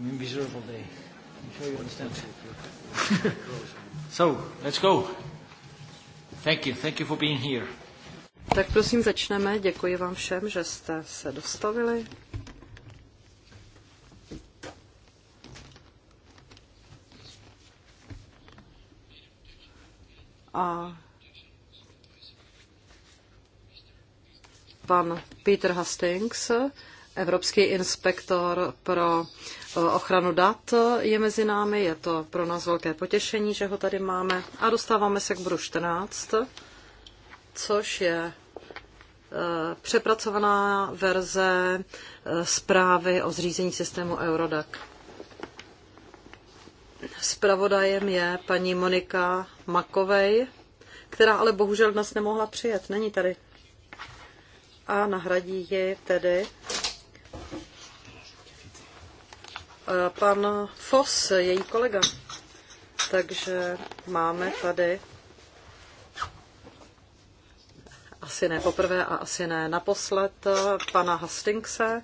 miserable day. I'm sure you understand. so, let's go. Thank you. Thank you for being here. Tak prosím začneme. Děkuji vám všem, že jste se dostavili. A pan Peter Hastings Evropský inspektor pro eh, ochranu dat je mezi námi, je to pro nás velké potěšení, že ho tady máme. A dostáváme se k bodu 14, což je eh, přepracovaná verze eh, zprávy o zřízení systému Eurodac. Spravodajem je paní Monika Makovej, která ale bohužel dnes nemohla přijet, není tady. A nahradí ji tedy Eh, pan Fos její kolega. Takže máme tady asi ne poprvé a asi ne naposled eh, pana Hastingse,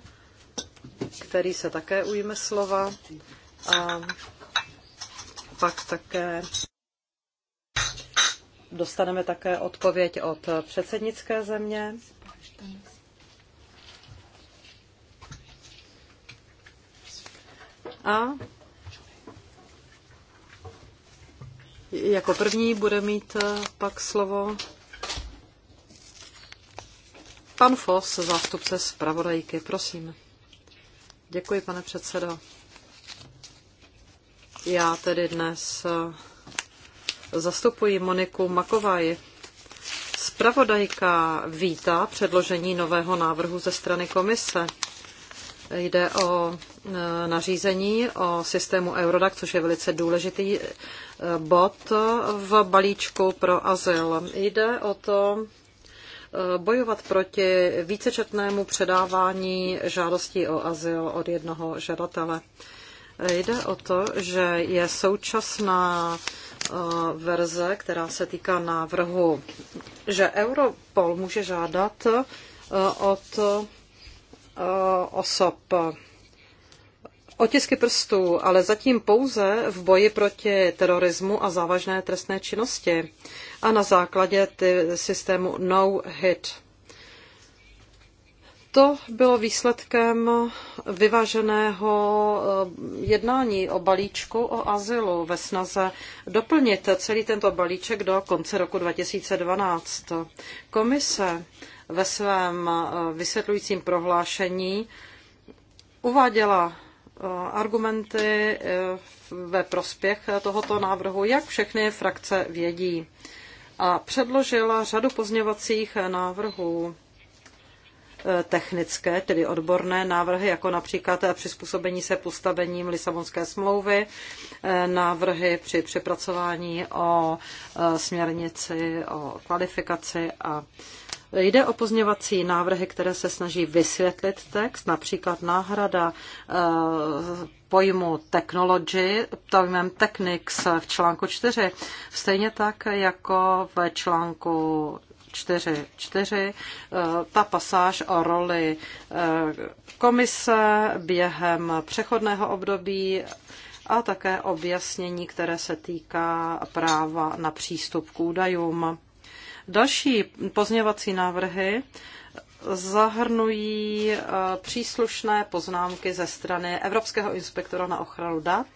který se také ujme slova. A pak také dostaneme také odpověď od předsednické země. A jako první bude mít eh, pak slovo pan Fos, zástupce zpravodajky. Prosím. Děkuji, pane předsedo. Já tedy dnes eh, zastupuji Moniku Makovaj. Spravodajka vítá předložení nového návrhu ze strany komise. Jde o e, nařízení o systému Eurodac, což je velice důležitý e, bod v balíčku pro azyl. Jde o to e, bojovat proti vícečetnému předávání žádostí o azyl od jednoho žadatele. Jde o to, že je současná verze, která se týká návrhu, že Europol může žádat od Eh, osob. Otisky prstů, ale zatím pouze v boji proti terorismu a závažné trestné činnosti a na základě ty systému No Hit. To bylo výsledkem vyváženého eh, jednání o balíčku o azylu ve snaze doplnit celý tento balíček do konce roku 2012. Komise ve svém eh, vysvětlujícím prohlášení uváděla eh, argumenty eh, ve prospěch tohoto návrhu, jak všechny frakce vědí. A předložila řadu pozněvacích návrhů technické, tedy odborné návrhy, jako například přizpůsobení se postavením Lisabonské smlouvy, návrhy při přepracování o směrnici, o kvalifikaci a Jde o pozměvací návrhy, které se snaží vysvětlit text, například náhrada eh, pojmu technology pojmem technics v článku 4, stejně tak jako v článku 4.4, eh, ta pasáž o roli eh, komise během přechodného období a také objasnění, které se týká práva na přístup k údajům. Další pozněvací návrhy zahrnují eh, příslušné poznámky ze strany Evropského inspektora na ochranu dat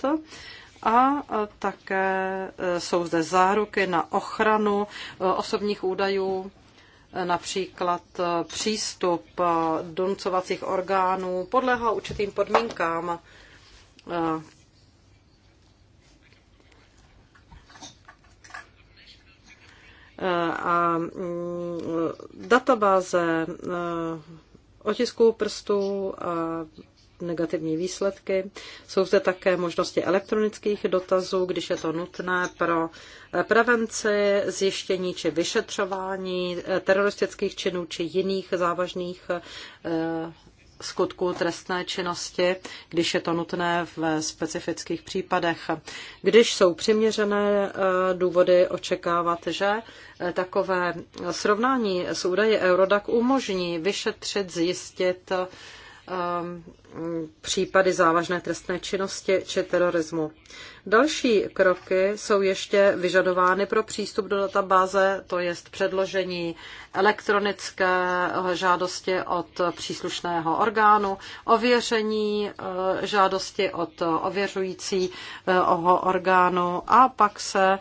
a eh, také eh, jsou zde záruky na ochranu osobních údajů, například přístup donucovacích orgánů podléhá určitým podmínkám a mm, databáze eh, otisků prstů a negativní výsledky. Jsou zde také možnosti elektronických dotazů, když je to nutné pro eh, prevenci, zjištění či vyšetřování eh, teroristických činů či jiných závažných skutku trestné činnosti, když je to nutné v specifických případech. Když jsou přiměřené eh, důvody očekávat, že eh, takové srovnání s údaji Eurodac umožní vyšetřit, zjistit, Um, případy závažné trestné činnosti či terorismu. Další kroky jsou ještě vyžadovány pro přístup do databáze, to je předložení elektronické žádosti od příslušného orgánu, ověření eh, žádosti od ověřujícího eh, orgánu a pak se eh,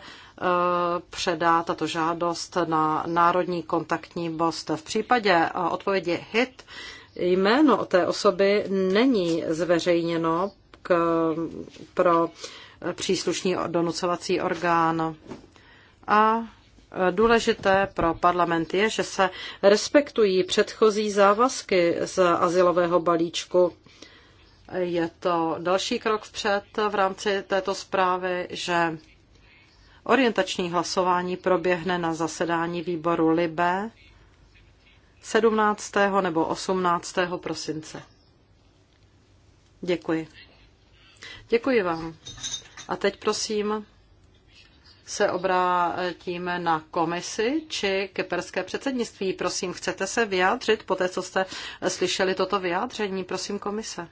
předá tato žádost na Národní kontaktní bost. V případě odpovědi HIT Jméno té osoby není zveřejněno k, pro příslušný donucovací orgán. A důležité pro parlament je, že se respektují předchozí závazky z asilového balíčku. Je to další krok vpřed v rámci této zprávy, že orientační hlasování proběhne na zasedání výboru LIBE 17. nebo 18. prosince. Děkuji. Děkuji vám. A teď prosím se obrátíme na komisi či kyperské předsednictví. Prosím, chcete se vyjádřit po té, co jste slyšeli toto vyjádření? Prosím, komise.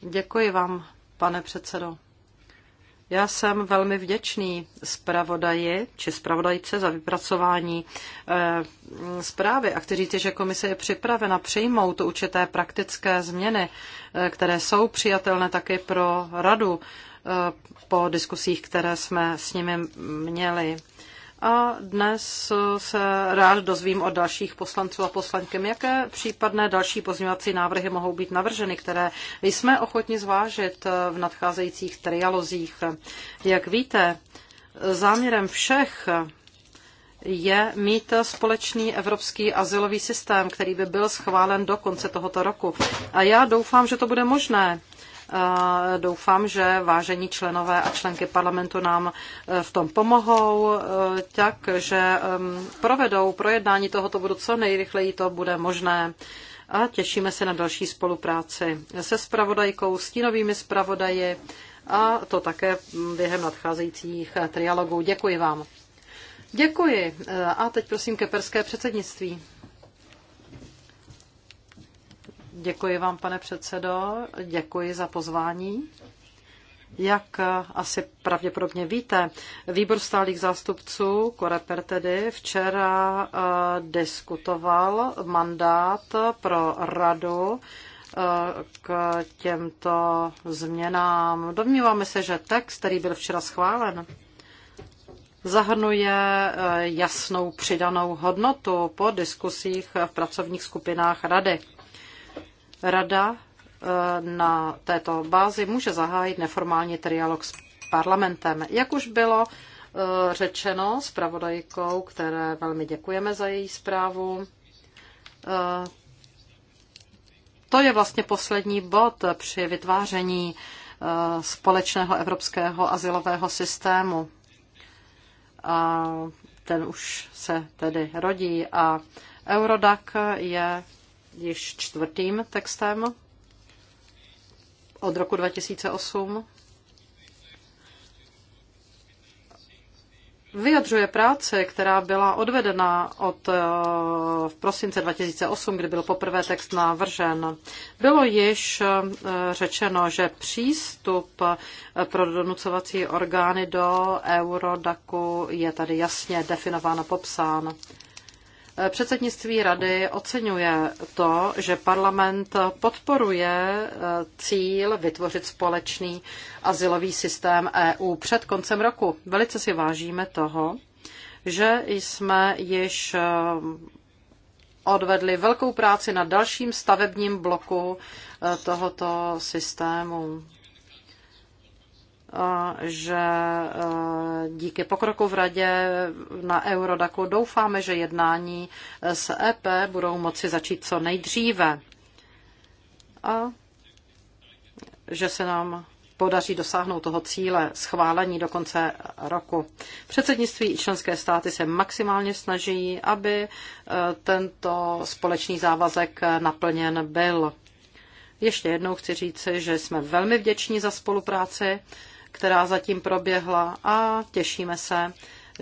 Děkuji vám, pane předsedo. Já jsem velmi vděčný zpravodaji či zpravodajce za vypracování e, zprávy a kteří říci, že komise je připravena přijmout určité praktické změny, e, které jsou přijatelné také pro radu e, po diskusích, které jsme s nimi měli. A dnes se rád dozvím od dalších poslanců a poslankem, jaké případné další pozměňovací návrhy mohou být navrženy, které jsme ochotni zvážit v nadcházejících trialozích. Jak víte, záměrem všech je mít společný evropský azylový systém, který by byl schválen do konce tohoto roku. A já doufám, že to bude možné. Doufám, že vážení členové a členky parlamentu nám e, v tom pomohou, e, tak, že provedou projednání tohoto bodu co nejrychleji to bude možné a těšíme se na další spolupráci se spravodajkou, stínovými spravodaji a to také během nadcházejících e, trialogů. Děkuji vám. Děkuji. A teď prosím ke perské předsednictví. Děkuji vám, pane předsedo, děkuji za pozvání. Jak asi pravděpodobně víte, výbor stálých zástupců, Koreper tedy, včera eh, diskutoval mandát pro radu eh, k těmto změnám. Domníváme se, že text, který byl včera schválen, zahrnuje eh, jasnou přidanou hodnotu po diskusích v pracovních skupinách rady. Rada eh, na této bázi může zahájit neformální trialog s parlamentem. Jak už bylo eh, řečeno s pravodajkou, které velmi děkujeme za její zprávu, eh, to je vlastně poslední bod při vytváření společného evropského azylového systému. A ten už se tedy rodí a Eurodac je již čtvrtým textem od roku 2008. Vyjadřuje práce, která byla odvedena od eh, v prosince 2008, kdy byl poprvé text navržen. Bylo již eh, řečeno, že přístup eh, pro donucovací orgány do Eurodaku je tady jasně definován a popsán. Předsednictví rady oceňuje to, že parlament podporuje eh, cíl vytvořit společný asilový systém EU před koncem roku. Velice si vážíme toho, že jsme již eh, odvedli velkou práci na dalším stavebním bloku eh, tohoto systému že eh, díky pokroku v radě na Eurodaku doufáme, že jednání s EP budou moci začít co nejdříve a že se nám podaří dosáhnout toho cíle schválení do konce roku. Předsednictví i členské státy se maximálně snaží, aby eh, tento společný závazek naplněn byl. Ještě jednou chci říci, že jsme velmi vděční za spolupráci která zatím proběhla a těšíme se,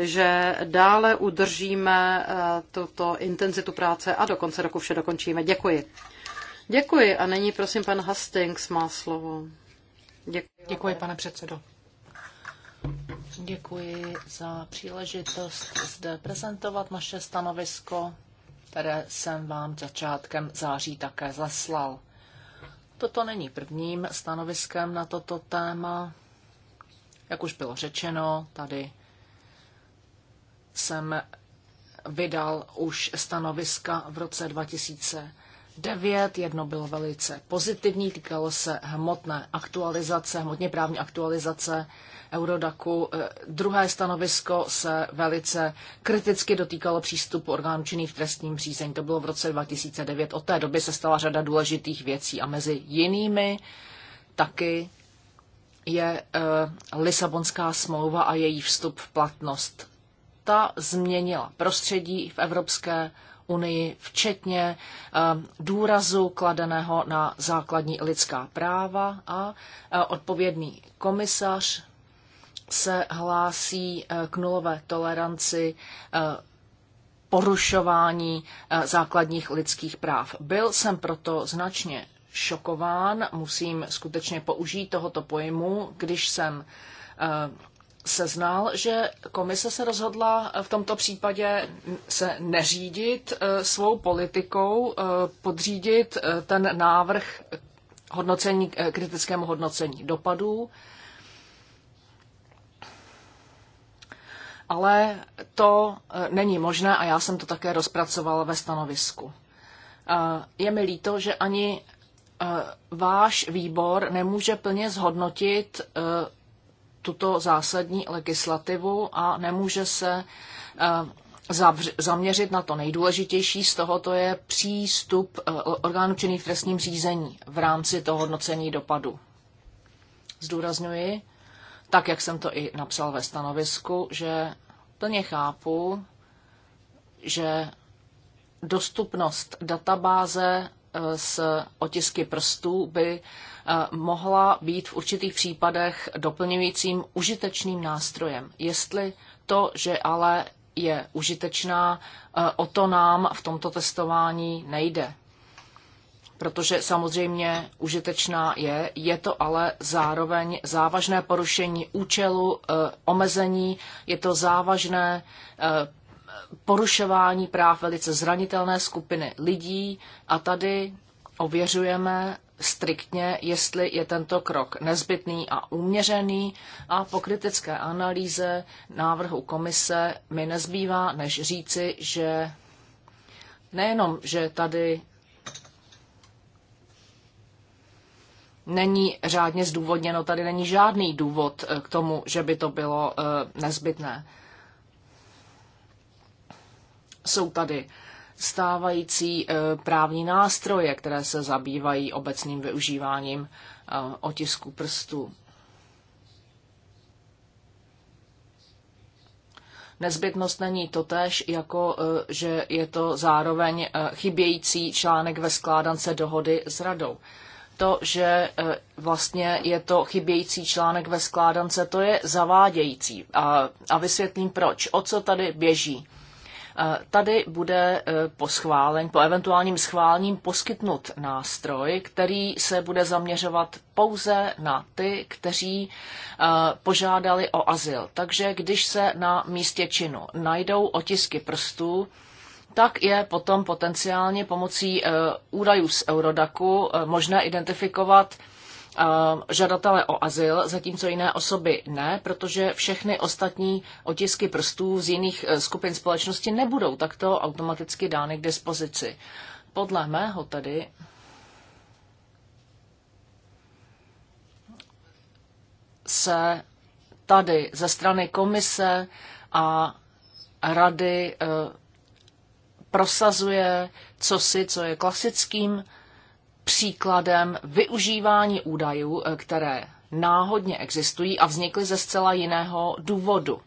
že dále udržíme eh, tuto intenzitu práce a do konce roku vše dokončíme. Děkuji. Děkuji a nyní prosím pan Hastings má slovo. Děkuji, Děkuji pane předsedo. Děkuji za příležitost zde prezentovat naše stanovisko, které jsem vám začátkem září také zaslal. Toto není prvním stanoviskem na toto téma. Jak už bylo řečeno, tady jsem vydal už stanoviska v roce 2009. Jedno bylo velice pozitivní, týkalo se hmotné aktualizace, hmotně právní aktualizace Eurodaku. Eh, druhé stanovisko se velice kriticky dotýkalo přístupu orgánů činných v trestním řízení. To bylo v roce 2009. Od té doby se stala řada důležitých věcí a mezi jinými taky je eh, Lisabonská smlouva a její vstup v platnost. Ta změnila prostředí v Evropské unii, včetně eh, důrazu kladeného na základní lidská práva a eh, odpovědný komisař se hlásí k nulové toleranci porušování základních lidských práv. Byl jsem proto značně šokován, musím skutečně použít tohoto pojmu, když jsem eh, seznal, že komise se rozhodla eh, v tomto případě se neřídit eh, svou politikou, podřídit ten návrh hodnocení, kritickému hodnocení dopadů. Ale to není možné a já jsem to také rozpracovala ve stanovisku. Je mi líto, že ani Eh, váš výbor nemůže plně zhodnotit eh, tuto zásadní legislativu a nemůže se eh, zaměřit na to nejdůležitější z toho, to je přístup orgánů činných v trestním řízení v rámci toho hodnocení dopadu. Zdůrazňuji, tak jak jsem to i napsal ve stanovisku, že plně chápu, že dostupnost databáze s otisky prstů by eh, mohla být v určitých případech doplňujícím užitečným nástrojem. Jestli to, že ale je užitečná, eh, o to nám v tomto testování nejde. Protože samozřejmě užitečná je, je to ale zároveň závažné porušení účelu, eh, omezení, je to závažné porušování práv velice zranitelné skupiny lidí a tady ověřujeme striktně, jestli je tento krok nezbytný a uměřený a po kritické analýze návrhu komise mi nezbývá, než říci, že nejenom, že tady není řádně zdůvodněno, tady není žádný důvod eh, k tomu, že by to bylo eh, nezbytné. Jsou tady stávající e, právní nástroje, které se zabývají obecným využíváním e, otisku prstů. Nezbytnost není totéž, jako e, že je to zároveň chybějící článek ve skládance dohody s radou. To, že vlastně je to chybějící článek ve skládance, to je zavádějící. A, a vysvětlím proč. O co tady běží? Eh, tady bude eh, po, schválen, po eventuálním schválním poskytnut nástroj, který se bude zaměřovat pouze na ty, kteří eh, požádali o azyl. Takže když se na místě činu najdou otisky prstů, tak je potom potenciálně pomocí údajů z Eurodaku možné identifikovat Eh, žadatele o azyl, zatímco jiné osoby ne, protože všechny ostatní otisky prstů z jiných eh, skupin společnosti nebudou takto automaticky dány k dispozici. Podle mého tedy se tady ze strany komise a rady eh, prosazuje cosi, co je klasickým příkladem využívání údajů, eh, které náhodně existují a vznikly ze zcela jiného důvodu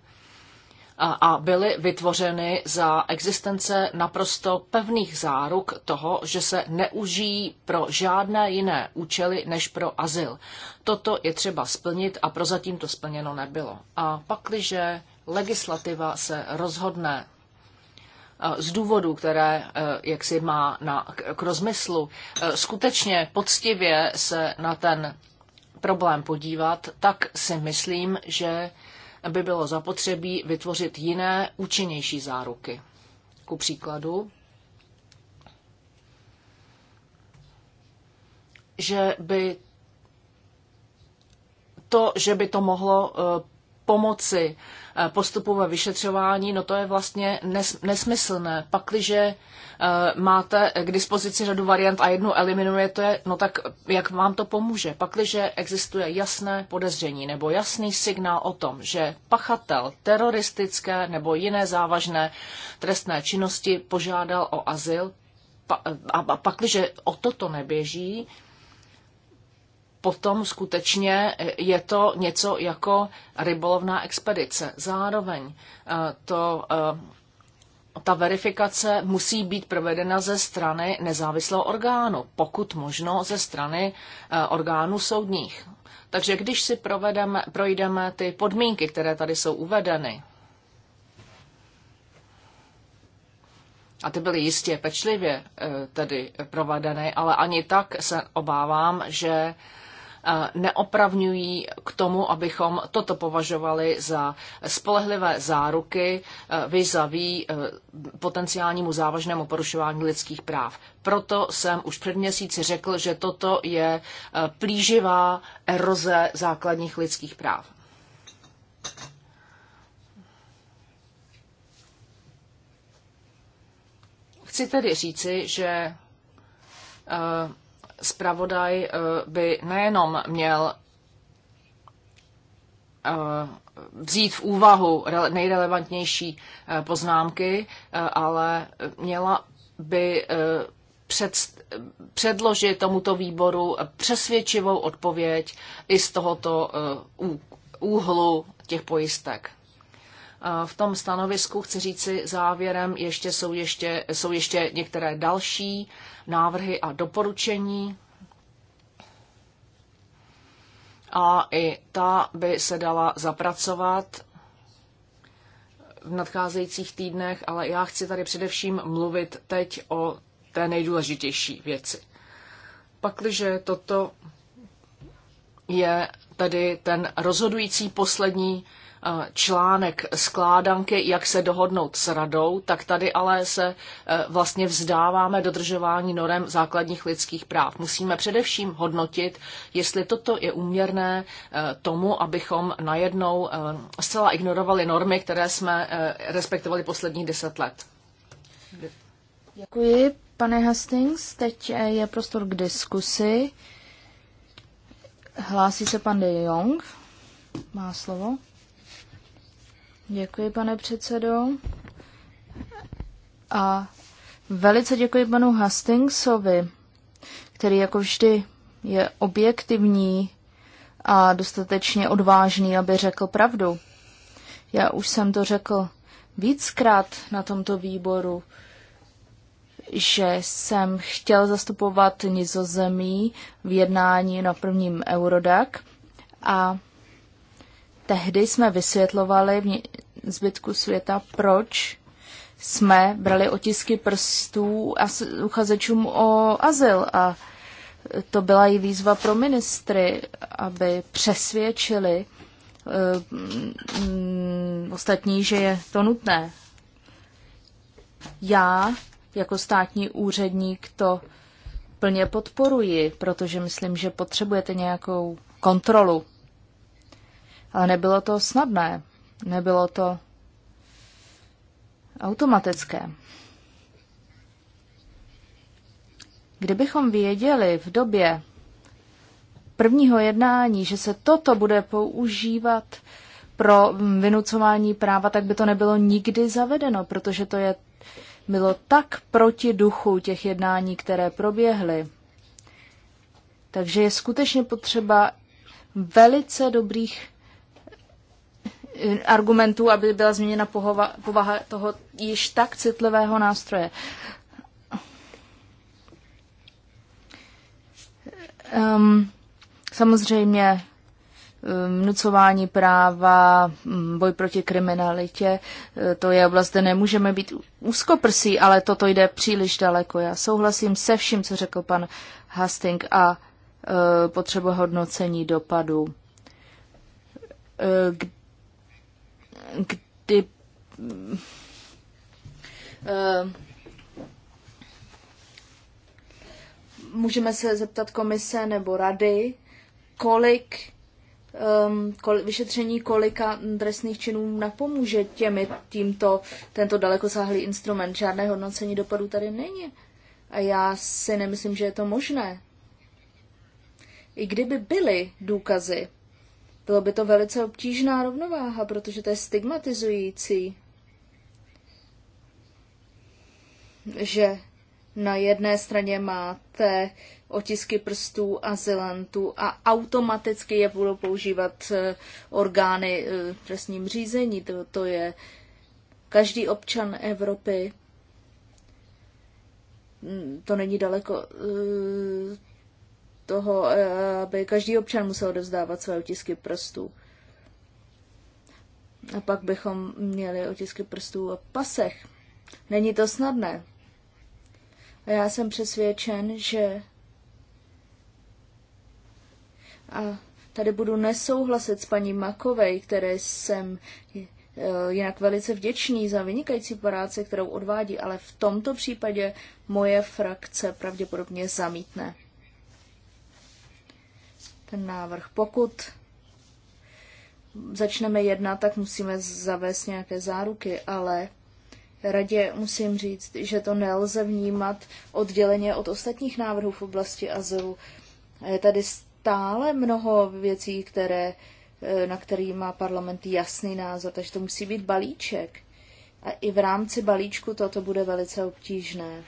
a byly vytvořeny za existence naprosto pevných záruk toho, že se neužijí pro žádné jiné účely než pro azyl. Toto je třeba splnit a prozatím to splněno nebylo. A pakliže legislativa se rozhodne Eh, z důvodů, které eh, jak si má na, k rozmyslu, eh, skutečně poctivě se na ten problém podívat, tak si myslím, že by bylo zapotřebí vytvořit jiné, účinnější záruky. Ku příkladu, že by to, že by to mohlo pomoci postupu ve vyšetřování, no to je vlastně nesmyslné. Pakliže eh, máte k dispozici řadu variant a jednu eliminujete, no tak jak vám to pomůže? Pakliže existuje jasné podezření nebo jasný signál o tom, že pachatel teroristické nebo jiné závažné trestné činnosti požádal o azyl, a pakliže o toto neběží, potom skutečně je to něco jako rybolovná expedice. Zároveň eh, to, eh, ta verifikace musí být provedena ze strany nezávislého orgánu, pokud možno ze strany eh, orgánů soudních. Takže když si provedeme, projdeme ty podmínky, které tady jsou uvedeny, a ty byly jistě pečlivě tedy provedeny, ale ani tak se obávám, že neopravňují k tomu, abychom toto považovali za spolehlivé záruky e, vizaví e, potenciálnímu závažnému porušování lidských práv. Proto jsem už před měsíci řekl, že toto je e, plíživá eroze základních lidských práv. Chci tedy říci, že Spravodaj eh, by nejenom měl eh, vzít v úvahu nejrelevantnější eh, poznámky, ale měla by před, předložit tomuto výboru přesvědčivou odpověď i z tohoto úhlu těch pojistek. Eh, v tom stanovisku chci říci závěrem, ještě jsou, ještě jsou ještě některé další návrhy a doporučení. A i ta by se dala zapracovat v nadcházejících týdnech, ale já chci tady především mluvit teď o té nejdůležitější věci. Pakliže toto je tedy ten rozhodující poslední článek skládanky, jak se dohodnout s radou, tak tady ale se e, vlastně vzdáváme dodržování norem základních lidských práv. Musíme především hodnotit, jestli toto je úměrné e, tomu, abychom najednou e, zcela ignorovali normy, které jsme respektovali posledních deset let. Děkuji, pane Hastings. Teď je prostor k diskusi. Hlásí se pan De Jong. Má slovo. Děkuji, pane předsedo. A velice děkuji panu Hastingsovi, který jako vždy je objektivní a dostatečně odvážný, aby řekl pravdu. Já už jsem to řekl víckrát na tomto výboru, že jsem chtěl zastupovat nizozemí v jednání na prvním Eurodac a tehdy jsme vysvětlovali v zbytku světa, proč jsme brali otisky prstů a uchazečům o azyl a to byla i výzva pro ministry, aby přesvědčili um, ostatní, že je to nutné. Já jako státní úředník to plně podporuji, protože myslím, že potřebujete nějakou kontrolu ale nebylo to snadné, nebylo to automatické. Kdybychom věděli v době prvního jednání, že se toto bude používat pro vynucování práva, tak by to nebylo nikdy zavedeno, protože to je, bylo tak proti duchu těch jednání, které proběhly. Takže je skutečně potřeba velice dobrých argumentů, aby byla změněna pohova, povaha toho již tak citlivého nástroje. Um, samozřejmě vnucování ehm, práva, mm, boj proti kriminalitě, eh, to je oblast, kde nemůžeme být úzkoprsí, ale toto jde příliš daleko. Já souhlasím se vším, co řekl pan Hastings a eh, potřeba hodnocení dopadu. Eh, kdy eh, můžeme se zeptat komise nebo rady, kolik um, kol, vyšetření kolika trestných činů napomůže těmi, tímto, tento dalekosáhlý instrument. Žádné hodnocení dopadů tady není. A já si nemyslím, že je to možné. I kdyby byly důkazy, bylo by to velice obtížná rovnováha, protože to je stigmatizující, že na jedné straně máte otisky prstů azylantů a automaticky je budou používat eh, orgány eh, v trestním řízení. To, to je každý občan Evropy. Mm, to není daleko eh, toho, eh, aby každý občan musel dozdávat své otisky prstů. A pak bychom měli otisky prstů a pasech. Není to snadné. A já jsem přesvědčen, že a tady budu nesouhlasit s paní Makovej, které jsem eh, jinak velice vděčný za vynikající práci, kterou odvádí, ale v tomto případě moje frakce pravděpodobně zamítne ten návrh. Pokud začneme jednat, tak musíme zavést nějaké záruky, ale radě musím říct, že to nelze vnímat odděleně od ostatních návrhů v oblasti azylu. Je tady stále mnoho věcí, které, eh, na který má parlament jasný názor, takže to musí být balíček. A i v rámci balíčku toto bude velice obtížné.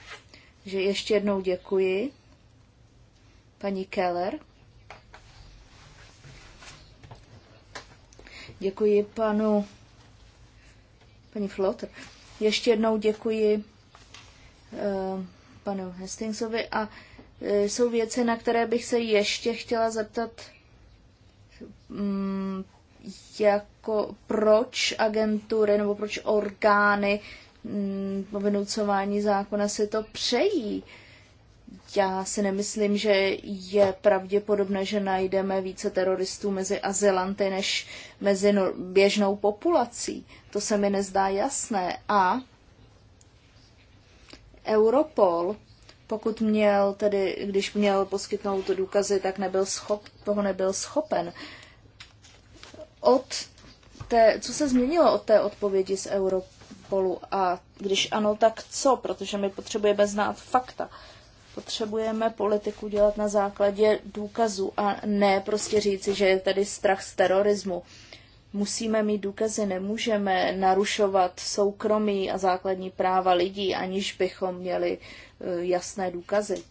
Takže ještě jednou děkuji. Paní Keller. Děkuji panu paní Flotter. Ještě jednou děkuji eh, panu Hastingsovi a eh, jsou věci, na které bych se ještě chtěla zeptat, mm, jako proč agentury nebo proč orgány um, vynucování zákona si to přejí. Uh, já si nemyslím, že je pravděpodobné, že najdeme více teroristů mezi azylanty než mezi běžnou populací. To se mi nezdá jasné. A Europol, pokud měl tedy, když měl poskytnout důkazy, tak nebyl schop, toho nebyl schopen. Od té, co se změnilo od té odpovědi z Europolu a když ano, tak co? Protože my potřebujeme znát fakta. Uh, Potřebujeme politiku dělat na základě důkazů a ne prostě říci, že je tady strach z terorismu. Musíme mít důkazy, nemůžeme narušovat soukromí a základní práva lidí, aniž bychom měli eh, jasné důkazy.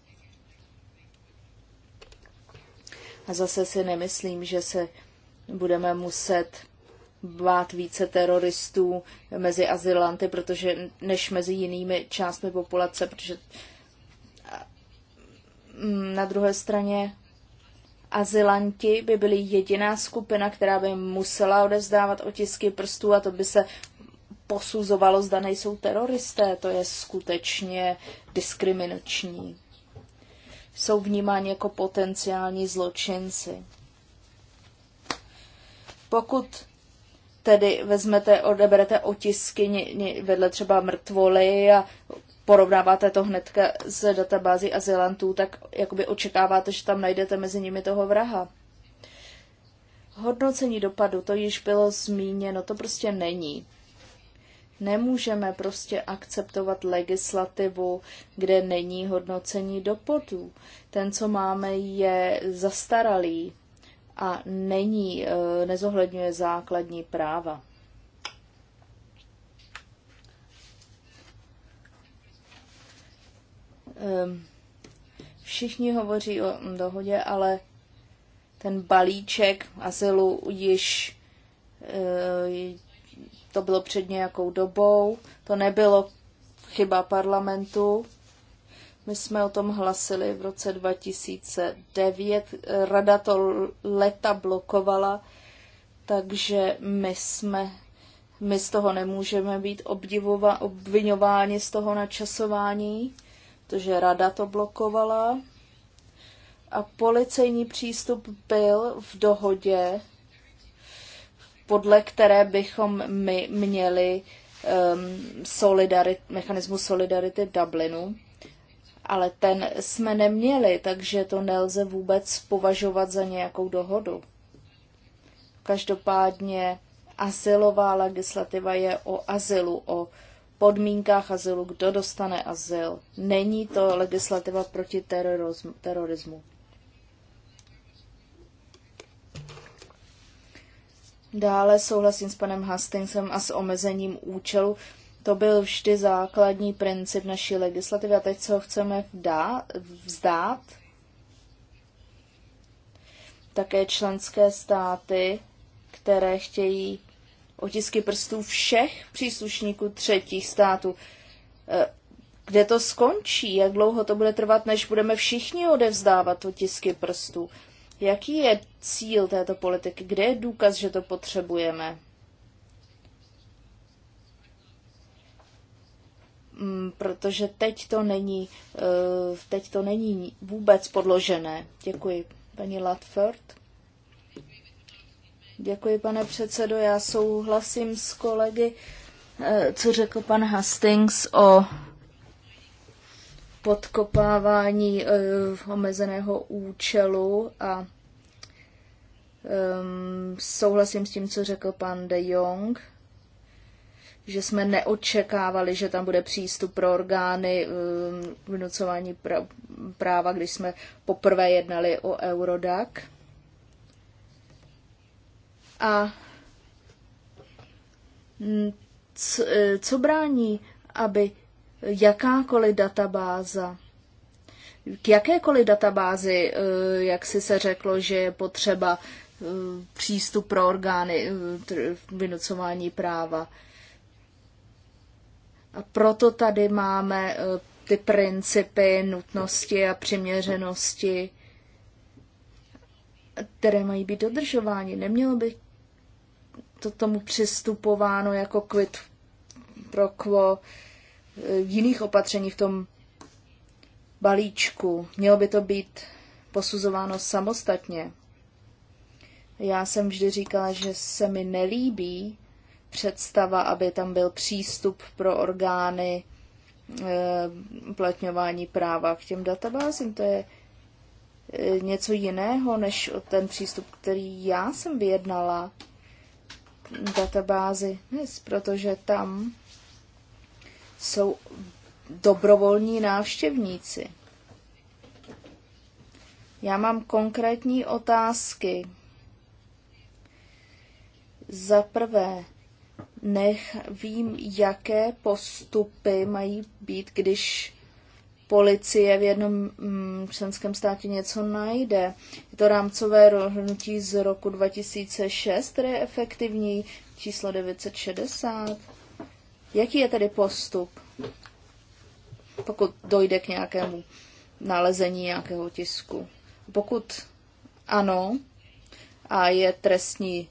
A zase si nemyslím, že se budeme muset bát více teroristů mezi azylanty, protože než mezi jinými částmi populace, protože Mm, na druhé straně azylanti by byli jediná skupina, která by musela odevzdávat otisky prstů a to by se posuzovalo, zda nejsou teroristé. To je skutečně diskriminační. Jsou vnímáni jako potenciální zločinci. Pokud tedy vezmete, odeberete otisky vedle třeba mrtvoly a porovnáváte to hned z databázy azylantů, tak jakoby očekáváte, že tam najdete mezi nimi toho vraha. Hodnocení dopadu, to již bylo zmíněno, to prostě není. Nemůžeme prostě akceptovat legislativu, kde není hodnocení dopadů. Ten, co máme, je zastaralý a není, eh, nezohledňuje základní práva. Ehm, všichni hovoří o dohodě, ale ten balíček asilu již eh, to bylo před nějakou dobou, to nebylo chyba parlamentu. My jsme o tom hlasili v roce 2009, rada to leta blokovala, takže my jsme my z toho nemůžeme být obdivova, obvinováni z toho načasování protože rada to blokovala. A policejní přístup byl v dohodě, podle které bychom my měli um, solidarit, mechanismus solidarity Dublinu, ale ten jsme neměli, takže to nelze vůbec považovat za nějakou dohodu. Každopádně asilová legislativa je o azylu, o podmínkách azylu, kdo dostane azyl. Není to legislativa proti terorismu. Dále souhlasím s panem Hastingsem a s omezením účelu. To byl vždy základní princip naší legislativy a teď se ho chceme vzdát. Také členské státy, které chtějí otisky prstů všech příslušníků třetích států. Eh, kde to skončí? Jak dlouho to bude trvat, než budeme všichni odevzdávat otisky prstů? Jaký je cíl této politiky? Kde je důkaz, že to potřebujeme? Mm, protože teď to není, eh, teď to není vůbec podložené. Děkuji, paní Latford. Děkuji, pane předsedo. Já souhlasím s kolegy, eh, co řekl pan Hastings o podkopávání eh, omezeného účelu a ehm, souhlasím s tím, co řekl pan de Jong, že jsme neočekávali, že tam bude přístup pro orgány ehm, vynucování práva, když jsme poprvé jednali o Eurodac. A co, e, co brání, aby jakákoliv databáza, k jakékoliv databázi, e, jak si se řeklo, že je potřeba e, přístup pro orgány vynucování práva. A proto tady máme ty principy nutnosti a přiměřenosti, které mají být dodržovány. Nemělo by to tomu přistupováno jako quid pro quo v e, jiných opatření v tom balíčku. Mělo by to být posuzováno samostatně. Já jsem vždy říkala, že se mi nelíbí představa, aby tam byl přístup pro orgány e, uplatňování e, práva k těm databázím. To je e, něco jiného než ten přístup, který já jsem vyjednala databázi NIS, protože tam jsou dobrovolní návštěvníci. Já mám konkrétní otázky. Za prvé, nech vím, jaké postupy mají být, když policie v jednom mm, členském státě něco najde. Je to rámcové rozhodnutí z roku 2006, které je efektivní, číslo 960. Jaký je tedy postup, pokud dojde k nějakému nalezení nějakého tisku? Pokud ano, a je trestní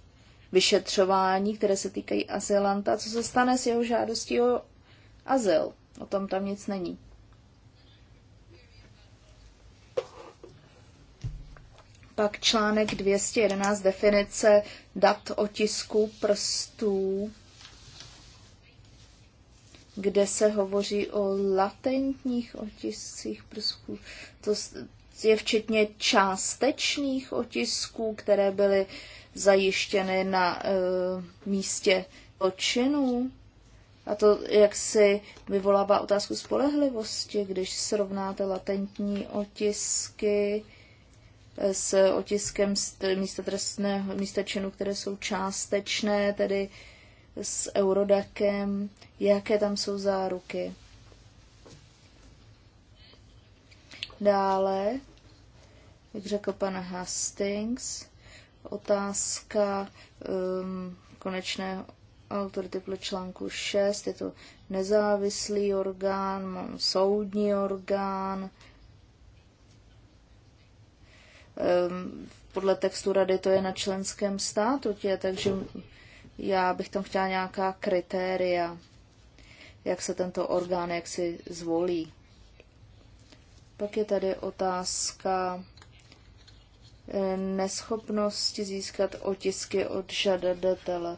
vyšetřování, které se týkají azylanta, co se stane s jeho žádostí o azyl? O tom tam nic není. Pak článek 211 definice dat otisku prstů, kde se hovoří o latentních otiscích prstů. To je včetně částečných otisků, které byly zajištěny na e, místě počinu. A to jak si vyvolává otázku spolehlivosti, když srovnáte latentní otisky s otiskem místa, trestného, místa činu, které jsou částečné, tedy s Eurodakem, jaké tam jsou záruky. Dále, jak řekl pan Hastings, otázka um, konečné autority podle článku 6, je to nezávislý orgán, soudní orgán, Ehm, podle textu rady to je na členském státu, tě, takže já bych tam chtěla nějaká kritéria, jak se tento orgán jak si zvolí. Pak je tady otázka ehm, neschopnosti získat otisky od žadatele.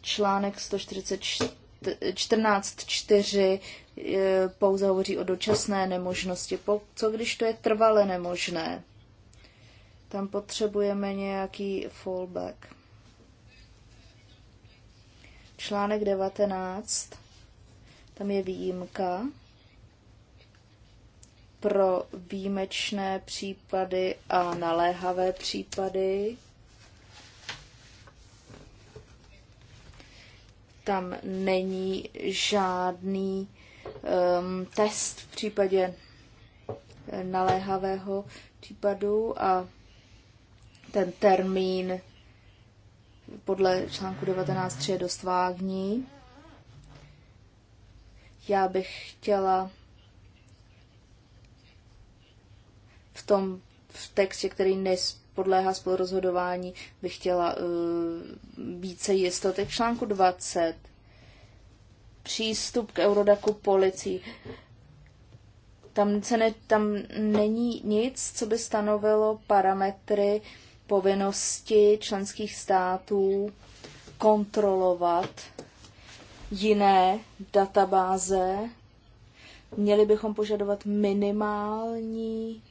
Článek 14.4 eh, pouze hovoří o dočasné nemožnosti. Co když to je trvale nemožné? Tam potřebujeme nějaký fallback. Článek 19. Tam je výjimka pro výjimečné případy a naléhavé případy. Tam není žádný um, test v případě naléhavého případu a ten termín podle článku 19.3 je dost vágní. Já bych chtěla v tom v textě, který nepodléhá spolurozhodování, bych chtěla uh, více jistoty. V článku 20 přístup k Eurodaku policii. Tam, se ne, tam není nic, co by stanovilo parametry uh, povinnosti členských států kontrolovat jiné databáze. Měli bychom požadovat minimální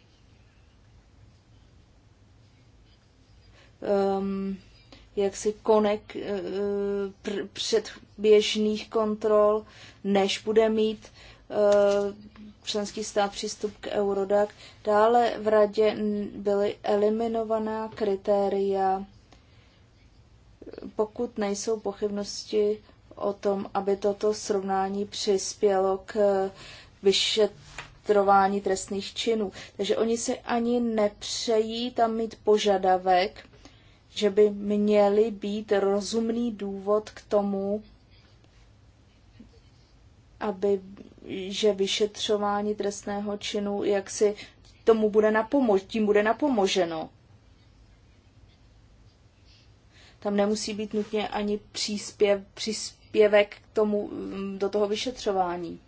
um, jaksi konek uh, uh pr- předběžných kontrol, než bude mít Eh, členský stát přístup k Eurodac. Dále v radě byly eliminovaná kritéria, pokud nejsou pochybnosti o tom, aby toto srovnání přispělo k eh, vyšetrování trestných činů. Takže oni se ani nepřejí tam mít požadavek, že by měly být rozumný důvod k tomu, aby že vyšetřování trestného činu, jak si tomu bude napomož, tím bude napomoženo. Tam nemusí být nutně ani příspěv, příspěvek k tomu, mm, do toho vyšetřování.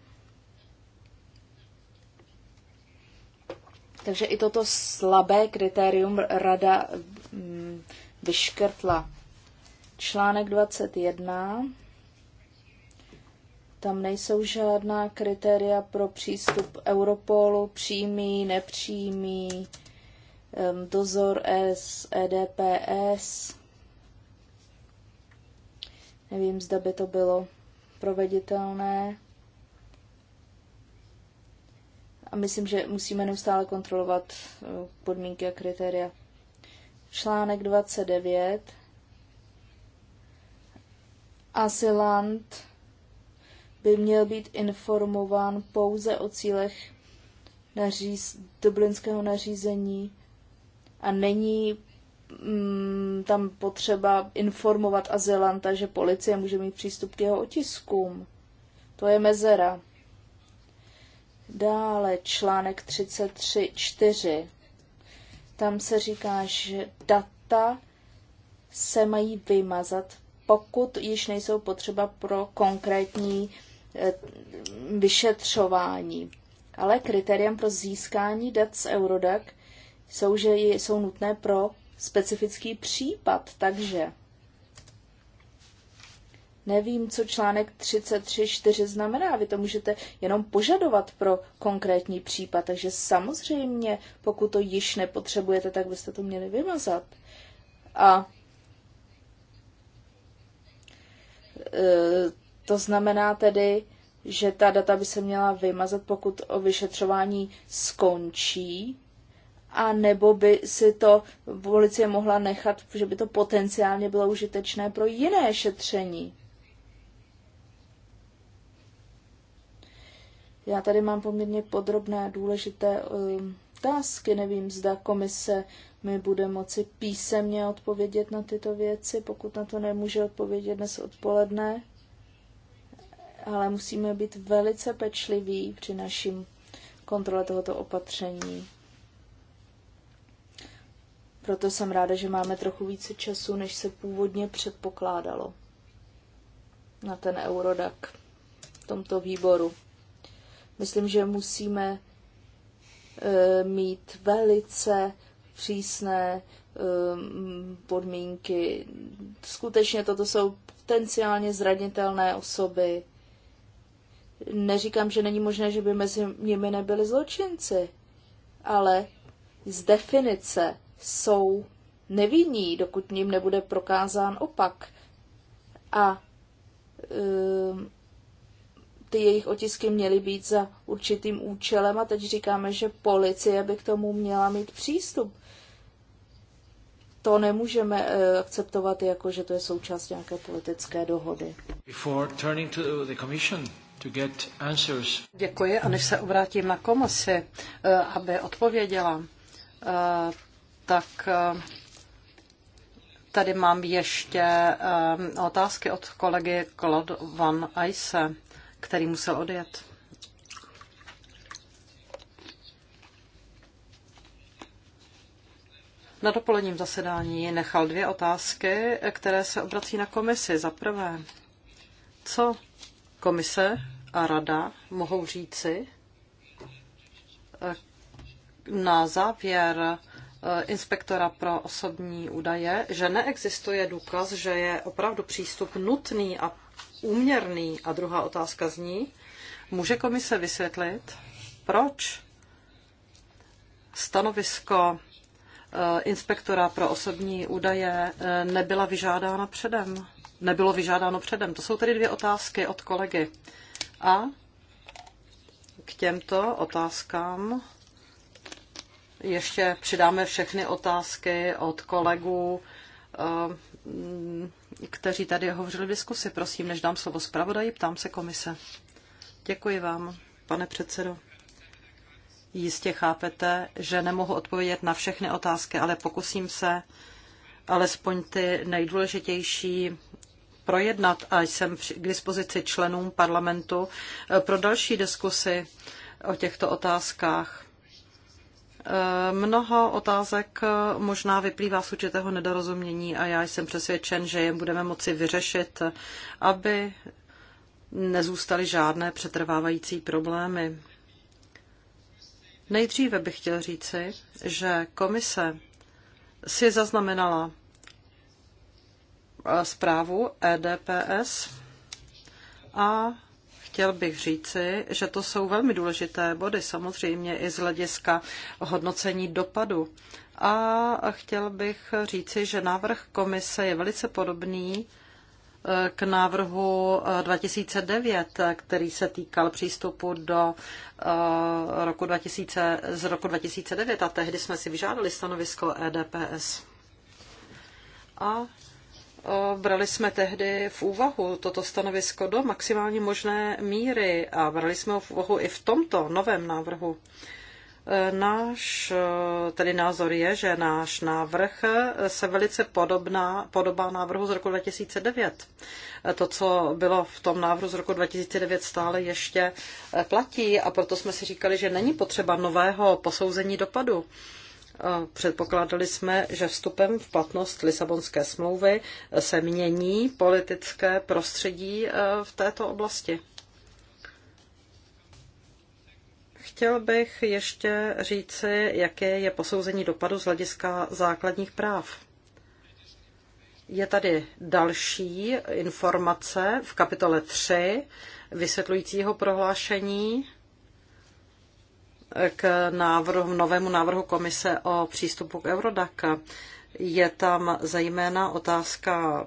Takže i toto slabé kritérium rada mm, vyškrtla. Článek 21. Tam nejsou žádná kritéria pro přístup Europolu, přímý, nepřímý, dozor S, EDPS. Nevím, zda by to bylo proveditelné. A myslím, že musíme neustále kontrolovat eh, podmínky a kritéria. Článek 29. Asilant by měl být informován pouze o cílech naříz, dublinského nařízení a není mm, tam potřeba informovat azylanta, že policie může mít přístup k jeho otiskům. To je mezera. Dále článek 33.4. Tam se říká, že data se mají vymazat, pokud již nejsou potřeba pro konkrétní Eh, vyšetřování. Ale kritériem pro získání dat z Eurodac jsou, že jsou nutné pro specifický případ, takže nevím, co článek 33.4 znamená. Vy to můžete jenom požadovat pro konkrétní případ, takže samozřejmě, pokud to již nepotřebujete, tak byste to měli vymazat. A eh, to znamená tedy, že ta data by se měla vymazat, pokud o vyšetřování skončí, a nebo by si to policie mohla nechat, že by to potenciálně bylo užitečné pro jiné šetření. Já tady mám poměrně podrobné a důležité um, otázky. Nevím, zda komise mi bude moci písemně odpovědět na tyto věci, pokud na to nemůže odpovědět dnes odpoledne ale musíme být velice pečliví při naším kontrole tohoto opatření. Proto jsem ráda, že máme trochu více času, než se původně předpokládalo na ten eurodak, v tomto výboru. Myslím, že musíme e, mít velice přísné e, podmínky. Skutečně toto jsou potenciálně zranitelné osoby neříkám, že není možné, že by mezi nimi nebyli zločinci, ale z definice jsou nevinní, dokud ním nebude prokázán opak. A um, ty jejich otisky měly být za určitým účelem a teď říkáme, že policie by k tomu měla mít přístup. To nemůžeme uh, akceptovat jako, že to je součást nějaké politické dohody. Before turning to the commission. Děkuji a než se obrátím na komisi, eh, aby odpověděla, eh, tak eh, tady mám ještě otázky od kolegy Claude Van Eise, který musel odjet. Na dopoledním zasedání nechal dvě otázky, které se obrací na komisi. Za prvé, co komise a rada mohou říci eh, na závěr eh, inspektora pro osobní údaje, že neexistuje důkaz, že je opravdu přístup nutný a úměrný. A druhá otázka zní, může komise vysvětlit, proč stanovisko eh, inspektora pro osobní údaje nebyla vyžádána předem? nebylo vyžádáno předem. To jsou tedy dvě otázky od kolegy. A k těmto otázkám ještě přidáme všechny otázky od kolegů, eh, kteří tady hovořili v diskusi. Prosím, než dám slovo zpravodaji, ptám se komise. Děkuji vám, pane předsedo. Jistě chápete, že nemohu odpovědět na všechny otázky, ale pokusím se alespoň ty nejdůležitější projednat a jsem k dispozici členům parlamentu eh, pro další diskusy o těchto otázkách. Eh, mnoho otázek eh, možná vyplývá z určitého nedorozumění a já jsem přesvědčen, že je budeme moci vyřešit, aby nezůstaly žádné přetrvávající problémy. Nejdříve bych chtěl říci, že komise si zaznamenala zprávu EDPS a chtěl bych říci, že to jsou velmi důležité body, samozřejmě i z hlediska hodnocení dopadu. A chtěl bych říci, že návrh komise je velice podobný eh, k návrhu 2009, eh, který se týkal přístupu do eh, roku 2000, z roku 2009 a tehdy jsme si vyžádali stanovisko EDPS. A Brali jsme tehdy v úvahu toto stanovisko do maximální možné míry a brali jsme ho v úvahu i v tomto novém návrhu. E, náš e, tedy názor je, že náš návrh se velice podobná, podobá návrhu z roku 2009. E, to, co bylo v tom návrhu z roku 2009, stále ještě platí a proto jsme si říkali, že není potřeba nového posouzení dopadu Předpokládali jsme, že vstupem v platnost Lisabonské smlouvy se mění politické prostředí e, v této oblasti. Chtěl bych ještě říci, jaké je posouzení dopadu z hlediska základních práv. Je tady další informace v kapitole 3 vysvětlujícího prohlášení k návrhu, novému návrhu komise o přístupu k Eurodac. Je tam zejména otázka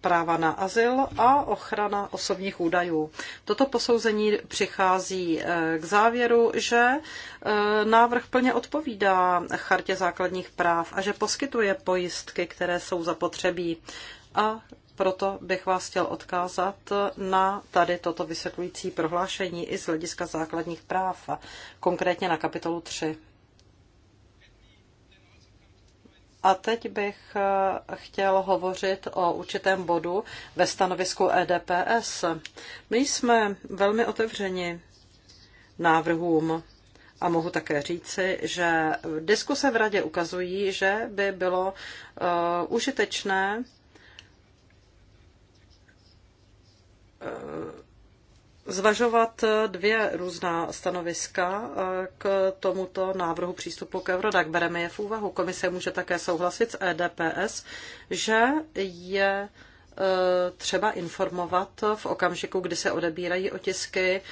práva na azyl a ochrana osobních údajů. Toto posouzení přichází eh, k závěru, že eh, návrh plně odpovídá chartě základních práv a že poskytuje pojistky, které jsou zapotřebí a proto bych vás chtěl odkázat na tady toto vysvětlující prohlášení i z hlediska základních práv, konkrétně na kapitolu 3. A teď bych eh, chtěl hovořit o určitém bodu ve stanovisku EDPS. My jsme velmi otevřeni návrhům a mohu také říci, že diskuse v radě ukazují, že by bylo uh, užitečné Eh, zvažovat dvě různá stanoviska eh, k tomuto návrhu přístupu k Eurodac. Bereme je v úvahu. Komise může také souhlasit s EDPS, že je eh, třeba informovat v okamžiku, kdy se odebírají otisky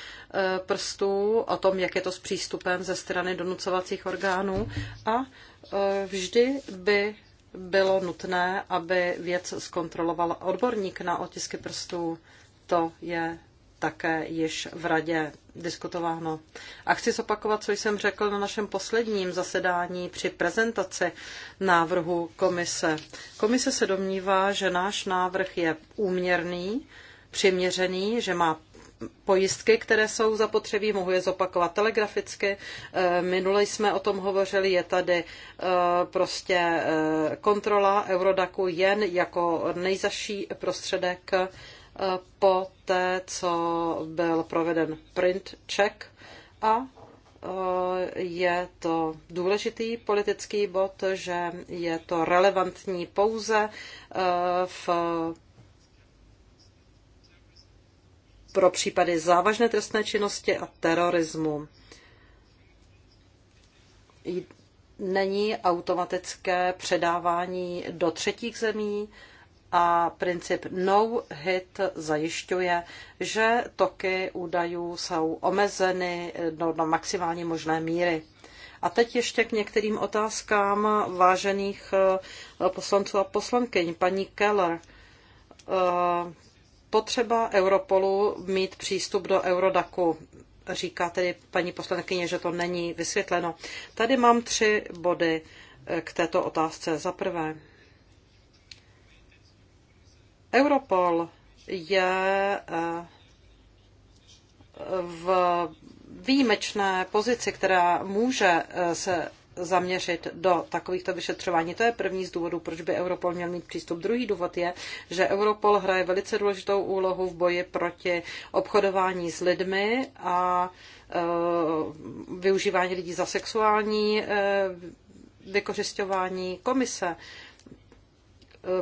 prstů o tom, jak je to s přístupem ze strany donucovacích orgánů a vždy by bylo nutné, aby věc zkontroloval odborník na otisky prstů to je také již v radě diskutováno. A chci zopakovat, co jsem řekl na našem posledním zasedání při prezentaci návrhu komise. Komise se domnívá, že náš návrh je úměrný, přiměřený, že má pojistky, které jsou zapotřebí, mohu je zopakovat telegraficky. E, minule jsme o tom hovořili, je tady e, prostě e, kontrola Eurodaku jen jako nejzaší prostředek po té, co byl proveden print check a e, je to důležitý politický bod, že je to relevantní pouze e, v pro případy závažné trestné činnosti a terorismu. Není automatické předávání do třetích zemí a princip no hit zajišťuje, že toky údajů jsou omezeny do, do maximální možné míry. A teď ještě k některým otázkám vážených eh, poslanců a poslankyň. Paní Keller, eh, potřeba Europolu mít přístup do Eurodaku. Říká tedy paní poslankyně, že to není vysvětleno. Tady mám tři body eh, k této otázce. Za prvé, Europol je eh, v výjimečné pozici, která může eh, se zaměřit do takovýchto vyšetřování. To je první z důvodů, proč by Europol měl mít přístup. Druhý důvod je, že Europol hraje velice důležitou úlohu v boji proti obchodování s lidmi a eh, využívání lidí za sexuální vykořišťování komise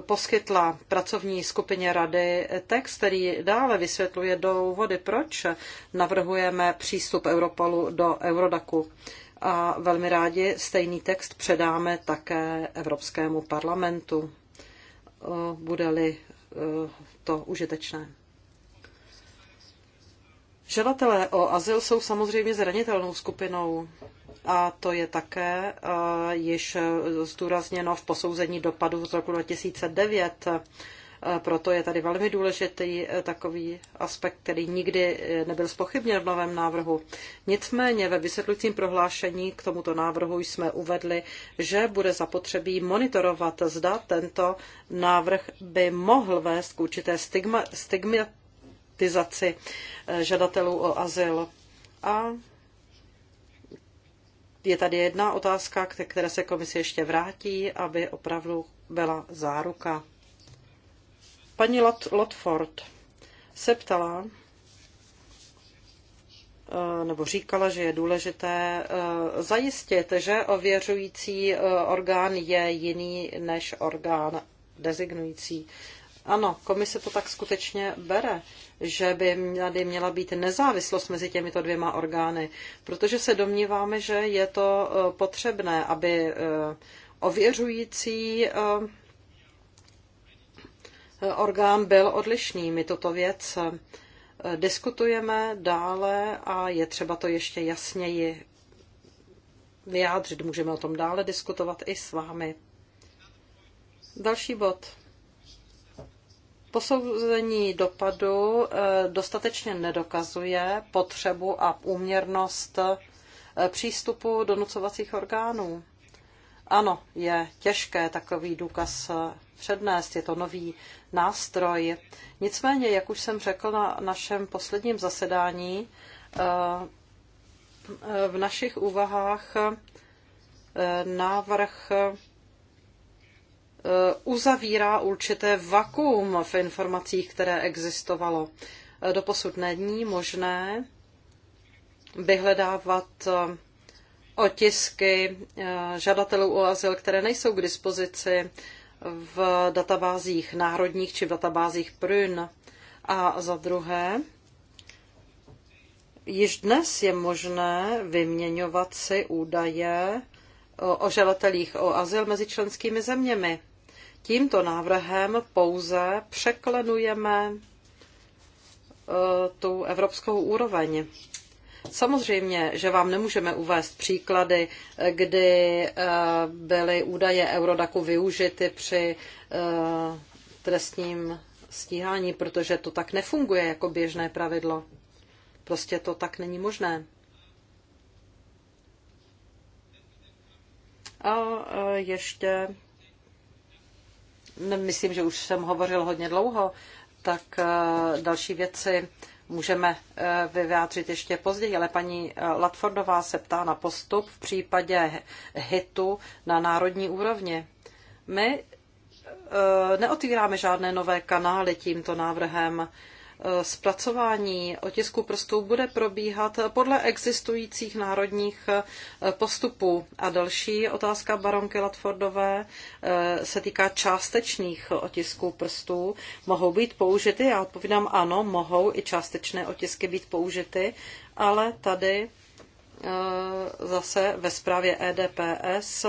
poskytla pracovní skupině rady text, který dále vysvětluje důvody, proč navrhujeme přístup Europolu do Eurodaku. A velmi rádi stejný text předáme také Evropskému parlamentu, bude-li to užitečné. Žadatelé o azyl jsou samozřejmě zranitelnou skupinou a to je také eh, již zdůrazněno v posouzení dopadu z roku 2009. Eh, proto je tady velmi důležitý eh, takový aspekt, který nikdy nebyl spochybněn v novém návrhu. Nicméně ve vysvětlujícím prohlášení k tomuto návrhu jsme uvedli, že bude zapotřebí monitorovat, zda tento návrh by mohl vést k určité stigma, stigmatizaci žadatelů o azyl. A je tady jedna otázka, které se komisi ještě vrátí, aby opravdu byla záruka. Paní Lot- Lotford se ptala, eh, nebo říkala, že je důležité eh, zajistit, že ověřující eh, orgán je jiný než orgán designující. Ano, komise to tak skutečně bere že by tady měla být nezávislost mezi těmito dvěma orgány, protože se domníváme, že je to e, potřebné, aby e, ověřující e, orgán byl odlišný. My tuto věc diskutujeme dále a je třeba to ještě jasněji vyjádřit. Můžeme o tom dále diskutovat i s vámi. Další bod. Posouzení dopadu eh, dostatečně nedokazuje potřebu a úměrnost eh, přístupu donucovacích orgánů. Ano, je těžké takový důkaz eh, přednést, je to nový nástroj. Nicméně, jak už jsem řekl na našem posledním zasedání, v našich úvahách návrh Eh, uzavírá určité vakuum v informacích, které existovalo. Eh, doposud není možné vyhledávat eh, otisky žadatelů o azyl, které nejsou k dispozici v databázích národních či v databázích PRUN. A za druhé, již dnes je možné vyměňovat si údaje o žadatelích o azyl mezi členskými zeměmi. Tímto návrhem pouze překlenujeme e, tu evropskou úroveň. Samozřejmě, že vám nemůžeme uvést příklady, kdy e, byly údaje Eurodaku využity při e, trestním stíhání, protože to tak nefunguje jako běžné pravidlo. Prostě to tak není možné. A ještě myslím, že už jsem hovořil hodně dlouho, tak eh, další věci můžeme eh, vyjádřit ještě později, ale paní eh, Latfordová se ptá na postup v případě hitu na národní úrovni. My neotvíráme žádné nové kanály tímto návrhem. Eh, zpracování otisku prstů bude probíhat podle existujících národních eh, postupů. A další otázka baronky Latfordové eh, se týká částečných otisků prstů. Mohou být použity? Já odpovídám ano, mohou i částečné otisky být použity, ale tady zase ve zprávě EDPS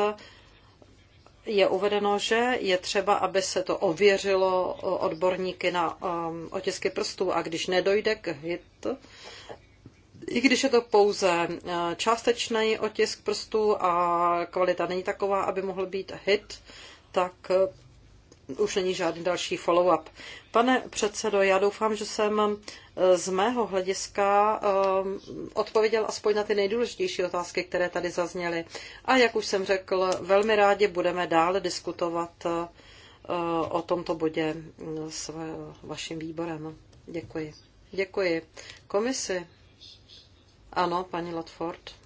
je uvedeno, že je třeba, aby se to ověřilo odborníky na um, otisky prstů a když nedojde k hit, i když je to pouze uh, částečný otisk prstů a kvalita není taková, aby mohl být hit, tak uh, už není žádný další follow-up. Pane předsedo, já doufám, že jsem z mého hlediska ehm, odpověděl aspoň na ty nejdůležitější otázky, které tady zazněly. A jak už jsem řekl, velmi rádi budeme dále diskutovat eh, o tomto bodě mm, s vaším výborem. Děkuji. Děkuji. Komisi. Ano, paní Latford.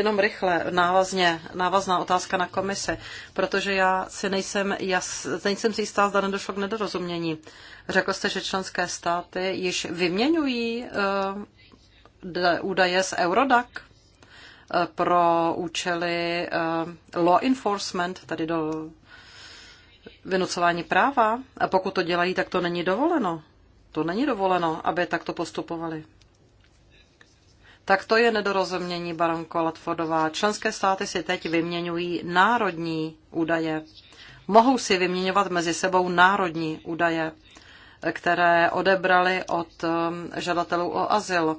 Jenom rychle, návazně, návazná otázka na komisi, protože já si nejsem, jas, nejsem si jistá, zda nedošlo k nedorozumění. Řekl jste, že členské státy již vyměňují uh, údaje z Eurodac eh, pro účely uh, law enforcement, tady do vynucování práva. A pokud to dělají, tak to není dovoleno. To není dovoleno, aby takto postupovali tak to je nedorozumění, baronko Latfordová. Členské státy si teď vyměňují národní údaje. Mohou si vyměňovat mezi sebou národní údaje, které odebrali od um, žadatelů o azyl.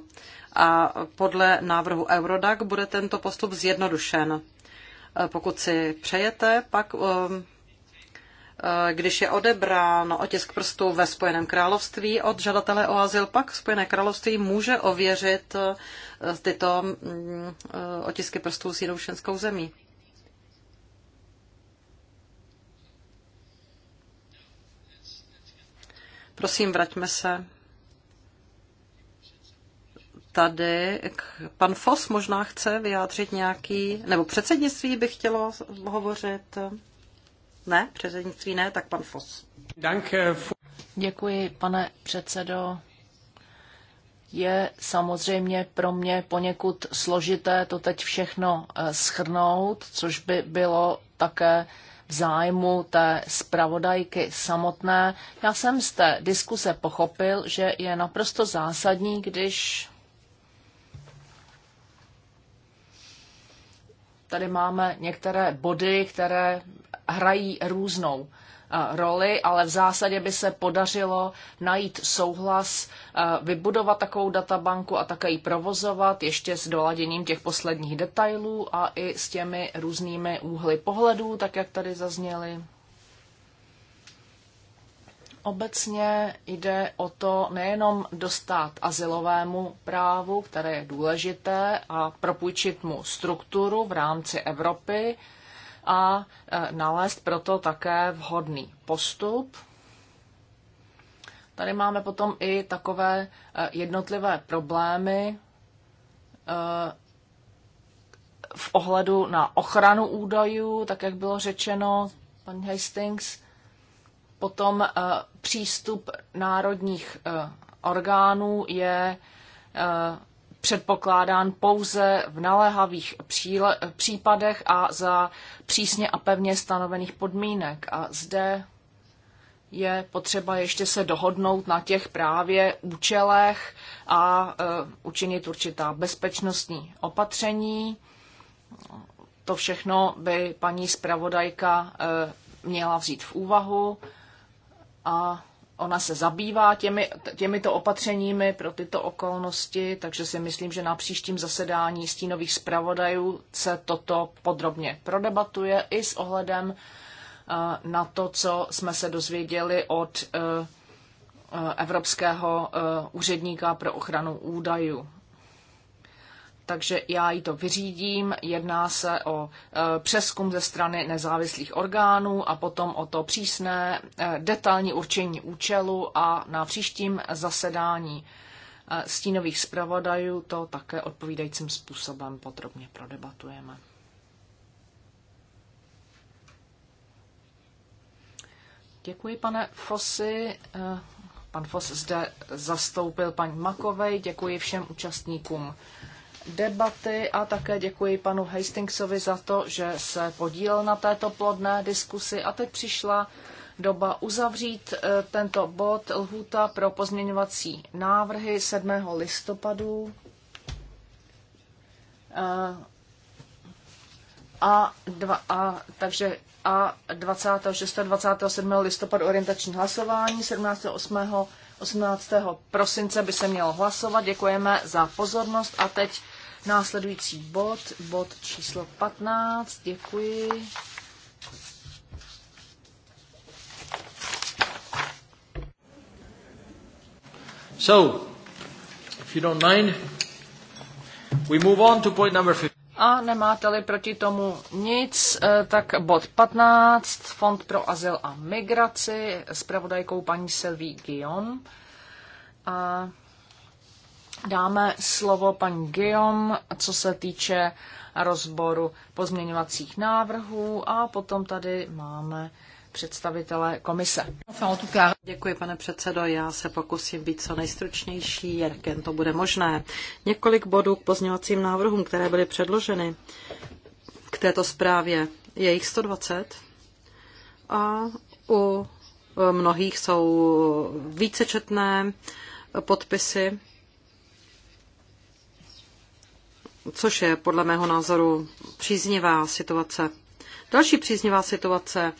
A podle návrhu Eurodac bude tento postup zjednodušen. Pokud si přejete, pak um, Eh, když je odebrán otisk prstu ve Spojeném království od žadatele o azyl, pak Spojené království může ověřit eh, tyto mm, eh, otisky prstů s jinou členskou zemí. Prosím, vraťme se tady. Pan Fos možná chce vyjádřit nějaký, nebo předsednictví by chtělo hovořit. Ne, předsednictví ne, tak pan Fos. Eh, Děkuji, pane předsedo. Je samozřejmě pro mě poněkud složité to teď všechno eh, schrnout, což by bylo také v zájmu té zpravodajky samotné. Já jsem z té diskuse pochopil, že je naprosto zásadní, když tady máme některé body, které hrají různou uh, roli, ale v zásadě by se podařilo najít souhlas, uh, vybudovat takovou databanku a také ji provozovat ještě s doladěním těch posledních detailů a i s těmi různými úhly pohledů, tak jak tady zazněly. Obecně jde o to nejenom dostat asilovému právu, které je důležité, a propůjčit mu strukturu v rámci Evropy, a e, nalézt proto také vhodný postup. Tady máme potom i takové e, jednotlivé problémy e, v ohledu na ochranu údajů, tak jak bylo řečeno, pan Hastings, potom přístup národních orgánů je předpokládán pouze v naléhavých příle, případech a za přísně a pevně stanovených podmínek. A zde je potřeba ještě se dohodnout na těch právě účelech a e, učinit určitá bezpečnostní opatření. To všechno by paní zpravodajka e, měla vzít v úvahu a ona se zabývá těmi, těmito opatřeními pro tyto okolnosti, takže si myslím, že na příštím zasedání stínových zpravodajů se toto podrobně prodebatuje i s ohledem eh, na to, co jsme se dozvěděli od eh, eh, evropského úředníka pro ochranu údajů takže já ji to vyřídím. Jedná se o e, přeskum ze strany nezávislých orgánů a potom o to přísné e, detailní určení účelu a na příštím zasedání e, stínových zpravodajů to také odpovídajícím způsobem podrobně prodebatujeme. Děkuji, pane Fosy. Pan Fos zde zastoupil paní Makovej. Děkuji všem účastníkům debaty a také děkuji panu Hastingsovi za to, že se podílel na této plodné diskusi. A teď přišla doba uzavřít eh, tento bod lhůta pro pozměňovací návrhy 7. listopadu. Eh, a, dva, a, takže a 26. 27. listopadu orientační hlasování, 17. 8. 18. prosince by se mělo hlasovat. Děkujeme za pozornost a teď Následující bod, bod číslo 15, děkuji. So, if you don't mind, we move on to point number 15. A nemáte-li proti tomu nic, eh, tak bod 15, Fond pro azyl a migraci, s pravodajkou paní Sylvie Guillaume. A dáme slovo paní Geom. co se týče rozboru pozměňovacích návrhů a potom tady máme představitele komise. Děkuji, pane předsedo. Já se pokusím být co nejstručnější, jak jen to bude možné. Několik bodů k pozměňovacím návrhům, které byly předloženy k této zprávě. Je jich 120 a u mnohých jsou vícečetné podpisy což je podle mého názoru příznivá situace. Další příznivá situace,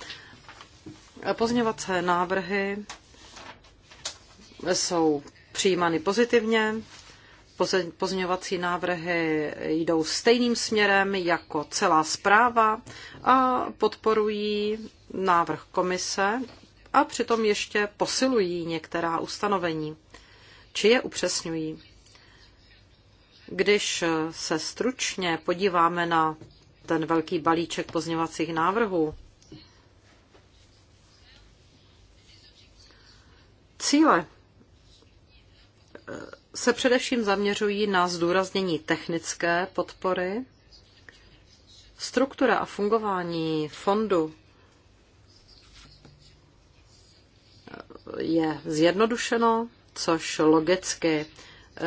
pozněvace návrhy jsou přijímány pozitivně, pozměňovací návrhy jdou stejným směrem jako celá zpráva a podporují návrh komise a přitom ještě posilují některá ustanovení, či je upřesňují. Když se stručně podíváme na ten velký balíček pozněvacích návrhů, cíle eh, se především zaměřují na zdůraznění technické podpory, struktura a fungování fondu eh, je zjednodušeno, což logicky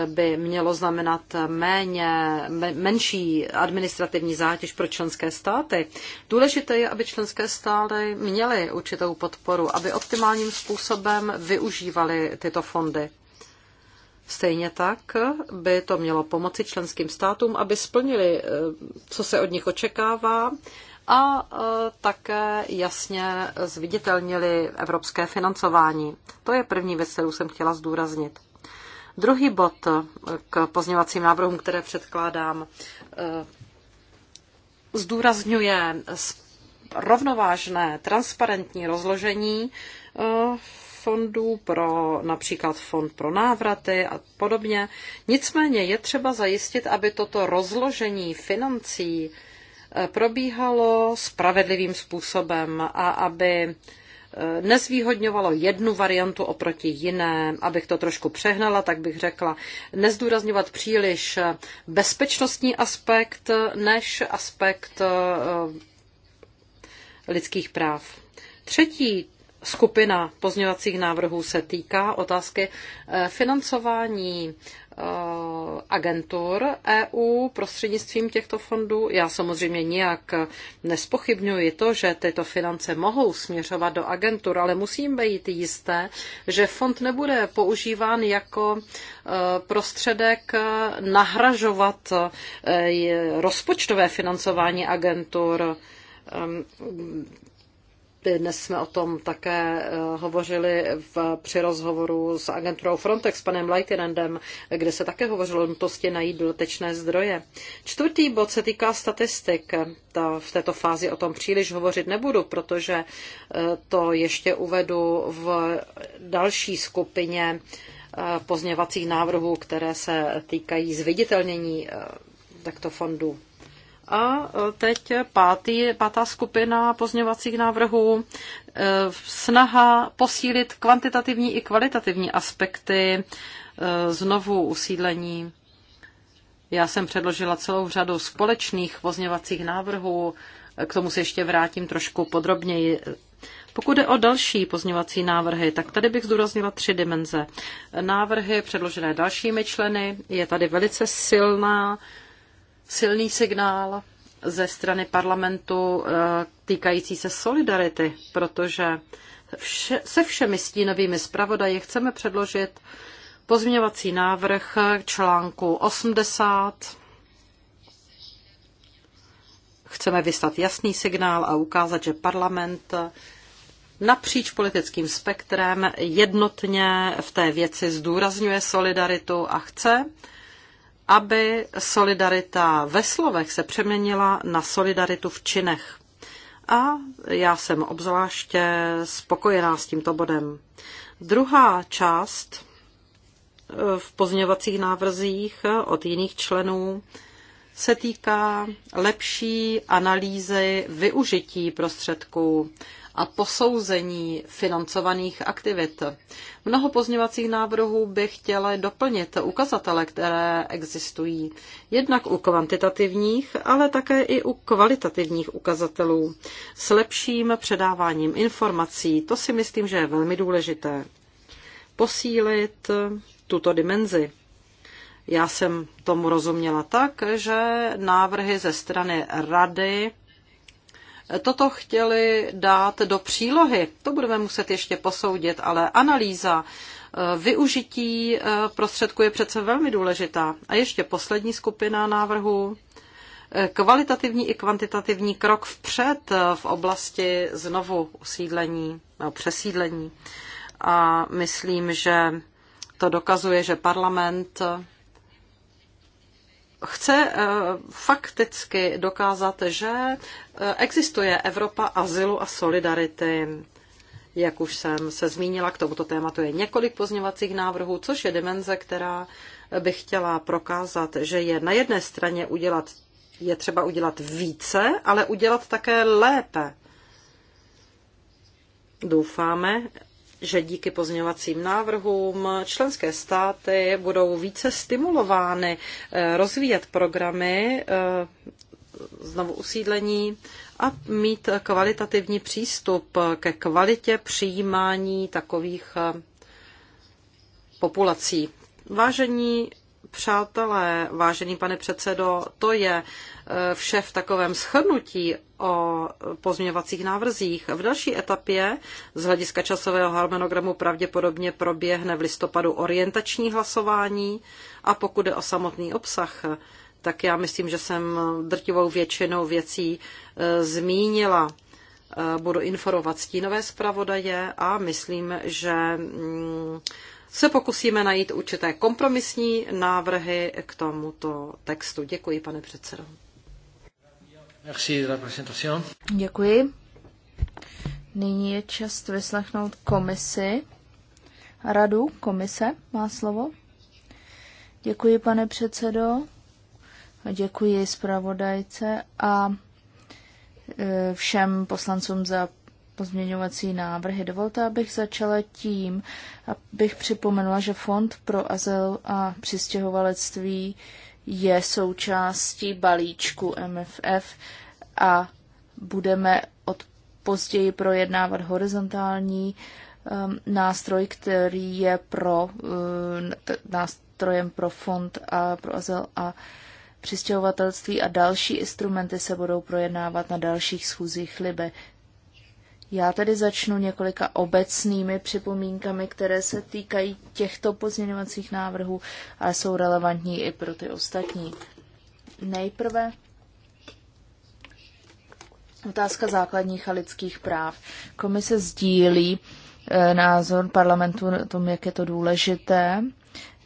by mělo znamenat méně, menší administrativní zátěž pro členské státy. Důležité je, aby členské státy měly určitou podporu, aby optimálním způsobem využívaly tyto fondy. Stejně tak by to mělo pomoci členským státům, aby splnili, eh, co se od nich očekává, a eh, také jasně zviditelnili evropské financování. To je první věc, kterou jsem chtěla zdůraznit. Druhý bod k pozněvacím návrhům, které předkládám, eh, zdůrazňuje rovnovážné, transparentní rozložení eh, fondů pro například fond pro návraty a podobně. Nicméně je třeba zajistit, aby toto rozložení financí eh, probíhalo spravedlivým způsobem a aby nezvýhodňovalo jednu variantu oproti jiné. Abych to trošku přehnala, tak bych řekla nezdůrazňovat příliš bezpečnostní aspekt než aspekt eh, lidských práv. Třetí skupina pozměňovacích návrhů se týká otázky eh, financování Eh, agentur EU prostřednictvím těchto fondů. Já samozřejmě nijak nespochybnuji to, že tyto finance mohou směřovat do agentur, ale musím být jisté, že fond nebude používán jako eh, prostředek nahražovat eh, rozpočtové financování agentur ehm, dnes jsme o tom také eh, hovořili v, při rozhovoru s agenturou Frontex, panem Leitinendem, kde se také hovořilo o nutnosti najít dodatečné zdroje. Čtvrtý bod se týká statistik. Ta, v této fázi o tom příliš hovořit nebudu, protože eh, to ještě uvedu v další skupině eh, pozměvacích návrhů, které se týkají zviditelnění takto fondů. A e, teď pátý, pátá skupina pozměvacích návrhů. E, snaha posílit kvantitativní i kvalitativní aspekty e, znovu usídlení. Já jsem předložila celou řadu společných pozměvacích návrhů, k tomu se ještě vrátím trošku podrobněji. Pokud jde o další pozměvací návrhy, tak tady bych zdůraznila tři dimenze. Návrhy předložené dalšími členy, je tady velice silná silný signál ze strany parlamentu eh, týkající se solidarity, protože vše, se všemi stínovými zpravodaji chceme předložit pozměňovací návrh článku 80. Chceme vyslat jasný signál a ukázat, že parlament napříč politickým spektrem jednotně v té věci zdůrazňuje solidaritu a chce, aby solidarita ve slovech se přeměnila na solidaritu v činech. A já jsem obzvláště spokojená s tímto bodem. Druhá část eh, v pozměňovacích návrzích od jiných členů se týká lepší analýzy využití prostředků a posouzení financovaných aktivit. Mnoho pozněvacích návrhů by chtěla doplnit ukazatele, které existují, jednak u kvantitativních, ale také i u kvalitativních ukazatelů s lepším předáváním informací. To si myslím, že je velmi důležité. Posílit tuto dimenzi. Já jsem tomu rozuměla tak, že návrhy ze strany rady toto chtěli dát do přílohy. To budeme muset ještě posoudit, ale analýza e, využití e, prostředku je přece velmi důležitá. A ještě poslední skupina návrhů. E, kvalitativní i kvantitativní krok vpřed v oblasti znovu usídlení, no, přesídlení. A myslím, že to dokazuje, že parlament chce eh, fakticky dokázat, že eh, existuje Evropa azylu a solidarity. Jak už jsem se zmínila, k tomuto tématu je několik pozněvacích návrhů, což je dimenze, která by chtěla prokázat, že je na jedné straně udělat, je třeba udělat více, ale udělat také lépe. Doufáme, že díky pozměňovacím návrhům členské státy budou více stimulovány eh, rozvíjet programy eh, znovu usídlení a mít kvalitativní přístup ke kvalitě přijímání takových eh, populací. Vážení Přátelé, vážený pane předsedo, to je e, vše v takovém schrnutí o pozměňovacích návrzích. V další etapě z hlediska časového harmonogramu pravděpodobně proběhne v listopadu orientační hlasování a pokud je o samotný obsah, tak já myslím, že jsem drtivou většinou věcí e, zmínila. E, budu informovat stínové zpravodaje a myslím, že mm, se pokusíme najít určité kompromisní návrhy k tomuto textu. Děkuji, pane předsedo. Děkuji. Nyní je čas vyslechnout komisi. Radu komise má slovo. Děkuji, pane předsedo. Děkuji zpravodajce a e, všem poslancům za pozměňovací návrhy. Dovolte, abych začala tím, abych připomenula, že Fond pro azyl a přistěhovalectví je součástí balíčku MFF a budeme od později projednávat horizontální um, nástroj, který je pro um, nástrojem pro fond a pro azyl a přistěhovatelství a další instrumenty se budou projednávat na dalších schůzích Libe. Já tedy začnu několika obecnými připomínkami, které se týkají těchto pozměňovacích návrhů, a jsou relevantní i pro ty ostatní. Nejprve otázka základních a lidských práv. Komise sdílí eh, názor parlamentu na tom, jak je to důležité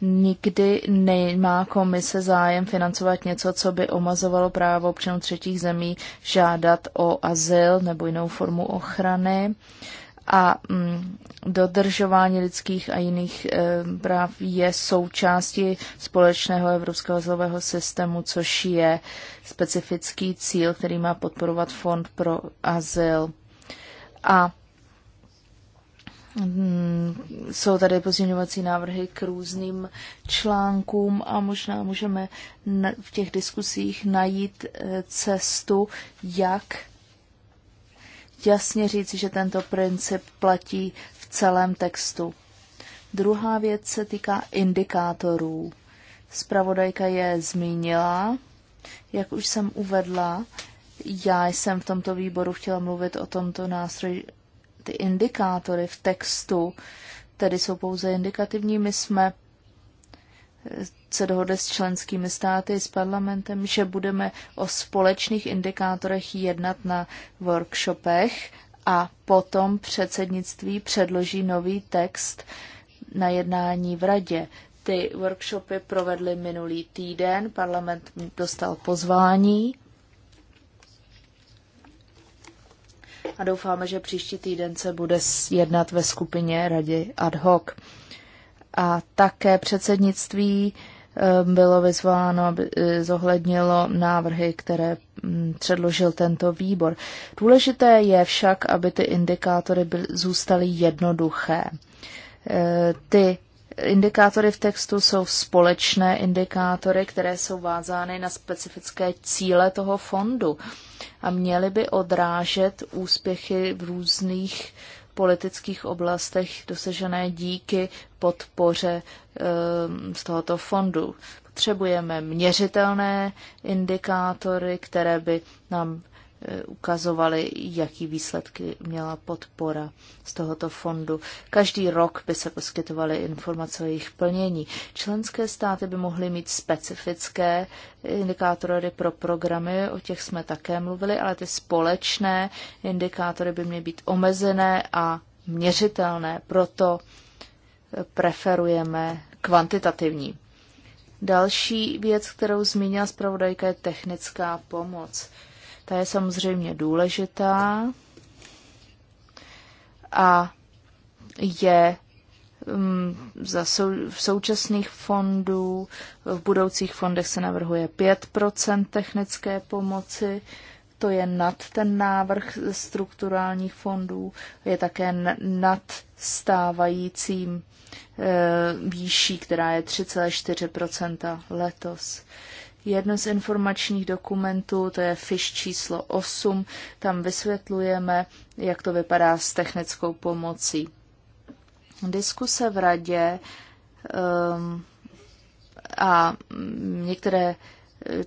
Nikdy nemá komise zájem financovat něco, co by omazovalo právo občanů třetích zemí žádat o azyl nebo jinou formu ochrany a mm, dodržování lidských a jiných práv je součástí společného evropského azylového systému, což je specifický cíl, který má podporovat Fond pro azyl. A Mm, jsou tady pozměňovací návrhy k různým článkům a možná můžeme v těch diskusích najít eh, cestu, jak jasně říci, že tento princip platí v celém textu. Druhá věc se týká indikátorů. Spravodajka je zmínila, jak už jsem uvedla, já jsem v tomto výboru chtěla mluvit o tomto nástroji ty indikátory v textu, tedy jsou pouze indikativní. My jsme eh, se dohodli s členskými státy, s parlamentem, že budeme o společných indikátorech jednat na workshopech a potom předsednictví předloží nový text na jednání v radě. Ty workshopy provedli minulý týden, parlament dostal pozvání a doufáme, že příští týden se bude jednat ve skupině Rady ad hoc. A také předsednictví eh, bylo vyzváno, aby eh, zohlednilo návrhy, které mm, předložil tento výbor. Důležité je však, aby ty indikátory zůstaly jednoduché. Eh, ty Indikátory v textu jsou společné indikátory, které jsou vázány na specifické cíle toho fondu a měly by odrážet úspěchy v různých politických oblastech dosažené díky podpoře ehm, z tohoto fondu. Potřebujeme měřitelné indikátory, které by nám Eh, ukazovaly, jaký výsledky měla podpora z tohoto fondu. Každý rok by se poskytovaly informace o jejich plnění. Členské státy by mohly mít specifické indikátory pro programy, o těch jsme také mluvili, ale ty společné indikátory by měly být omezené a měřitelné, proto preferujeme kvantitativní. Další věc, kterou zmínila zpravodajka, je technická pomoc ta je samozřejmě důležitá a je mm, za sou, v současných fondů, v budoucích fondech se navrhuje 5 technické pomoci, to je nad ten návrh strukturálních fondů, je také nad stávajícím e, výší, která je 3,4 letos. Jedno z informačních dokumentů, to je FISH číslo 8, tam vysvětlujeme, jak to vypadá s technickou pomocí. Diskuse v radě um, a některé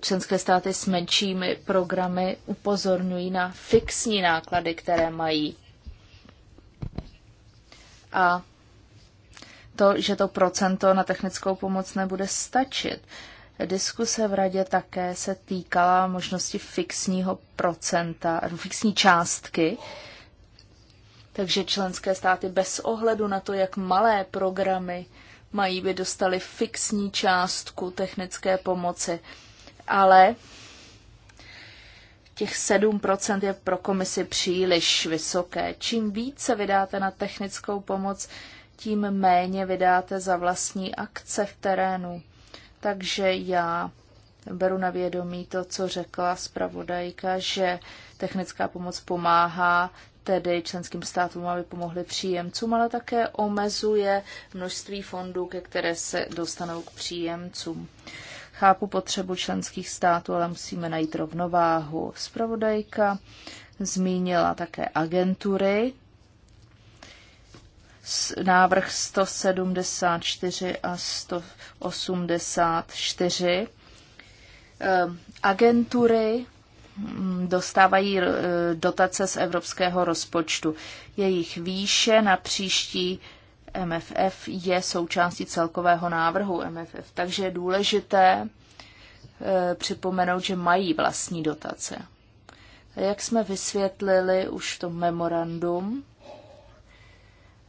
členské státy s menšími programy upozorňují na fixní náklady, které mají. A to, že to procento na technickou pomoc nebude stačit. Uh, Diskuse v radě také se týkala možnosti fixního procenta, fixní částky, takže členské státy bez ohledu na to, jak malé programy mají, by dostali fixní částku technické pomoci. Ale těch 7% je pro komisi příliš vysoké. Čím více vydáte na technickou pomoc, tím méně vydáte za vlastní akce v terénu. Takže já beru na vědomí to, co řekla zpravodajka, že technická pomoc pomáhá tedy členským státům, aby pomohli příjemcům, ale také omezuje množství fondů, ke které se dostanou k příjemcům. Chápu potřebu členských států, ale musíme najít rovnováhu. Spravodajka zmínila také agentury, návrh 174 a 184. Ehm, agentury hm, dostávají eh, dotace z evropského rozpočtu. Jejich výše na příští MFF je součástí celkového návrhu MFF, takže je důležité eh, připomenout, že mají vlastní dotace. Jak jsme vysvětlili už v tom memorandum,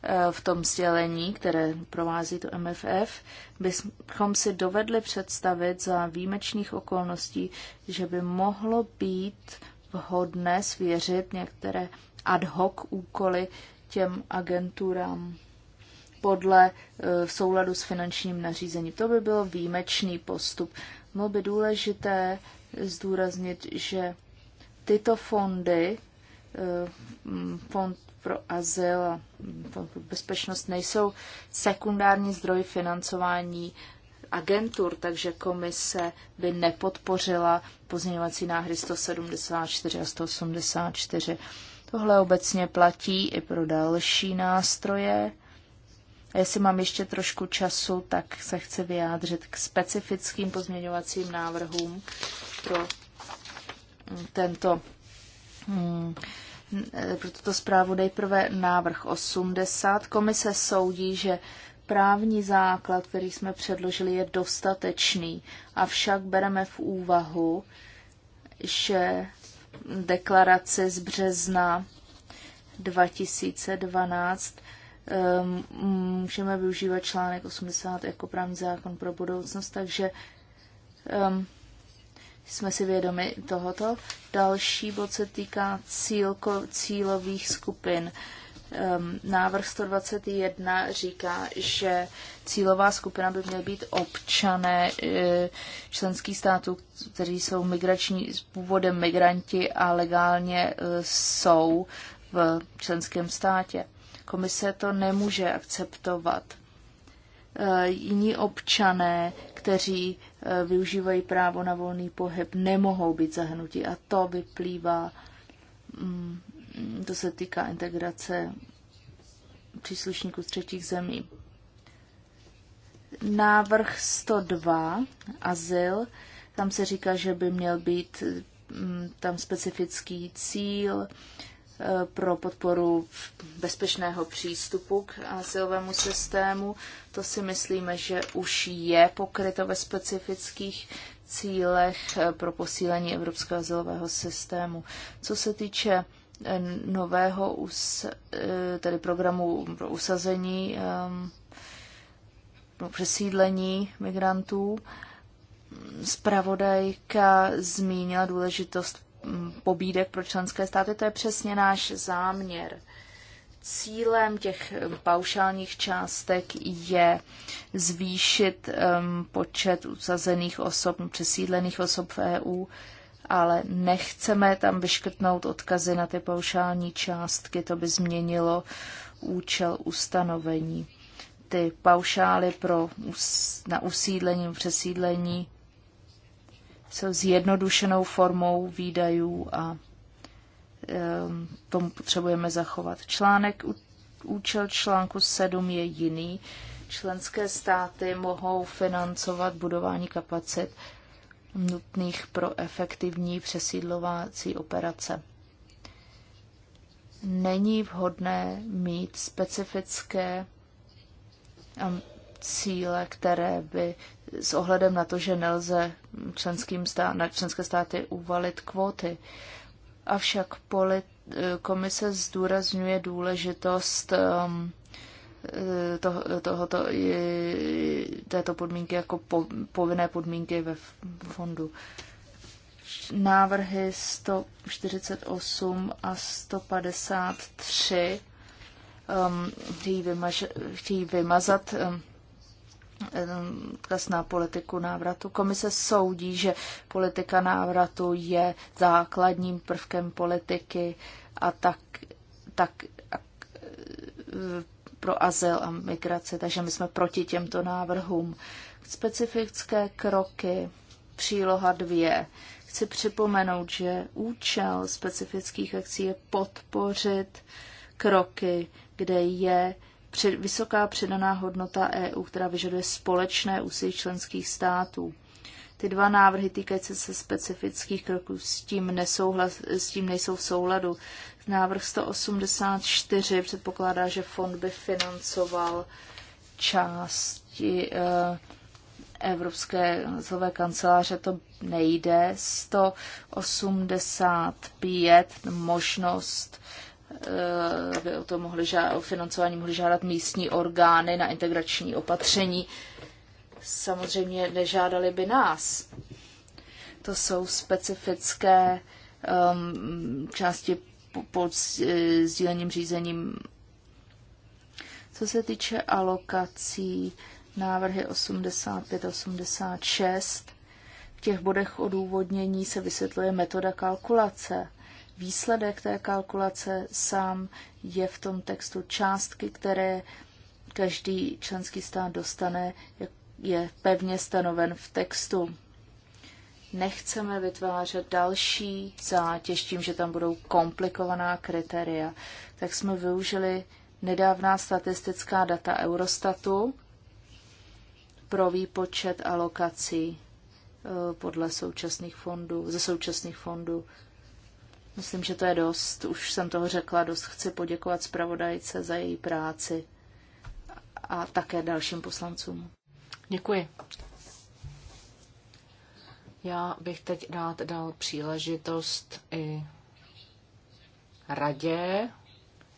Eh, v tom sdělení, které provází tu MFF, bychom si dovedli představit za výjimečných okolností, že by mohlo být vhodné svěřit některé ad hoc úkoly těm agenturám podle eh, v souladu s finančním nařízením. To by byl výjimečný postup. Bylo by důležité zdůraznit, že tyto fondy, eh, fond pro azyl a bezpečnost nejsou sekundární zdroj financování agentur, takže komise by nepodpořila pozměňovací náhry 174 a 184. Tohle obecně platí i pro další nástroje. A jestli mám ještě trošku času, tak se chci vyjádřit k specifickým pozměňovacím návrhům pro mm, tento hmm, pro tuto zprávu nejprve návrh 80. Komise soudí, že právní základ, který jsme předložili, je dostatečný, avšak bereme v úvahu, že deklarace z března 2012 ehm, můžeme využívat článek 80 jako právní zákon pro budoucnost, takže um, jsme si vědomi tohoto. Další bod se týká cílko, cílových skupin. Um, návrh 121 říká, že cílová skupina by měly být občané e, členských států, kteří jsou migrační, s původem migranti a legálně e, jsou v členském státě. Komise to nemůže akceptovat. E, jiní občané, kteří Eh, využívají právo na volný pohyb, nemohou být zahnutí A to vyplývá, mm, to se týká integrace příslušníků z třetích zemí. Návrh 102, azyl, tam se říká, že by měl být mm, tam specifický cíl, pro podporu bezpečného přístupu k asilovému systému. To si myslíme, že už je pokryto ve specifických cílech eh, pro posílení evropského asilového systému. Co se týče eh, nového eh, tedy programu pro usazení ehm, pro přesídlení migrantů, Spravodajka mm, zmínila důležitost pobídek pro členské státy, to je přesně náš záměr. Cílem těch paušálních částek je zvýšit um, počet usazených osob, přesídlených osob v EU, ale nechceme tam vyškrtnout odkazy na ty paušální částky, to by změnilo účel ustanovení. Ty paušály pro, na usídlení, přesídlení se zjednodušenou formou výdajů a ehm, tomu potřebujeme zachovat. Článek, účel článku 7 je jiný. Členské státy mohou financovat budování kapacit nutných pro efektivní přesídlovací operace. Není vhodné mít specifické cíle, které by s ohledem na to, že nelze členským stá- na členské státy uvalit kvóty. Avšak polit, komise zdůrazňuje důležitost um, eh, to, tohoto, této podmínky jako po, povinné podmínky ve fondu. Návrhy 148 a 153 um, chtějí, vymaž, chtějí vymazat um, odkaz ehm, na politiku návratu. Komise soudí, že politika návratu je základním prvkem politiky a tak, tak a eh, pro azyl a migraci, takže my jsme proti těmto návrhům. Specifické kroky, příloha dvě. Chci připomenout, že účel specifických akcí je podpořit kroky, kde je uh, vysoká přidaná hodnota EU, která vyžaduje společné úsilí členských států. Ty dva návrhy týkající se specifických kroků s tím, nesouhlas, s tím nejsou v souladu. Návrh 184 předpokládá, že fond by financoval části eh, Evropské zlové kanceláře, to nejde. 185 možnost Eh, aby o to mohli žádat, o financování mohly žádat místní orgány na integrační opatření. Samozřejmě nežádali by nás. To jsou specifické um, části pod eh, sdíleným řízením. Co se týče alokací, návrhy 85 86, v těch bodech odůvodnění se vysvětluje metoda kalkulace výsledek té kalkulace sám je v tom textu částky, které každý členský stát dostane, je pevně stanoven v textu. Nechceme vytvářet další zátěž tím, že tam budou komplikovaná kritéria. Tak jsme využili nedávná statistická data Eurostatu pro výpočet alokací eh, podle současných fondů, ze současných fondů Myslím, že to je dost. Už jsem toho řekla dost. Chci poděkovat zpravodajce za její práci a také dalším poslancům. Děkuji. Já bych teď rád dal příležitost i radě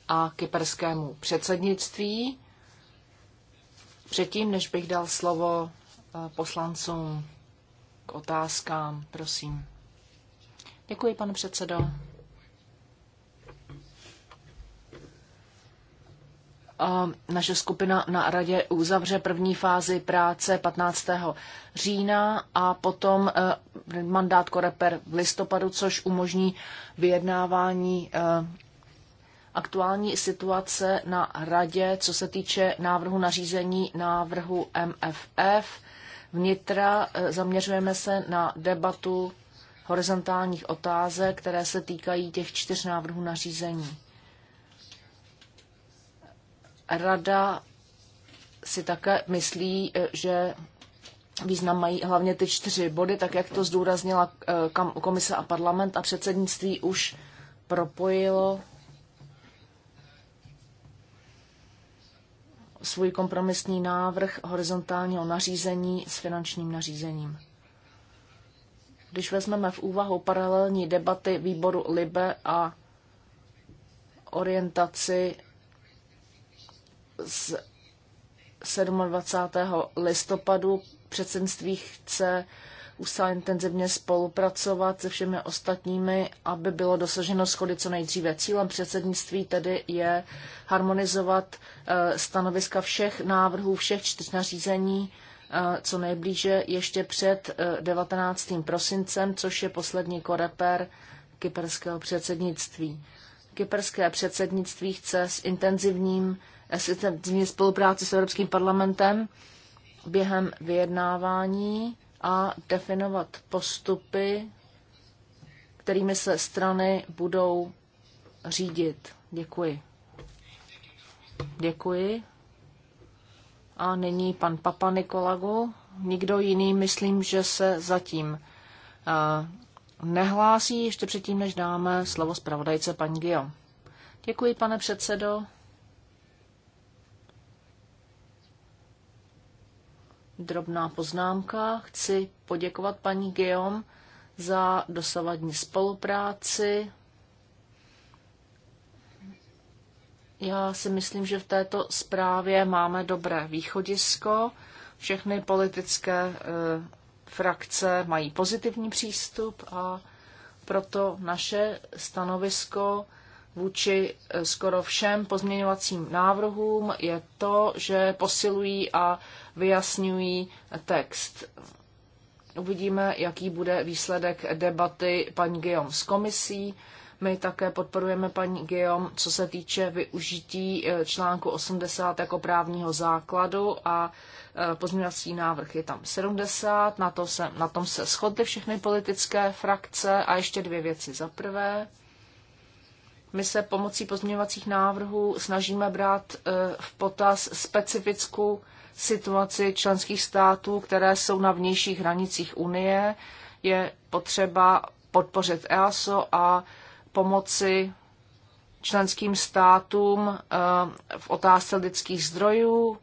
a kyperskému předsednictví. Předtím, než bych dal slovo eh, poslancům k otázkám, prosím. Děkuji, pane předsedo. naše skupina na radě uzavře první fázi práce 15. října a potom eh, mandát Koreper v listopadu, což umožní vyjednávání eh, aktuální situace na radě, co se týče návrhu nařízení návrhu MFF. Vnitra eh, zaměřujeme se na debatu horizontálních otázek, které se týkají těch čtyř návrhů nařízení. Rada si také myslí, eh, že význam mají hlavně ty čtyři body, tak jak to zdůraznila eh, komise a parlament a předsednictví už propojilo svůj kompromisní návrh horizontálního nařízení s finančním nařízením. Když vezmeme v úvahu paralelní debaty výboru LIBE a orientaci z 27. listopadu předsednictví chce USA intenzivně spolupracovat se všemi ostatními, aby bylo dosaženo schody co nejdříve. Cílem předsednictví tedy je harmonizovat eh, stanoviska všech návrhů, všech čtyř nařízení eh, co nejblíže ještě před 19. Eh, prosincem, což je poslední koreper kyperského předsednictví. Kyperské předsednictví chce s intenzivním změnit spolupráci s Evropským parlamentem během vyjednávání a definovat postupy, kterými se strany budou řídit. Děkuji. Děkuji. A nyní pan Papa Nikolagu. Nikdo jiný, myslím, že se zatím uh, nehlásí, ještě předtím, než dáme slovo zpravodajce paní Gio. Děkuji, pane předsedo. drobná poznámka. Chci poděkovat paní Geom za dosavadní spolupráci. Já si myslím, že v této zprávě máme dobré východisko. Všechny politické e, frakce mají pozitivní přístup a proto naše stanovisko vůči eh, skoro všem pozměňovacím návrhům je to, že posilují a vyjasňují text. Uvidíme, jaký bude výsledek debaty paní Geom s komisí. My také podporujeme paní Geom, co se týče využití e, článku 80 jako právního základu a e, pozměňovací návrh je tam 70. Na, to se, na tom se shodly všechny politické frakce a ještě dvě věci. Za prvé, my se pomocí pozměňovacích návrhů snažíme brát e, v potaz specifickou situaci členských států, které jsou na vnějších hranicích Unie, je potřeba podpořit EASO a pomoci členským státům eh, v otázce lidských zdrojů.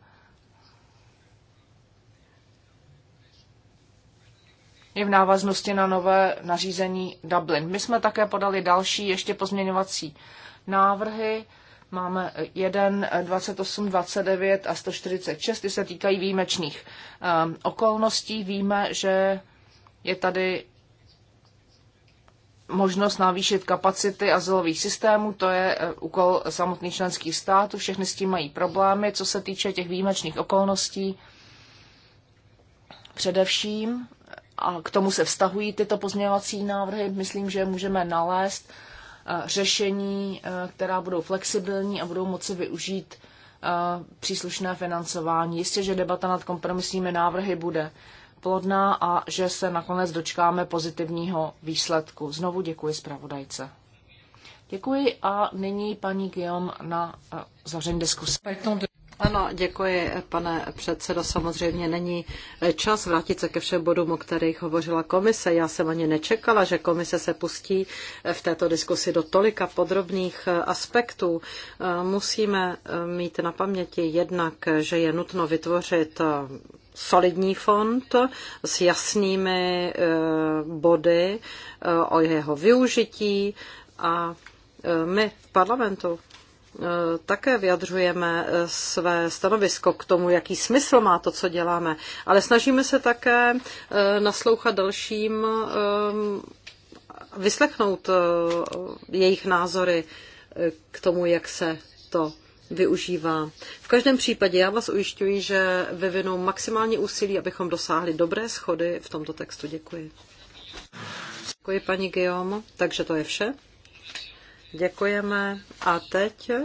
Je v návaznosti na nové nařízení Dublin. My jsme také podali další ještě pozměňovací návrhy Máme 1, 28, 29 a 146, ty se týkají výjimečných um, okolností. Víme, že je tady možnost navýšit kapacity azylových systémů, to je eh, úkol samotných členských států, všechny s tím mají problémy, co se týče těch výjimečných okolností. Především, a k tomu se vztahují tyto pozměňovací návrhy, myslím, že můžeme nalézt Eh, řešení, eh, která budou flexibilní a budou moci využít eh, příslušné financování. Jistě, že debata nad kompromisními návrhy bude plodná a že se nakonec dočkáme pozitivního výsledku. Znovu děkuji zpravodajce. Děkuji a nyní paní Guillaume na zaření diskuse. Ano, děkuji, pane předsedo. Samozřejmě není eh, čas vrátit se ke všem bodům, o kterých hovořila komise. Já jsem ani nečekala, že komise se pustí eh, v této diskusi do tolika podrobných eh, aspektů. Musíme mít na paměti jednak, že je nutno vytvořit solidní fond s jasnými body o jeho využití a my v parlamentu E, také vyjadřujeme e, své stanovisko k tomu, jaký smysl má to, co děláme, ale snažíme se také e, naslouchat dalším, vyslechnout jejich názory k tomu, jak se to využívá. V každém případě já vás ujišťuji, že vyvinou maximální úsilí, abychom dosáhli dobré schody v tomto textu. Děkuji. Děkuji, paní Guillaume. Takže to je vše. Děkujeme. A teď eh,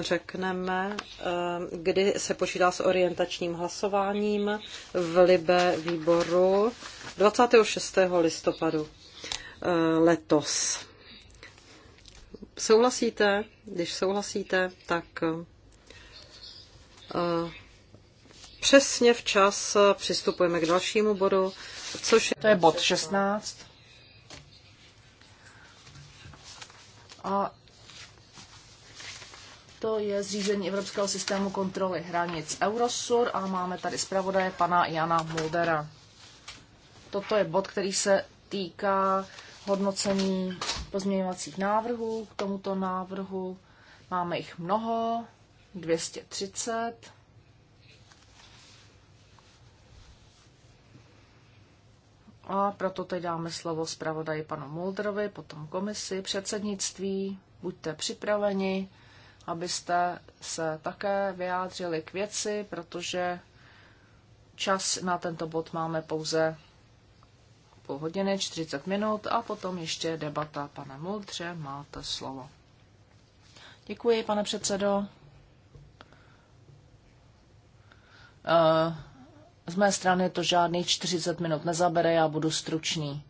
řekneme, eh, kdy se počítá s orientačním hlasováním v Libe výboru 26. listopadu eh, letos. Souhlasíte? Když souhlasíte, tak přesně včas přistupujeme k dalšímu bodu, což je... To je bod 16 a to je zřízení Evropského systému kontroly hranic Eurosur a máme tady zpravodaje pana Jana Muldera. Toto je bod, který se týká hodnocení pozměňovacích návrhů k tomuto návrhu. Máme jich mnoho, 230. A proto teď dáme slovo zpravodaji panu Mulderovi, potom komisi, předsednictví. Buďte připraveni, abyste se také vyjádřili k věci, protože čas na tento bod máme pouze půl hodiny, 40 minut a potom ještě debata. Pane Muldře, máte slovo. Děkuji, pane předsedo. Uh, z mé strany to žádných 40 minut nezabere, já budu stručný.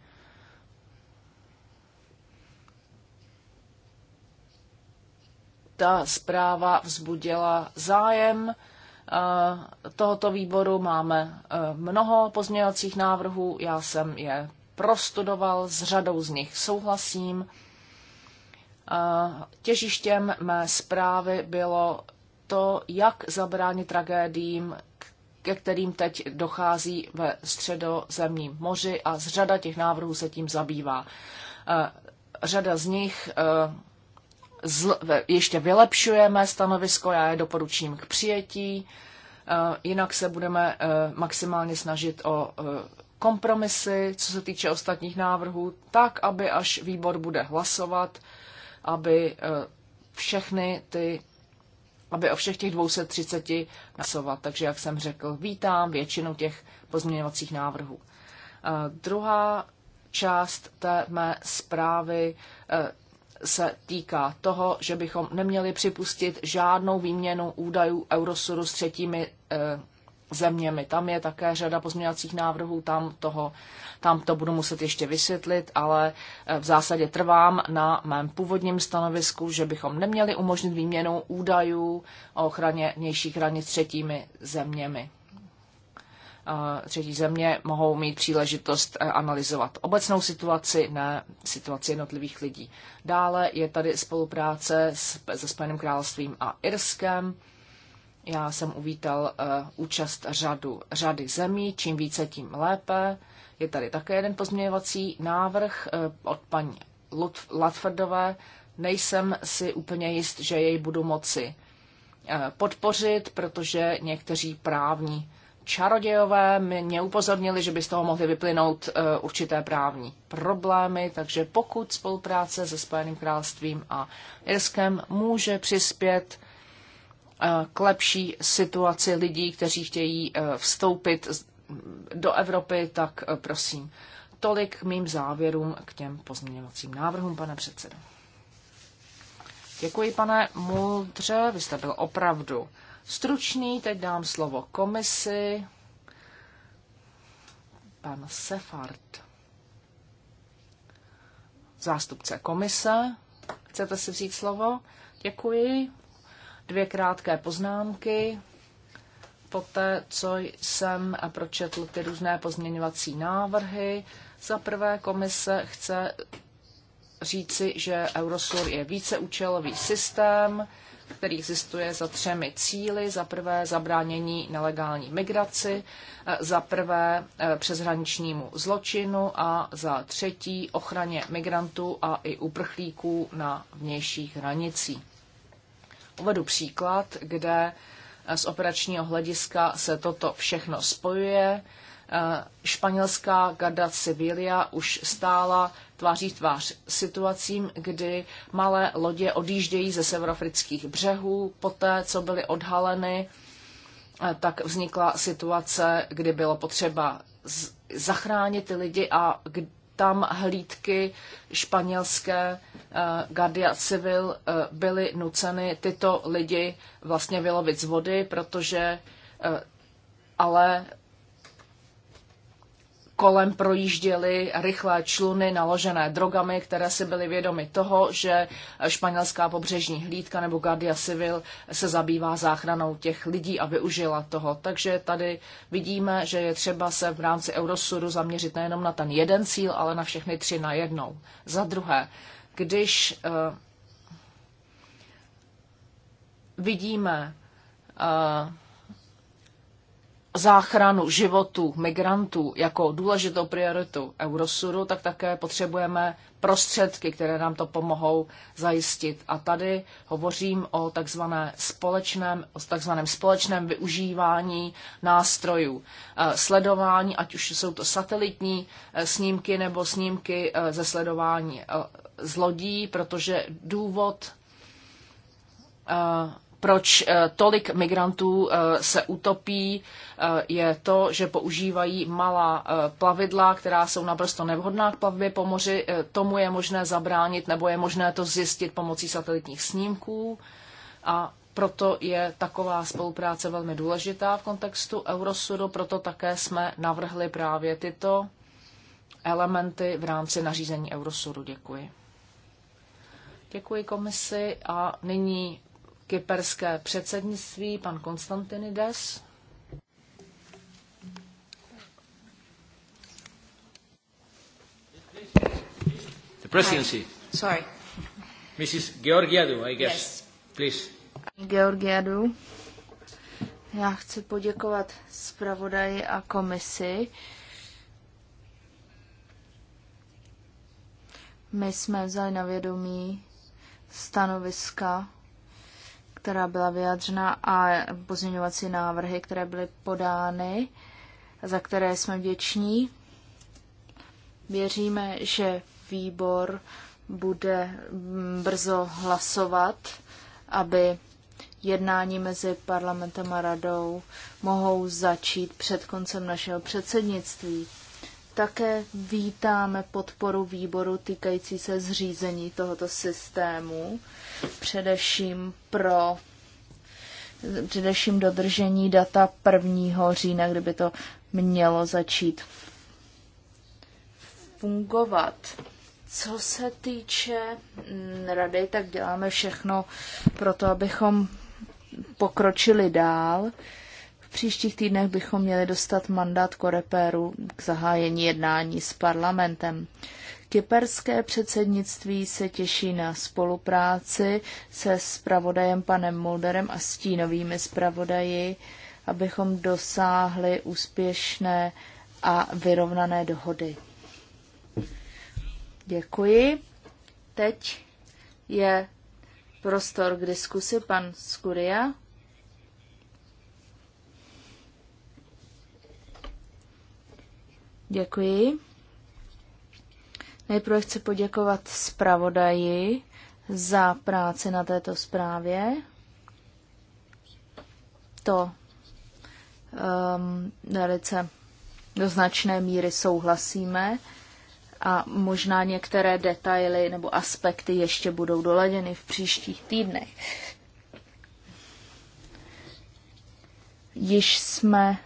Ta zpráva vzbudila zájem eh, tohoto výboru. Máme eh, mnoho pozměňovacích návrhů, já jsem je prostudoval, s řadou z nich souhlasím. Eh, těžištěm mé zprávy bylo to, jak zabránit tragédiím, ke kterým teď dochází ve středozemním moři a z řada těch návrhů se tím zabývá. Eh, řada z nich eh, ještě vylepšujeme stanovisko, já je doporučím k přijetí, eh, jinak se budeme maximálně snažit o kompromisy, co se týče ostatních návrhů, tak, aby až výbor bude hlasovat, aby všechny ty aby o všech těch 230 hlasovat. Takže, jak jsem řekl, vítám většinu těch pozměňovacích návrhů. E, druhá část té mé zprávy e, se týká toho, že bychom neměli připustit žádnou výměnu údajů Eurosuru s třetími e, zeměmi. Tam je také řada pozměňovacích návrhů, tam, toho, tam to budu muset ještě vysvětlit, ale eh, v zásadě trvám na mém původním stanovisku, že bychom neměli umožnit výměnu údajů o ochraně vnějších hranic třetími zeměmi. Eh, třetí země mohou mít příležitost eh, analyzovat obecnou situaci, ne situaci jednotlivých lidí. Dále je tady spolupráce se Spojeným královstvím a Irskem já jsem uvítal eh, účast řadu, řady zemí, čím více, tím lépe. Je tady také jeden pozměňovací návrh eh, od paní Latfordové. Nejsem si úplně jist, že jej budu moci eh, podpořit, protože někteří právní čarodějové mě upozornili, že by z toho mohly vyplynout určité právní problémy, takže pokud spolupráce se Spojeným královstvím a Irskem může přispět k lepší situaci lidí, kteří chtějí eh, vstoupit do Evropy, tak eh, prosím. Tolik k mým závěrům k těm pozměňovacím návrhům, pane předsedo. Děkuji, pane Muldře, vy jste byl opravdu stručný. Teď dám slovo komisi. Pan Sefard. Zástupce komise. Chcete si vzít slovo? Děkuji. Dvě krátké poznámky. Poté, co jsem pročetl ty různé pozměňovací návrhy, za prvé komise chce říci, že Eurosur je víceúčelový systém, který existuje za třemi cíly. Za prvé zabránění nelegální migraci, e, za prvé e, přeshraničnímu zločinu a za třetí ochraně migrantů a i uprchlíků na vnějších hranicích. Uvedu příklad, kde eh, z operačního hlediska se toto všechno spojuje. Eh, španělská garda Sevilla už stála tváří tvář situacím, kdy malé lodě odjíždějí ze severoafrických břehů. Poté, co byly odhaleny, eh, tak vznikla situace, kdy bylo potřeba zachránit ty lidi a tam hlídky španělské eh, Guardia Civil eh, byly nuceny tyto lidi vlastně vylovit z vody, protože eh, ale kolem projížděly rychlé čluny naložené drogami, které si byly vědomy toho, že španělská pobřežní hlídka nebo Guardia Civil se zabývá záchranou těch lidí a využila toho. Takže tady vidíme, že je třeba se v rámci Eurosuru zaměřit nejenom na ten jeden cíl, ale na všechny tři na jednou. Za druhé, když uh, vidíme uh, záchranu životů migrantů jako důležitou prioritu Eurosuru, tak také potřebujeme prostředky, které nám to pomohou zajistit. A tady hovořím o takzvaném společném, o takzvaném společném využívání nástrojů eh, sledování, ať už jsou to satelitní eh, snímky nebo snímky eh, ze sledování z lodí, protože důvod proč eh, tolik migrantů eh, se utopí, eh, je to, že používají malá plavidla, která jsou naprosto nevhodná k plavbě po moři. Tomu je možné zabránit nebo je možné to zjistit pomocí satelitních snímků. A proto je taková spolupráce velmi důležitá v kontextu Eurosuru, proto také jsme navrhli právě tyto elementy v rámci nařízení Eurosuru. Děkuji. Děkuji komisi a nyní kyperské předsednictví, pan Konstantinides. The presidency. Sorry. Mrs. Georgiadou, I guess. Yes. Please. Georgiadu. Já chci poděkovat zpravodaji a komisi. My jsme vzali na vědomí stanoviska která byla vyjádřena a pozměňovací návrhy, které byly podány, za které jsme vděční. Věříme, že výbor bude brzo hlasovat, aby jednání mezi parlamentem a radou mohou začít před koncem našeho předsednictví. Také vítáme podporu výboru týkající se zřízení tohoto systému, především pro především dodržení data 1. října, kdyby to mělo začít fungovat. Co se týče mm, rady, tak děláme všechno pro to, abychom pokročili dál příštích týdnech bychom měli dostat mandát Korepéru k zahájení jednání s parlamentem. Kyperské předsednictví se těší na spolupráci se spravodajem panem Mulderem a stínovými spravodaji, abychom dosáhli úspěšné a vyrovnané dohody. Děkuji. Teď je prostor k diskusi pan Skuria. Děkuji. Nejprve chci poděkovat zpravodaji za práci na této zprávě. To um, velice do značné míry souhlasíme a možná některé detaily nebo aspekty ještě budou doladěny v příštích týdnech. Již jsme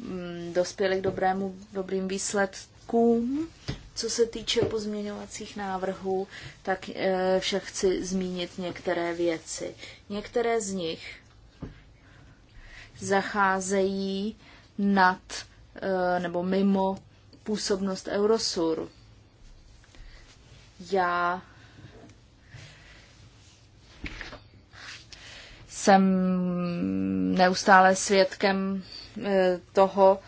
Mm, dospěli k dobrému, dobrým výsledkům. Co se týče pozměňovacích návrhů, tak eh, však chci zmínit některé věci. Některé z nich zacházejí nad eh, nebo mimo působnost Eurosur. Já jsem neustále svědkem Eh, toho,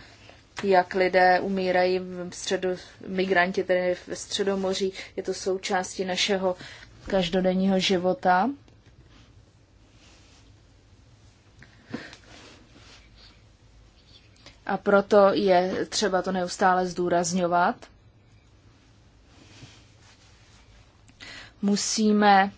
jak lidé umírají v středu, migranti tedy v středomoří. Je to součástí našeho každodenního života. A proto je třeba to neustále zdůrazňovat. Musíme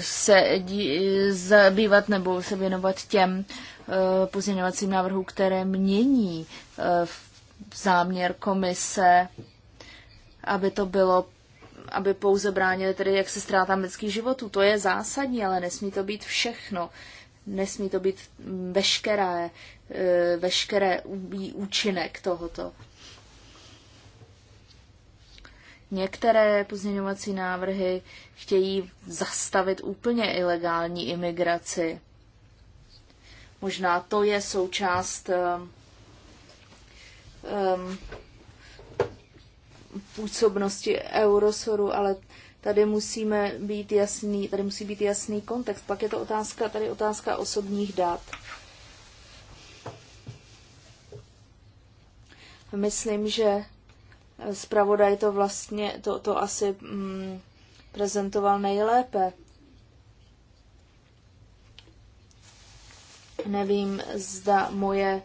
se dí, zabývat nebo se věnovat těm eh, pozměňovacím návrhům, které mění eh, záměr komise, aby to bylo aby pouze bránili tedy jak se ztrátám lidských životů. To je zásadní, ale nesmí to být všechno. Nesmí to být veškeré, eh, veškeré účinek tohoto. Některé pozměňovací návrhy chtějí zastavit úplně ilegální imigraci. Možná to je součást um, um, působnosti Eurosoru, ale tady musíme být jasný, tady musí být jasný kontext. Pak je to otázka, tady otázka osobních dat. Myslím, že Spravodaj to vlastně, to, to asi mm, prezentoval nejlépe. Nevím, zda moje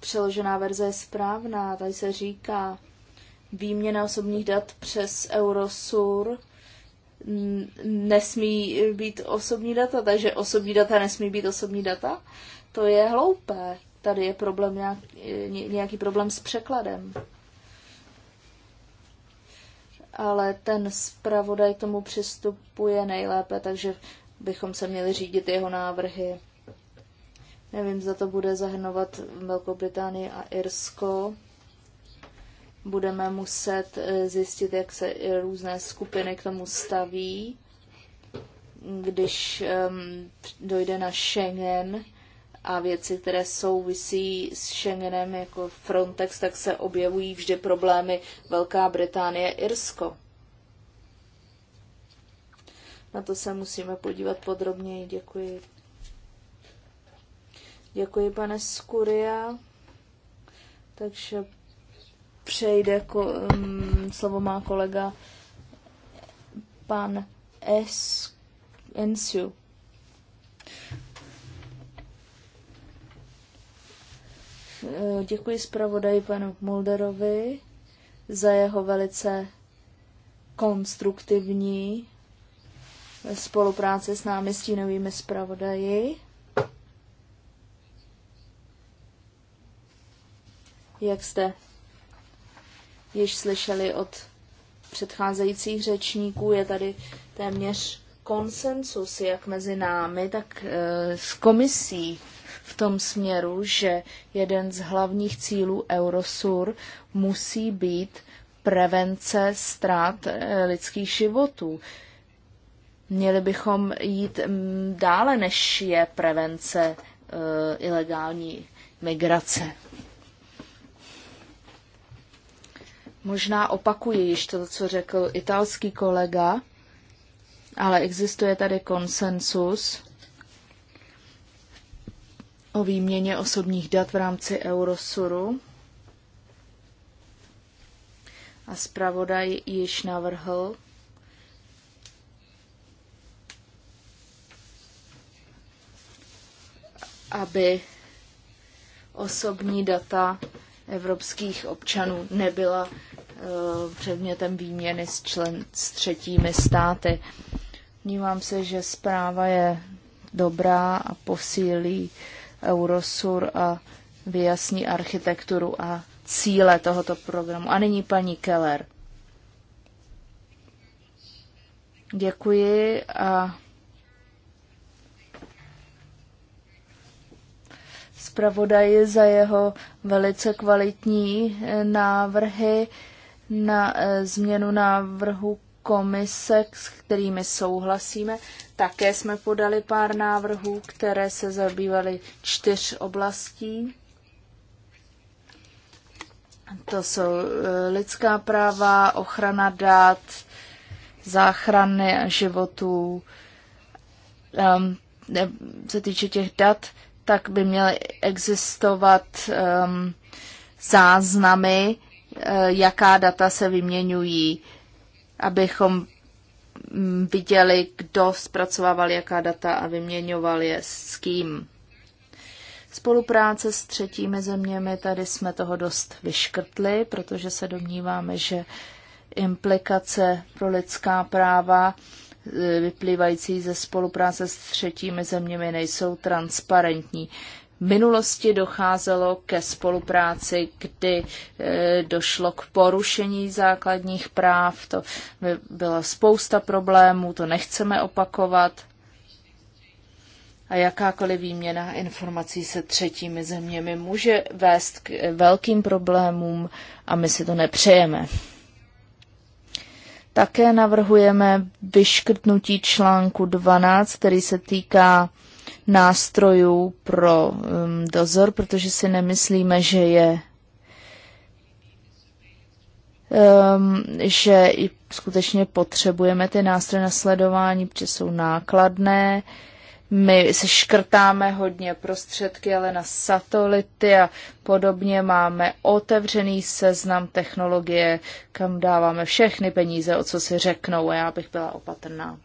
přeložená verze je správná. Tady se říká výměna osobních dat přes Eurosur nesmí být osobní data, takže osobní data nesmí být osobní data. To je hloupé. Tady je problém nějaký, nějaký problém s překladem ale ten zpravodaj k tomu přistupuje nejlépe, takže bychom se měli řídit jeho návrhy. Nevím, za to bude zahrnovat Velkou Británii a Irsko. Budeme muset eh, zjistit, jak se různé skupiny k tomu staví, když um, dojde na Schengen a věci, které souvisí s Schengenem jako Frontex, tak se objevují vždy problémy Velká Británie, Irsko. Na to se musíme podívat podrobněji. Děkuji. Děkuji, pane Skuria. Takže přejde, ko, um, slovo má kolega pan S. Ensiu. Eh, děkuji zpravodaji panu Mulderovi za jeho velice konstruktivní spolupráci s námi stínovými zpravodaji. Jak jste již slyšeli od předcházejících řečníků, je tady téměř konsensus jak mezi námi, tak eh, s komisí v tom směru, že jeden z hlavních cílů Eurosur musí být prevence ztrát eh, lidských životů. Měli bychom jít mm, dále, než je prevence eh, ilegální migrace. Možná opakuji již to, co řekl italský kolega, ale existuje tady konsensus o výměně osobních dat v rámci Eurosuru. A zpravodaj již navrhl aby osobní data evropských občanů nebyla eh, předmětem výměny s, člen, s třetími státy. Vnímám se, že zpráva je dobrá a posílí uh, Eurosur a vyjasní architekturu a cíle tohoto programu. A nyní paní Keller. Děkuji a zpravodaji za jeho velice kvalitní eh, návrhy na eh, změnu návrhu komise, s kterými souhlasíme. Také jsme podali pár návrhů, které se zabývaly čtyř oblastí. To jsou e, lidská práva, ochrana dát, záchrany životů. Um, se týče těch dat, tak by měly existovat záznamy, e, jaká data se vyměňují abychom mm, viděli, kdo zpracovával jaká data a vyměňoval je s kým. Spolupráce s třetími zeměmi, tady jsme toho dost vyškrtli, protože se domníváme, že implikace pro lidská práva e, vyplývající ze spolupráce s třetími zeměmi nejsou transparentní. V minulosti docházelo ke spolupráci, kdy e, došlo k porušení základních práv, to by byla spousta problémů, to nechceme opakovat. A jakákoliv výměna informací se třetími zeměmi může vést k velkým problémům a my si to nepřejeme. Také navrhujeme vyškrtnutí článku 12, který se týká nástrojů pro um, dozor, protože si nemyslíme, že je um, že i skutečně potřebujeme ty nástroje na sledování, protože jsou nákladné. My se škrtáme hodně prostředky, ale na satelity a podobně máme otevřený seznam technologie, kam dáváme všechny peníze, o co si řeknou a já bych byla opatrná.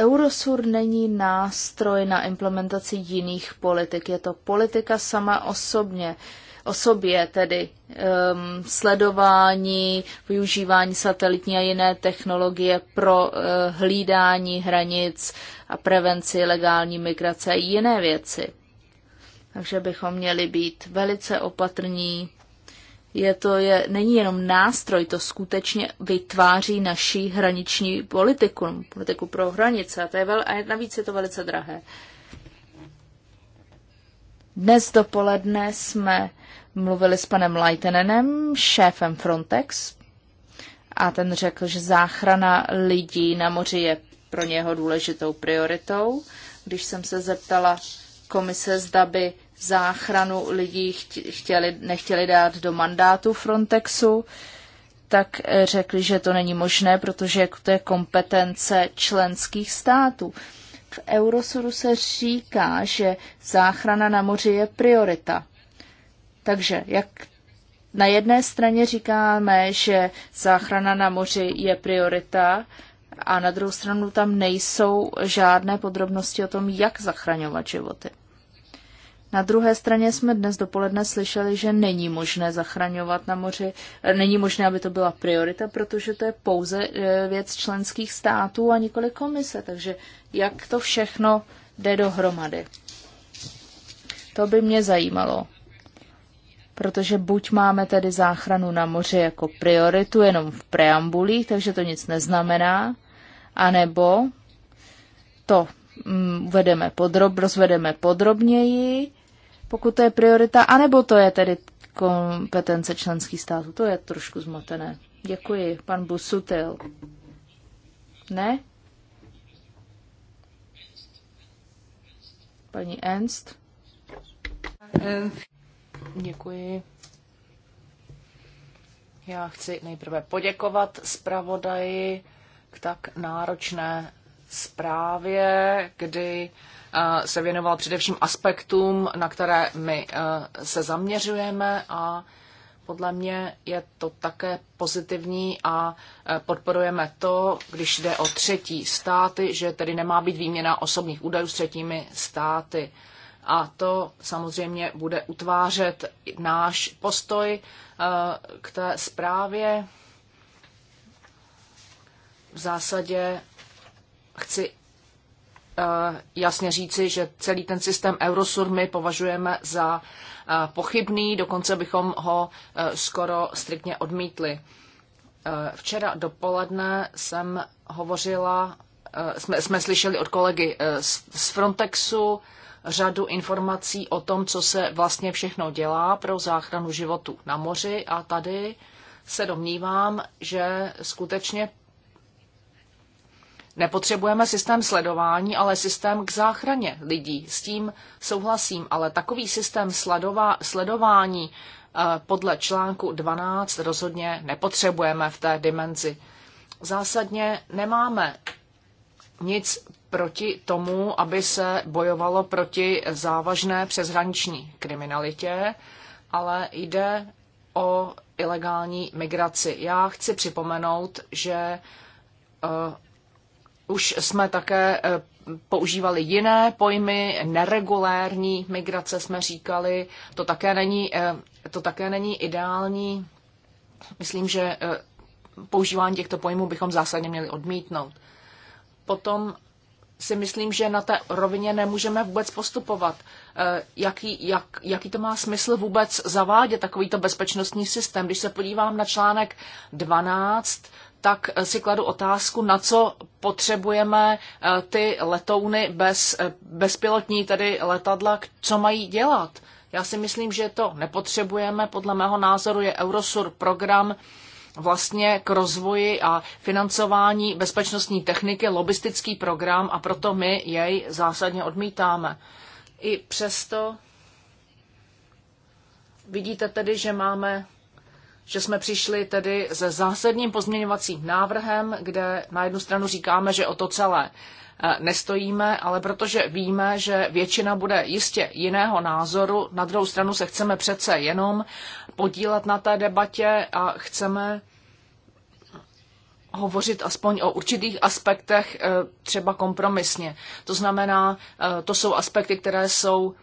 Eurosur není nástroj na implementaci jiných politik, je to politika sama osobně, o sobě, tedy um, sledování, využívání satelitní a jiné technologie pro uh, hlídání hranic a prevenci legální migrace a jiné věci. Takže bychom měli být velice opatrní je to je, není jenom nástroj, to skutečně vytváří naši hraniční politiku, politiku pro hranice. A, to je vel, a navíc je to velice drahé. Dnes dopoledne jsme mluvili s panem Leitenenem, šéfem Frontex, a ten řekl, že záchrana lidí na moři je pro něho důležitou prioritou. Když jsem se zeptala komise, zda by záchranu lidí chtěli, nechtěli dát do mandátu Frontexu, tak eh, řekli, že to není možné, protože to je kompetence členských států. V Eurosuru se říká, že záchrana na moři je priorita. Takže jak na jedné straně říkáme, že záchrana na moři je priorita, a na druhou stranu tam nejsou žádné podrobnosti o tom, jak zachraňovat životy. Na druhé straně jsme dnes dopoledne slyšeli, že není možné zachraňovat na moři, eh, není možné, aby to byla priorita, protože to je pouze eh, věc členských států a nikoli komise. Takže jak to všechno jde dohromady? To by mě zajímalo. Protože buď máme tedy záchranu na moři jako prioritu jenom v preambulích, takže to nic neznamená, anebo to mm, vedeme podrob, rozvedeme podrobněji pokud to je priorita, anebo to je tedy kompetence členských států. To je trošku zmatené. Děkuji, pan Busutil. Ne? Paní Ernst? Děkuji. Já chci nejprve poděkovat zpravodaji k tak náročné zprávě, kdy se věnoval především aspektům, na které my e, se zaměřujeme a podle mě je to také pozitivní a e, podporujeme to, když jde o třetí státy, že tedy nemá být výměna osobních údajů s třetími státy. A to samozřejmě bude utvářet náš postoj e, k té zprávě. V zásadě chci Eh, jasně říci, že celý ten systém Eurosur my považujeme za eh, pochybný, dokonce bychom ho eh, skoro striktně odmítli. Včera dopoledne jsem hovořila, jsme, jsme slyšeli od kolegy z, z Frontexu řadu informací o tom, co se vlastně všechno dělá pro záchranu životu na moři a tady se domnívám, že skutečně Nepotřebujeme systém sledování, ale systém k záchraně lidí. S tím souhlasím, ale takový systém sledová, sledování eh, podle článku 12 rozhodně nepotřebujeme v té dimenzi. Zásadně nemáme nic proti tomu, aby se bojovalo proti závažné přeshraniční kriminalitě, ale jde o ilegální migraci. Já chci připomenout, že eh, už jsme také eh, používali jiné pojmy, neregulérní migrace jsme říkali, to také není, eh, to také není ideální. Myslím, že eh, používání těchto pojmů bychom zásadně měli odmítnout. Potom si myslím, že na té rovině nemůžeme vůbec postupovat. Jaký, jak, jaký to má smysl vůbec zavádět takovýto bezpečnostní systém? Když se podívám na článek 12 tak eh, si kladu otázku, na co potřebujeme eh, ty letouny bez, eh, bezpilotní, tedy letadla, co mají dělat. Já si myslím, že to nepotřebujeme. Podle mého názoru je Eurosur program vlastně k rozvoji a financování bezpečnostní techniky lobistický program a proto my jej zásadně odmítáme. I přesto vidíte tedy, že máme že jsme přišli tedy se zásadním pozměňovacím návrhem, kde na jednu stranu říkáme, že o to celé eh, nestojíme, ale protože víme, že většina bude jistě jiného názoru, na druhou stranu se chceme přece jenom podílet na té debatě a chceme hovořit aspoň o určitých aspektech eh, třeba kompromisně. To znamená, eh, to jsou aspekty, které jsou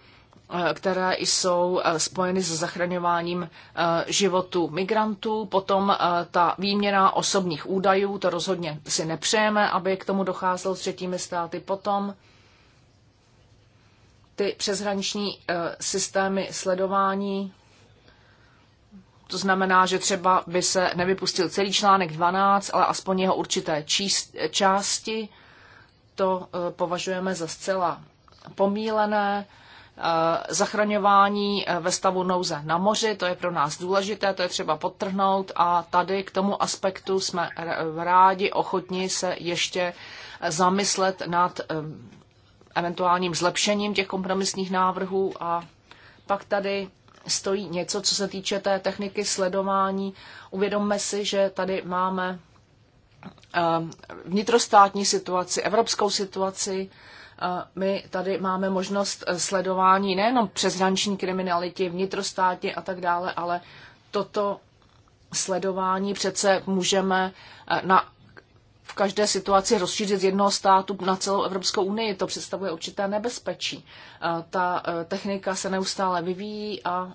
Eh, které jsou eh, spojeny s zachraňováním eh, životu migrantů. Potom ta výměna osobních údajů, to rozhodně si nepřejeme, aby k tomu docházelo s třetími státy. Potom ty přeshraniční systémy sledování, to znamená, že třeba by se nevypustil celý článek 12, ale aspoň jeho určité číst, části, to považujeme za zcela pomílené Eh, zachraňování eh, ve stavu nouze na moři, to je pro nás důležité, to je třeba podtrhnout a tady k tomu aspektu jsme rádi ochotni se ještě eh, zamyslet nad eventuálním zlepšením těch kompromisních návrhů a pak tady stojí něco, co se týče té techniky sledování. Uvědomme si, že tady máme vnitrostátní situaci, evropskou situaci, my tady máme možnost eh, sledování nejenom přeshraniční kriminality, vnitrostátně a tak dále, ale toto sledování přece můžeme eh, na, v každé situaci rozšířit z jednoho státu na celou Evropskou unii. To představuje určité nebezpečí. Eh, ta technika se neustále vyvíjí a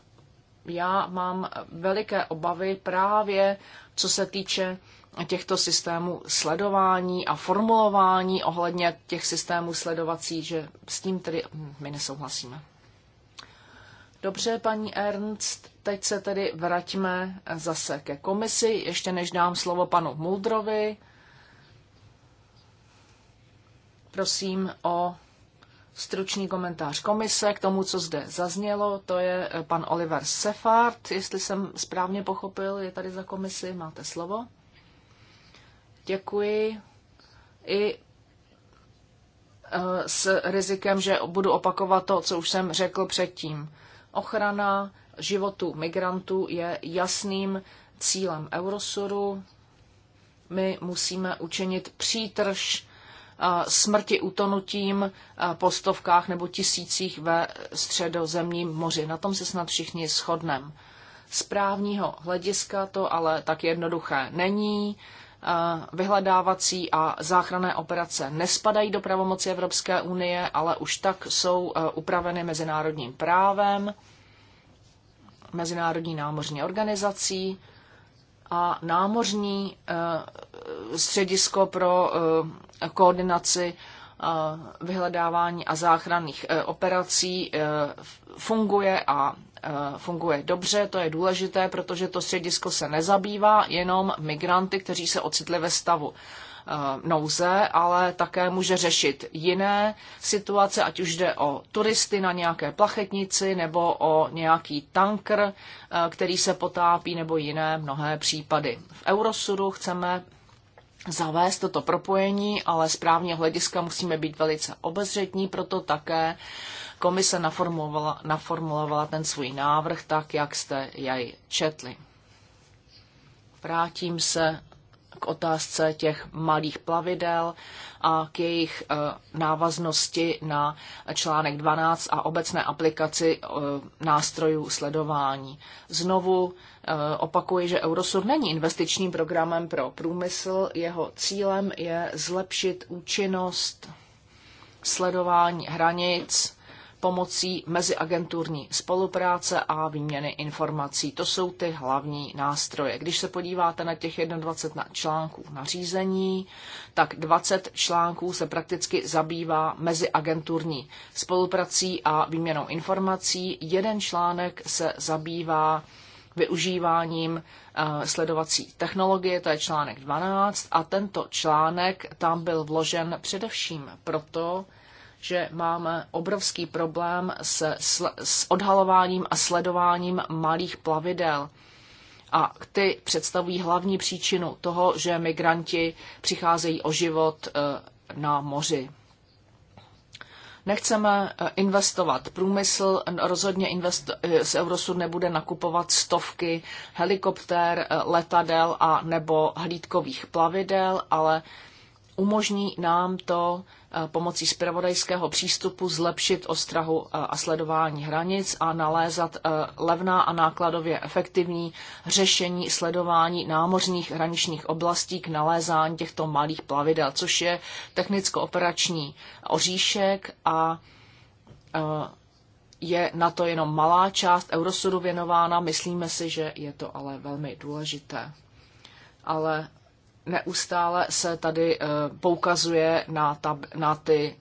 já mám veliké obavy právě co se týče těchto systémů sledování a formulování ohledně těch systémů sledovací, že s tím tedy my nesouhlasíme. Dobře, paní Ernst, teď se tedy vraťme zase ke komisi, ještě než dám slovo panu Muldrovi. Prosím o stručný komentář komise k tomu, co zde zaznělo. To je eh, pan Oliver Sefard, jestli jsem správně pochopil, je tady za komisi, máte slovo. Děkuji. I eh, s rizikem, že budu opakovat to, co už jsem řekl předtím. Ochrana životu migrantů je jasným cílem Eurosuru. My musíme učinit přítrž eh, smrti utonutím eh, po stovkách nebo tisících ve středozemním moři. Na tom se snad všichni shodneme. Z právního hlediska to ale tak jednoduché není vyhledávací a záchranné operace nespadají do pravomoci Evropské unie, ale už tak jsou e, upraveny mezinárodním právem, mezinárodní námořní organizací a námořní e, středisko pro e, koordinaci vyhledávání a záchranných operací funguje a Eh, funguje dobře, to je důležité, protože to středisko se nezabývá jenom migranty, kteří se ocitli ve stavu eh, nouze, ale také může řešit jiné situace, ať už jde o turisty na nějaké plachetnici nebo o nějaký tanker, eh, který se potápí, nebo jiné mnohé případy. V Eurosuru chceme zavést toto propojení, ale správně hlediska musíme být velice obezřetní, proto také komise naformulovala, naformulovala ten svůj návrh tak, jak jste jej četli. Vrátím se k otázce těch malých plavidel a k jejich eh, návaznosti na článek 12 a obecné aplikaci eh, nástrojů sledování. Znovu eh, opakuji, že Eurosur není investičním programem pro průmysl. Jeho cílem je zlepšit účinnost sledování hranic pomocí meziagenturní spolupráce a výměny informací. To jsou ty hlavní nástroje. Když se podíváte na těch 21 článků nařízení, tak 20 článků se prakticky zabývá meziagenturní spoluprací a výměnou informací. Jeden článek se zabývá využíváním eh, sledovací technologie, to je článek 12, a tento článek tam byl vložen především proto, že máme obrovský problém s, s odhalováním a sledováním malých plavidel. A ty představují hlavní příčinu toho, že migranti přicházejí o život e, na moři. Nechceme e, investovat. Průmysl rozhodně invest, e, z Eurosud nebude nakupovat stovky helikoptér, letadel a nebo hlídkových plavidel, ale umožní nám to Eh, pomocí spravodajského přístupu zlepšit ostrahu eh, a sledování hranic a nalézat eh, levná a nákladově efektivní řešení sledování námořních hraničních oblastí k nalézání těchto malých plavidel, což je technicko-operační oříšek a je na to jenom malá část Eurosudu věnována. Myslíme si, že je to ale velmi důležité. Ale neustále se tady eh, poukazuje na, ta, na ty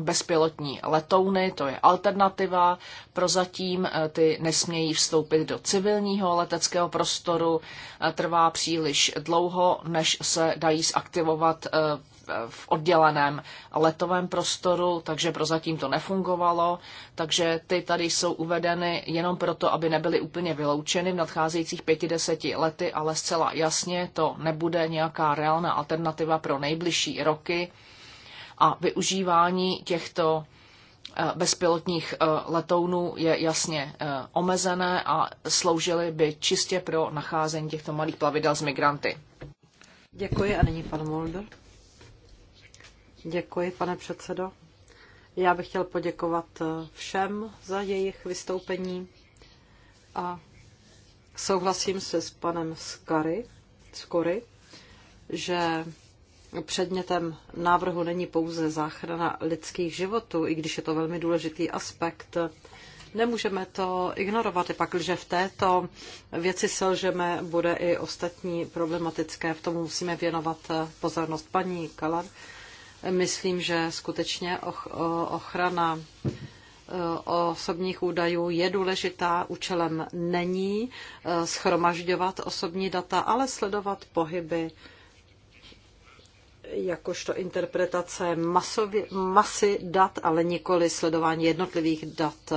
bezpilotní letouny, to je alternativa. Prozatím eh, ty nesmějí vstoupit do civilního leteckého prostoru. Eh, trvá příliš dlouho, než se dají zaktivovat v odděleném letovém prostoru, takže prozatím to nefungovalo, takže ty tady jsou uvedeny jenom proto, aby nebyly úplně vyloučeny v nadcházejících pěti deseti lety, ale zcela jasně to nebude nějaká reálná alternativa pro nejbližší roky a využívání těchto eh, bezpilotních eh, letounů je jasně eh, omezené a sloužily by čistě pro nacházení těchto malých plavidel z migranty. Děkuji a nyní pan Moldor. Děkuji, pane předsedo. Já bych chtěl poděkovat eh, všem za jejich vystoupení a souhlasím se s panem Skary, Skory, že předmětem návrhu není pouze záchrana lidských životů, i když je to velmi důležitý aspekt. Nemůžeme to ignorovat, i pak, že v této věci selžeme, bude i ostatní problematické. V tomu musíme věnovat eh, pozornost paní Kalar Myslím, že skutečně ochrana eh, osobních údajů je důležitá. Účelem není eh, schromažďovat osobní data, ale sledovat pohyby jakožto interpretace masově, masy dat, ale nikoli sledování jednotlivých dat.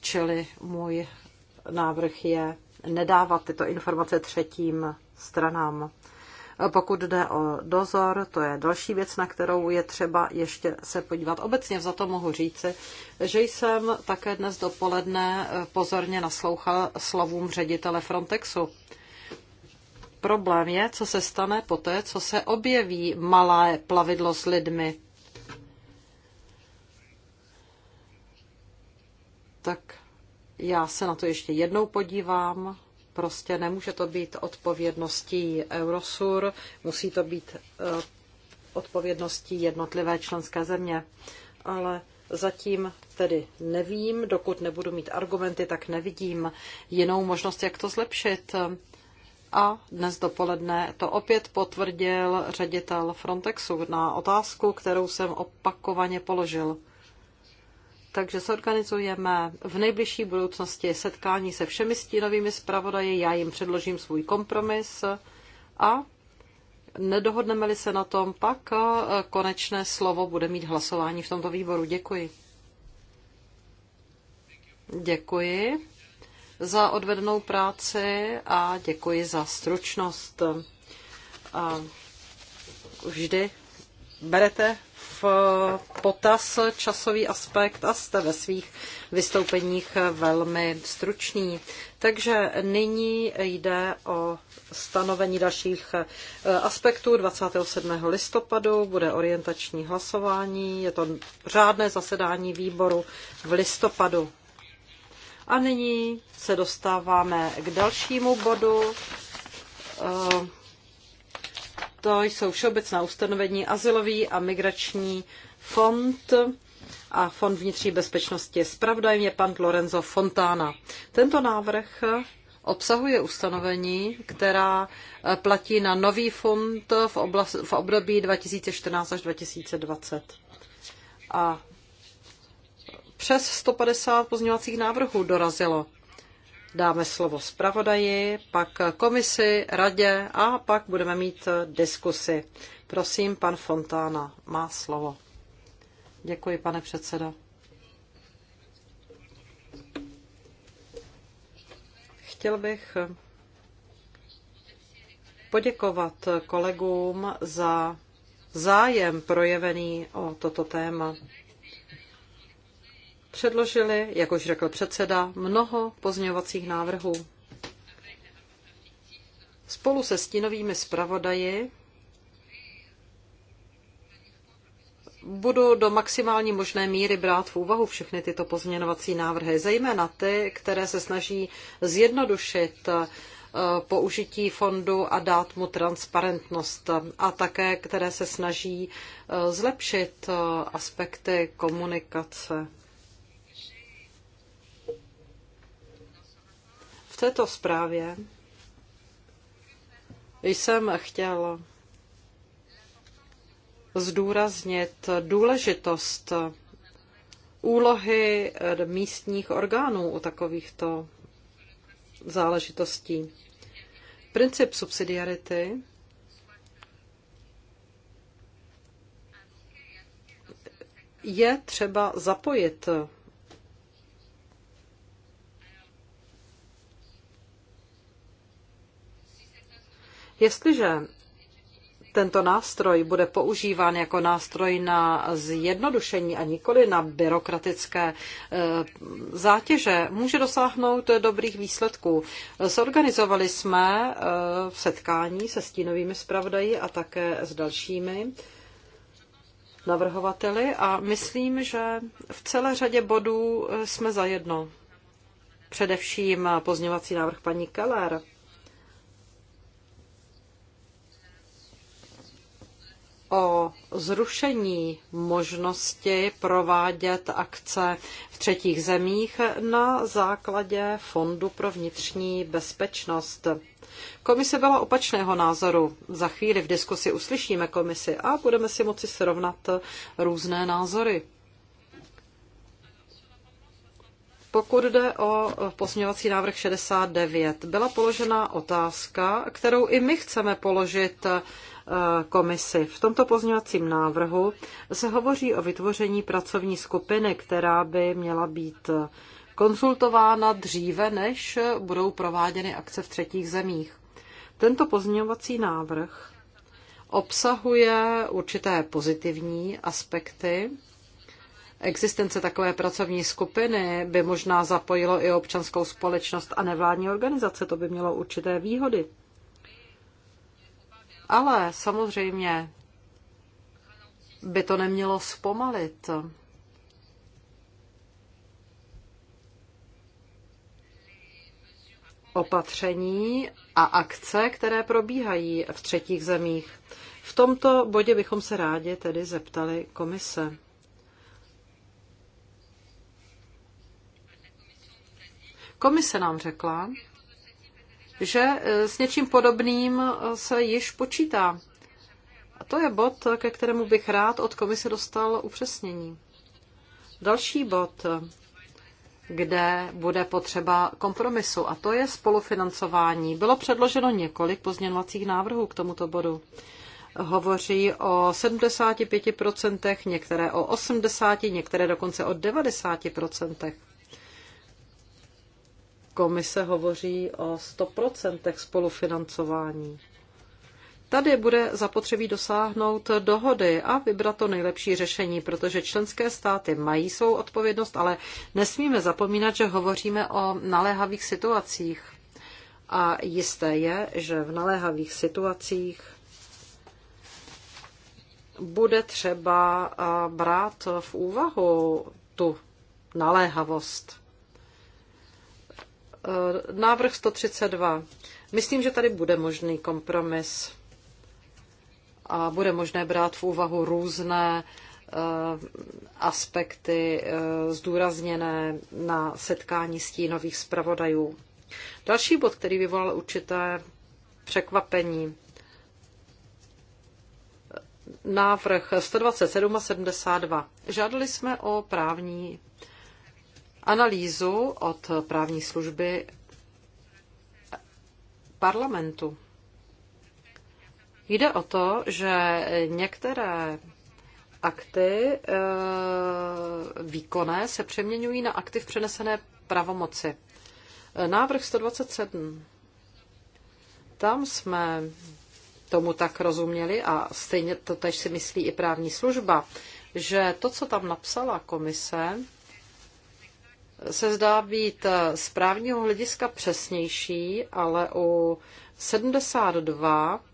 Čili můj návrh je nedávat tyto informace třetím stranám. Pokud jde o dozor, to je další věc, na kterou je třeba ještě se podívat. Obecně za to mohu říci, že jsem také dnes dopoledne eh, pozorně naslouchal slovům ředitele Frontexu. Problém je, co se stane poté, co se objeví malé plavidlo s lidmi. Tak já se na to ještě jednou podívám Prostě nemůže to být odpovědností Eurosur, musí to být eh, odpovědností jednotlivé členské země. Ale zatím tedy nevím, dokud nebudu mít argumenty, tak nevidím jinou možnost, jak to zlepšit. A dnes dopoledne to opět potvrdil ředitel Frontexu na otázku, kterou jsem opakovaně položil takže zorganizujeme v nejbližší budoucnosti setkání se všemi stínovými zpravodaji, já jim předložím svůj kompromis a nedohodneme-li se na tom, pak eh, konečné slovo bude mít hlasování v tomto výboru. Děkuji. Děkuji za odvedenou práci a děkuji za stručnost. A vždy berete potaz časový aspekt a jste ve svých vystoupeních velmi stručný. Takže nyní jde o stanovení dalších eh, aspektů. 27. listopadu bude orientační hlasování, je to řádné zasedání výboru v listopadu. A nyní se dostáváme k dalšímu bodu eh, to jsou všeobecná ustanovení Azylový a migrační fond a fond vnitřní bezpečnosti. Spravdajem je pan Lorenzo Fontana. Tento návrh obsahuje ustanovení, která eh, platí na nový fond v, oblast, v období 2014 až 2020. A přes 150 pozměňovacích návrhů dorazilo dáme slovo zpravodaji, pak komisi, radě a pak budeme mít diskusy. Prosím, pan Fontána má slovo. Děkuji, pane předsedo. Chtěl bych poděkovat kolegům za zájem projevený o toto téma předložili, jak už řekl předseda, mnoho pozměňovacích návrhů. Spolu se stínovými zpravodaji budu do maximální možné míry brát v úvahu všechny tyto pozměňovací návrhy, zejména ty, které se snaží zjednodušit eh, použití fondu a dát mu transparentnost a také, které se snaží eh, zlepšit eh, aspekty komunikace. této zprávě jsem chtěl zdůraznit důležitost úlohy místních orgánů u takovýchto záležitostí. Princip subsidiarity je třeba zapojit Jestliže tento nástroj bude používán jako nástroj na zjednodušení a nikoli na byrokratické eh, zátěže, může dosáhnout dobrých výsledků. Zorganizovali jsme eh, v setkání se stínovými zpravodaji a také s dalšími navrhovateli a myslím, že v celé řadě bodů eh, jsme zajedno. Především pozněvací návrh paní Keller o zrušení možnosti provádět akce v třetích zemích na základě Fondu pro vnitřní bezpečnost. Komise byla opačného názoru. Za chvíli v diskusi uslyšíme komisi a budeme si moci srovnat různé názory. Pokud jde o pozměňovací návrh 69, byla položena otázka, kterou i my chceme položit komisi. V tomto pozňovacím návrhu se hovoří o vytvoření pracovní skupiny, která by měla být konzultována dříve, než budou prováděny akce v třetích zemích. Tento pozměňovací návrh obsahuje určité pozitivní aspekty. Existence takové pracovní skupiny by možná zapojilo i občanskou společnost a nevládní organizace. To by mělo určité výhody. Ale samozřejmě by to nemělo zpomalit. opatření a akce, které probíhají v třetích zemích. V tomto bodě bychom se rádi tedy zeptali komise. Komise nám řekla, že eh, s něčím podobným eh, se již počítá. A to je bod, ke kterému bych rád od komise dostal upřesnění. Další bod, kde bude potřeba kompromisu, a to je spolufinancování. Bylo předloženo několik pozměňovacích návrhů k tomuto bodu hovoří o 75%, některé o 80%, některé dokonce o 90%. Komise hovoří o 100% spolufinancování. Tady bude zapotřebí dosáhnout dohody a vybrat to nejlepší řešení, protože členské státy mají svou odpovědnost, ale nesmíme zapomínat, že hovoříme o naléhavých situacích. A jisté je, že v naléhavých situacích bude třeba brát v úvahu tu naléhavost. Eh, návrh 132. Myslím, že tady bude možný kompromis a bude možné brát v úvahu různé eh, aspekty eh, zdůrazněné na setkání stínových zpravodajů. Další bod, který vyvolal určité překvapení, návrh 127 a 72. Žádali jsme o právní analýzu od právní služby parlamentu. Jde o to, že některé akty e, výkonné se přeměňují na akty v přenesené pravomoci. E, návrh 127. Tam jsme tomu tak rozuměli a stejně to tež si myslí i právní služba, že to, co tam napsala komise, se zdá být eh, z právního hlediska přesnější, ale u 72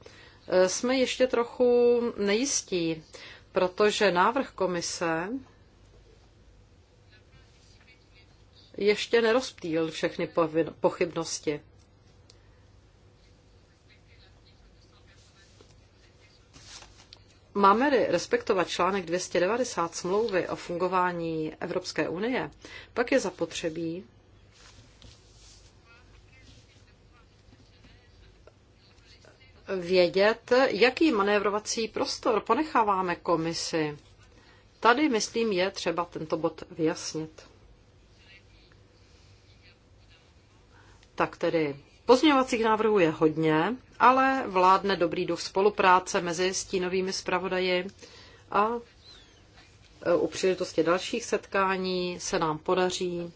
eh, jsme ještě trochu nejistí, protože návrh komise ještě nerozptýl všechny pochybnosti. Máme-li respektovat článek 290 smlouvy o fungování Evropské unie, pak je zapotřebí vědět, jaký manévrovací prostor ponecháváme komisi. Tady, myslím, je třeba tento bod vyjasnit. Tak tedy Pozměňovacích návrhů je hodně, ale vládne dobrý duch spolupráce mezi stínovými zpravodaji a e, u příležitosti dalších setkání se nám podaří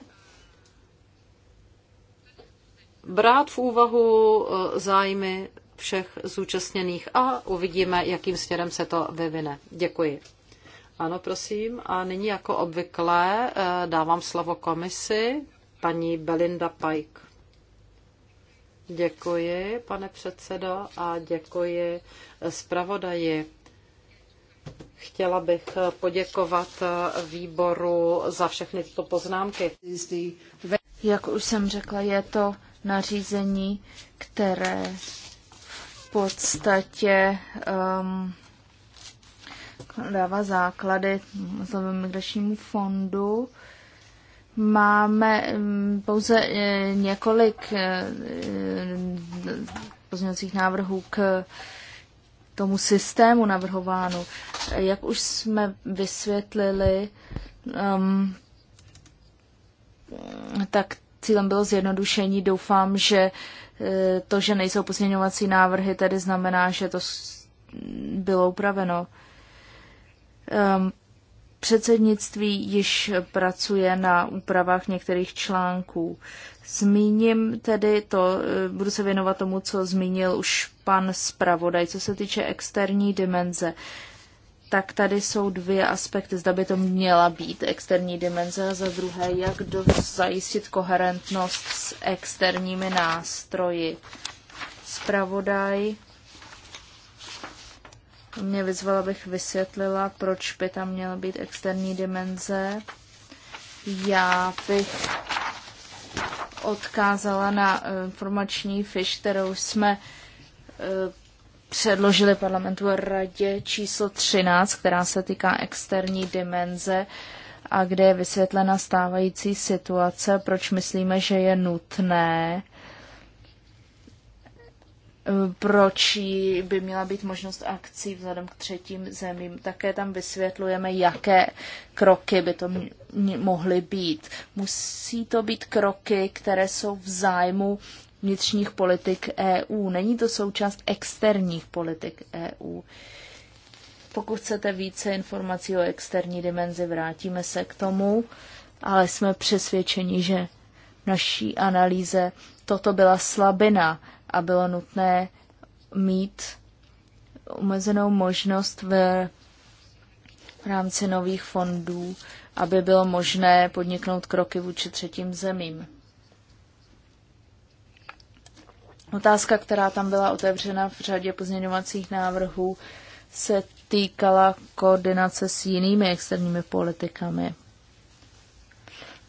brát v úvahu e, zájmy všech zúčastněných a uvidíme, jakým směrem se to vyvine. Děkuji. Ano, prosím. A nyní jako obvykle e, dávám slovo komisi paní Belinda Pike. Děkuji, pane předsedo, a děkuji zpravodaji. Chtěla bych poděkovat výboru za všechny tyto poznámky. Jak už jsem řekla, je to nařízení, které v podstatě um, dává základy Zlovému migračnímu fondu. Máme mm, pouze e, několik e, pozměňovacích návrhů k tomu systému navrhovánu. Jak už jsme vysvětlili, um, tak cílem bylo zjednodušení. Doufám, že e, to, že nejsou pozměňovací návrhy, tedy znamená, že to bylo upraveno. Um, Předsednictví již pracuje na úpravách některých článků. Zmíním tedy to, eh, budu se věnovat tomu, co zmínil už pan zpravodaj, co se týče externí dimenze. Tak tady jsou dvě aspekty, zda by to měla být externí dimenze a za druhé, jak do, zajistit koherentnost s externími nástroji. Spravodaj mě vyzvala, abych vysvětlila, proč by tam měla být externí dimenze. Já bych odkázala na informační eh, fiš, kterou jsme eh, předložili parlamentu a radě číslo 13, která se týká externí dimenze a kde je vysvětlena stávající situace, proč myslíme, že je nutné uh, proč by měla být možnost akcí vzhledem k třetím zemím. Také tam vysvětlujeme, jaké kroky by to mohly být. Musí to být kroky, které jsou v zájmu vnitřních politik EU. Není to součást externích politik EU. Pokud chcete více informací o externí dimenzi, vrátíme se k tomu, ale jsme přesvědčeni, že v naší analýze toto byla slabina a bylo nutné mít omezenou možnost v, v rámci nových fondů, aby bylo možné podniknout kroky vůči třetím zemím. Otázka, která tam byla otevřena v řadě pozměňovacích návrhů, se týkala koordinace s jinými externími politikami.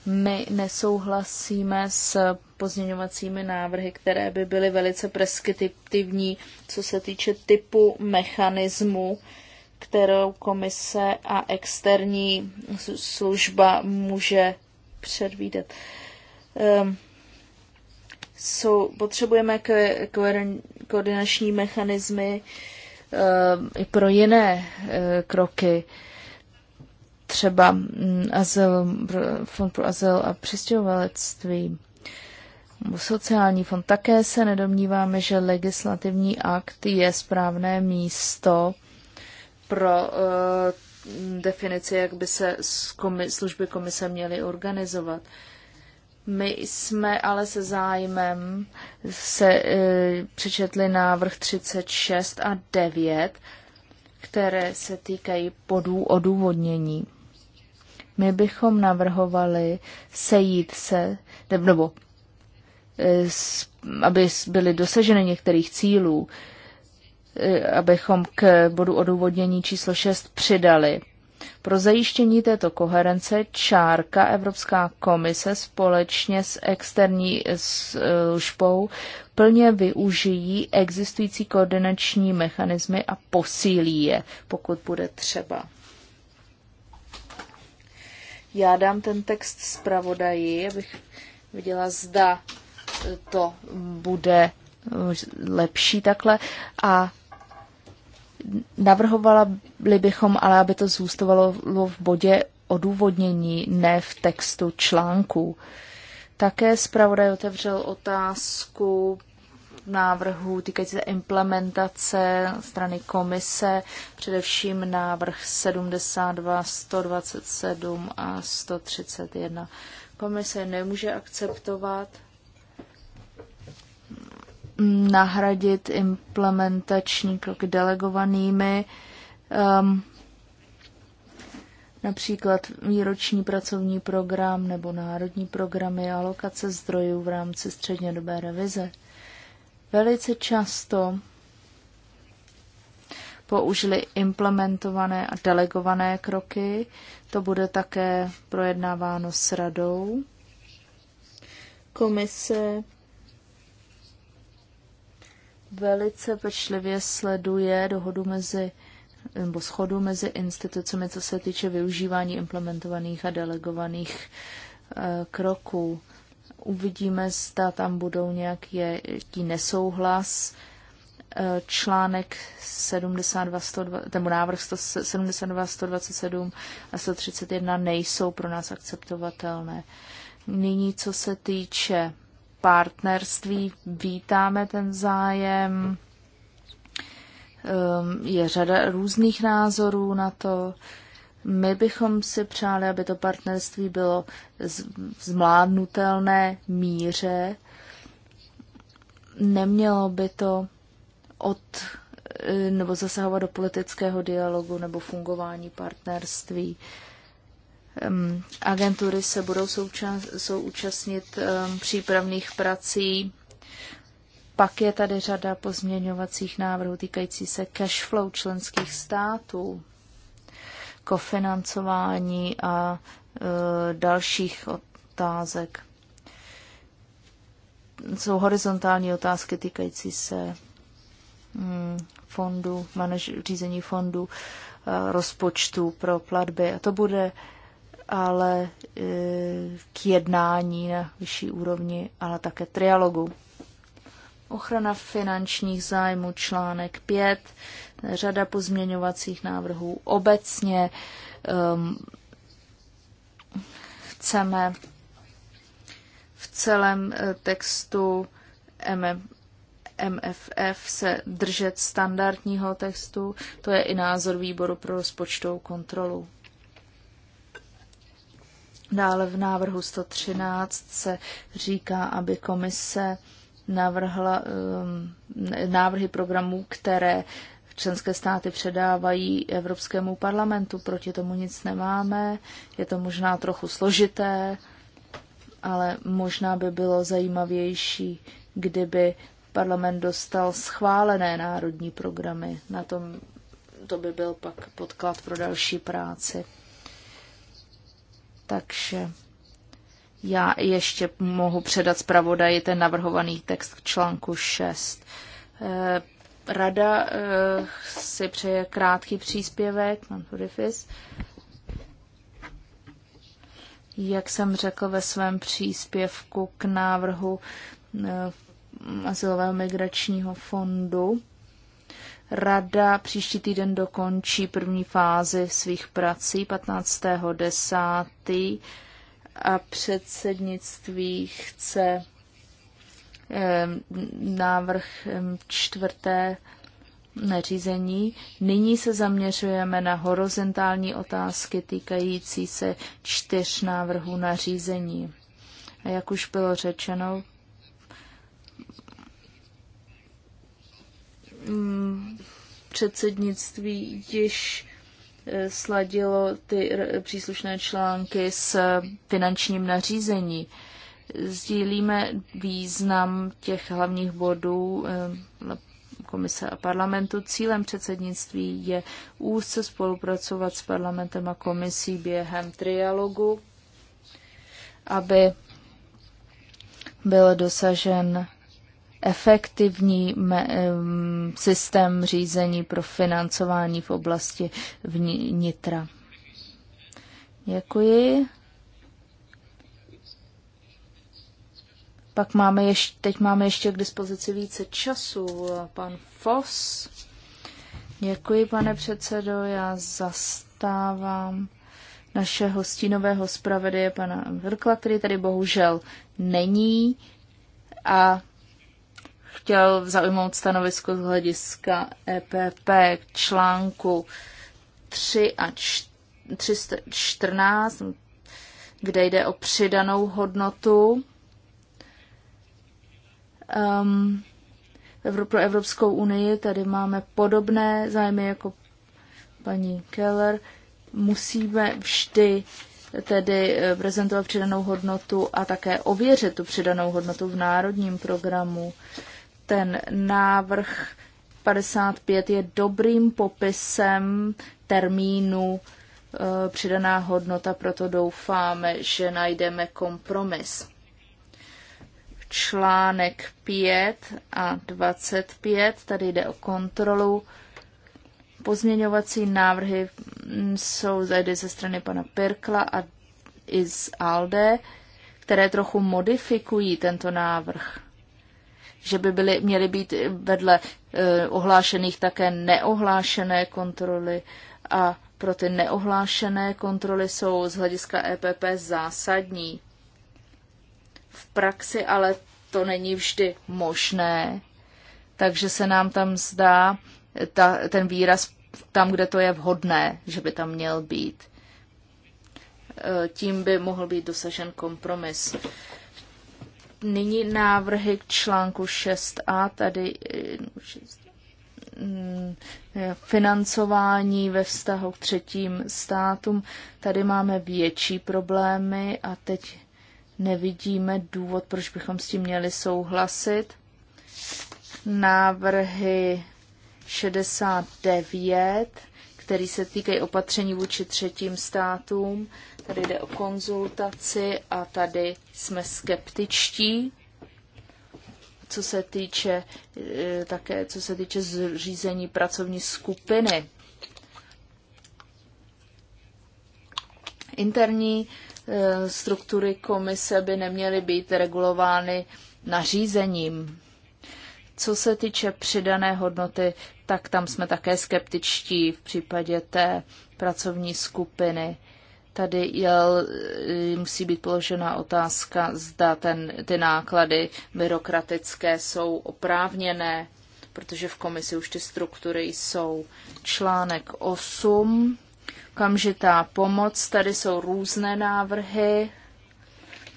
My nesouhlasíme s pozměňovacími návrhy, které by byly velice preskriptivní, co se týče typu mechanismu, kterou komise a externí služba může předvídat. Um, jsou, potřebujeme ko- ko- koordinační mechanismy um, i pro jiné uh, kroky, třeba um, azyl, pro, fond pro azyl a přistěhovalectví sociální fond. Také se nedomníváme, že legislativní akt je správné místo pro uh, definici, jak by se komi- služby komise měly organizovat. My jsme ale se zájmem se uh, přečetli návrh 36 a 9, které se týkají podů odůvodnění. My bychom navrhovali sejít se, nebo aby byly dosaženy některých cílů, eh, abychom k bodu odůvodnění číslo 6 přidali. Pro zajištění této koherence čárka Evropská komise společně s externí službou plně využijí existující koordinační mechanismy a posílí je, pokud bude třeba. Já dám ten text zpravodaji, abych viděla, zda to bude lepší takhle. A navrhovala bychom ale, aby to zůstovalo v bodě odůvodnění, ne v textu článku. Také zpravodaj otevřel otázku návrhu týkající se implementace strany komise, především návrh 72, 127 a 131. Komise nemůže akceptovat nahradit implementační kroky delegovanými, um, například výroční pracovní program nebo národní programy a alokace zdrojů v rámci střednědobé revize. Velice často použili implementované a delegované kroky. To bude také projednáváno s radou. Komise velice pečlivě sleduje dohodu mezi nebo schodu mezi institucemi, co se týče využívání implementovaných a delegovaných e, kroků. Uvidíme, zda tam budou nějaký nesouhlas. E, článek 72, 120, nebo návrh 72, 127 a 131 nejsou pro nás akceptovatelné. Nyní, co se týče partnerství, vítáme ten zájem. Ehm, je řada různých názorů na to. My bychom si přáli, aby to partnerství bylo v zmládnutelné míře. Nemělo by to od e, nebo zasahovat do politického dialogu nebo fungování partnerství. Uh, Agentury se budou součas, součastnit přípravných prací. Pak je tady řada pozměňovacích návrhů týkající se cashflow členských států, kofinancování a e, dalších otázek. Jsou horizontální otázky týkající se mm, fondu, manaž, řízení fondu, e, rozpočtu pro platby. A to bude ale e, k jednání na vyšší úrovni, ale také trialogu. Ochrana finančních zájmů, článek 5, řada pozměňovacích návrhů. Obecně um, chceme v celém e, textu MFF se držet standardního textu, to je i názor výboru pro rozpočtovou kontrolu. Dále v návrhu 113 se říká, aby komise navrhla um, návrhy programů, které členské státy předávají Evropskému parlamentu. Proti tomu nic nemáme, je to možná trochu složité, ale možná by bylo zajímavější, kdyby parlament dostal schválené národní programy. Na tom to by byl pak podklad pro další práci. Takže já ještě mohu předat zpravodaji ten navrhovaný text k článku 6. Eh, rada eh, si přeje krátký příspěvek, tu Hurifis. Jak jsem řekl ve svém příspěvku k návrhu eh, Azylového migračního fondu, Rada příští týden dokončí první fázi svých prací 15.10. a předsednictví chce návrh čtvrté neřízení. Nyní se zaměřujeme na horizontální otázky týkající se čtyř návrhů nařízení. A jak už bylo řečeno, Mm, předsednictví již eh, sladilo ty příslušné články s finančním nařízení. Sdílíme význam těch hlavních bodů eh, komise a parlamentu. Cílem předsednictví je úzce spolupracovat s parlamentem a komisí během trialogu, aby byl dosažen efektivní systém řízení pro financování v oblasti vnitra. Děkuji. Pak máme ještě, teď máme ještě k dispozici více času. Pan Fos. Děkuji, pane předsedo. Já zastávám našeho stínového zpravodaje, pana Vrkla, který tady bohužel není. A chtěl zaujmout stanovisko z hlediska EPP k článku 3 a 314, kde jde o přidanou hodnotu um, pro Evropskou unii. Tady máme podobné zájmy jako paní Keller. Musíme vždy tedy eh, prezentovat přidanou hodnotu a také ověřit tu přidanou hodnotu v národním programu ten návrh 55 je dobrým popisem termínu e, přidaná hodnota, proto doufáme, že najdeme kompromis. Článek 5 a 25, tady jde o kontrolu. Pozměňovací návrhy jsou zajdy ze strany pana Pirkla a i z ALDE, které trochu modifikují tento návrh že by byly, měly být vedle eh, ohlášených také neohlášené kontroly a pro ty neohlášené kontroly jsou z hlediska EPP zásadní. V praxi ale to není vždy možné, takže se nám tam zdá eh, ta, ten výraz tam, kde to je vhodné, že by tam měl být. Eh, tím by mohl být dosažen kompromis nyní návrhy k článku 6a, tady eh, mm, financování ve vztahu k třetím státům. Tady máme větší problémy a teď nevidíme důvod, proč bychom s tím měli souhlasit. Návrhy 69, který se týkají opatření vůči třetím státům. Tady jde o konzultaci a tady jsme skeptičtí, co se týče e, také, co se týče zřízení pracovní skupiny. Interní e, struktury komise by neměly být regulovány nařízením. Co se týče přidané hodnoty, tak tam jsme také skeptičtí v případě té pracovní skupiny. Tady jel, eh, musí být položena otázka, zda ten, ty náklady byrokratické jsou oprávněné, protože v komisi už ty struktury jsou. Článek 8, kamžitá pomoc, tady jsou různé návrhy,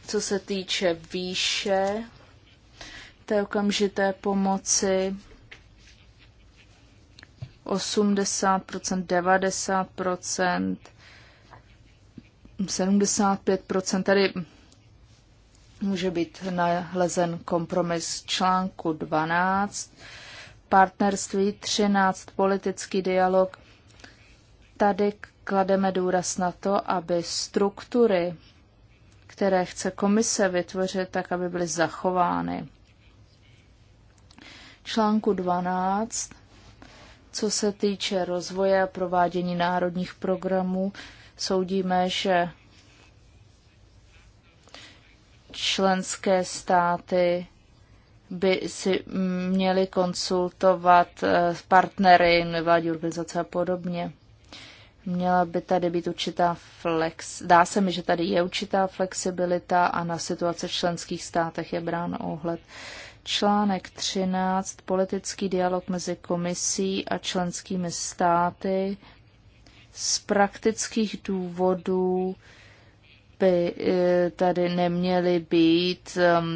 co se týče výše té okamžité pomoci. 80%, 90%, 75%. Tady může být nalezen kompromis článku 12, partnerství 13, politický dialog. Tady klademe důraz na to, aby struktury, které chce komise vytvořit, tak aby byly zachovány. Článku 12, co se týče rozvoje a provádění národních programů, soudíme, že členské státy by si měly konsultovat s eh, partnery, nevládní organizace a podobně. Měla by tady být určitá flex. Dá se mi, že tady je určitá flexibilita a na situace v členských státech je brán ohled. Článek 13. Politický dialog mezi komisí a členskými státy z praktických důvodů by eh, tady neměly být ehm,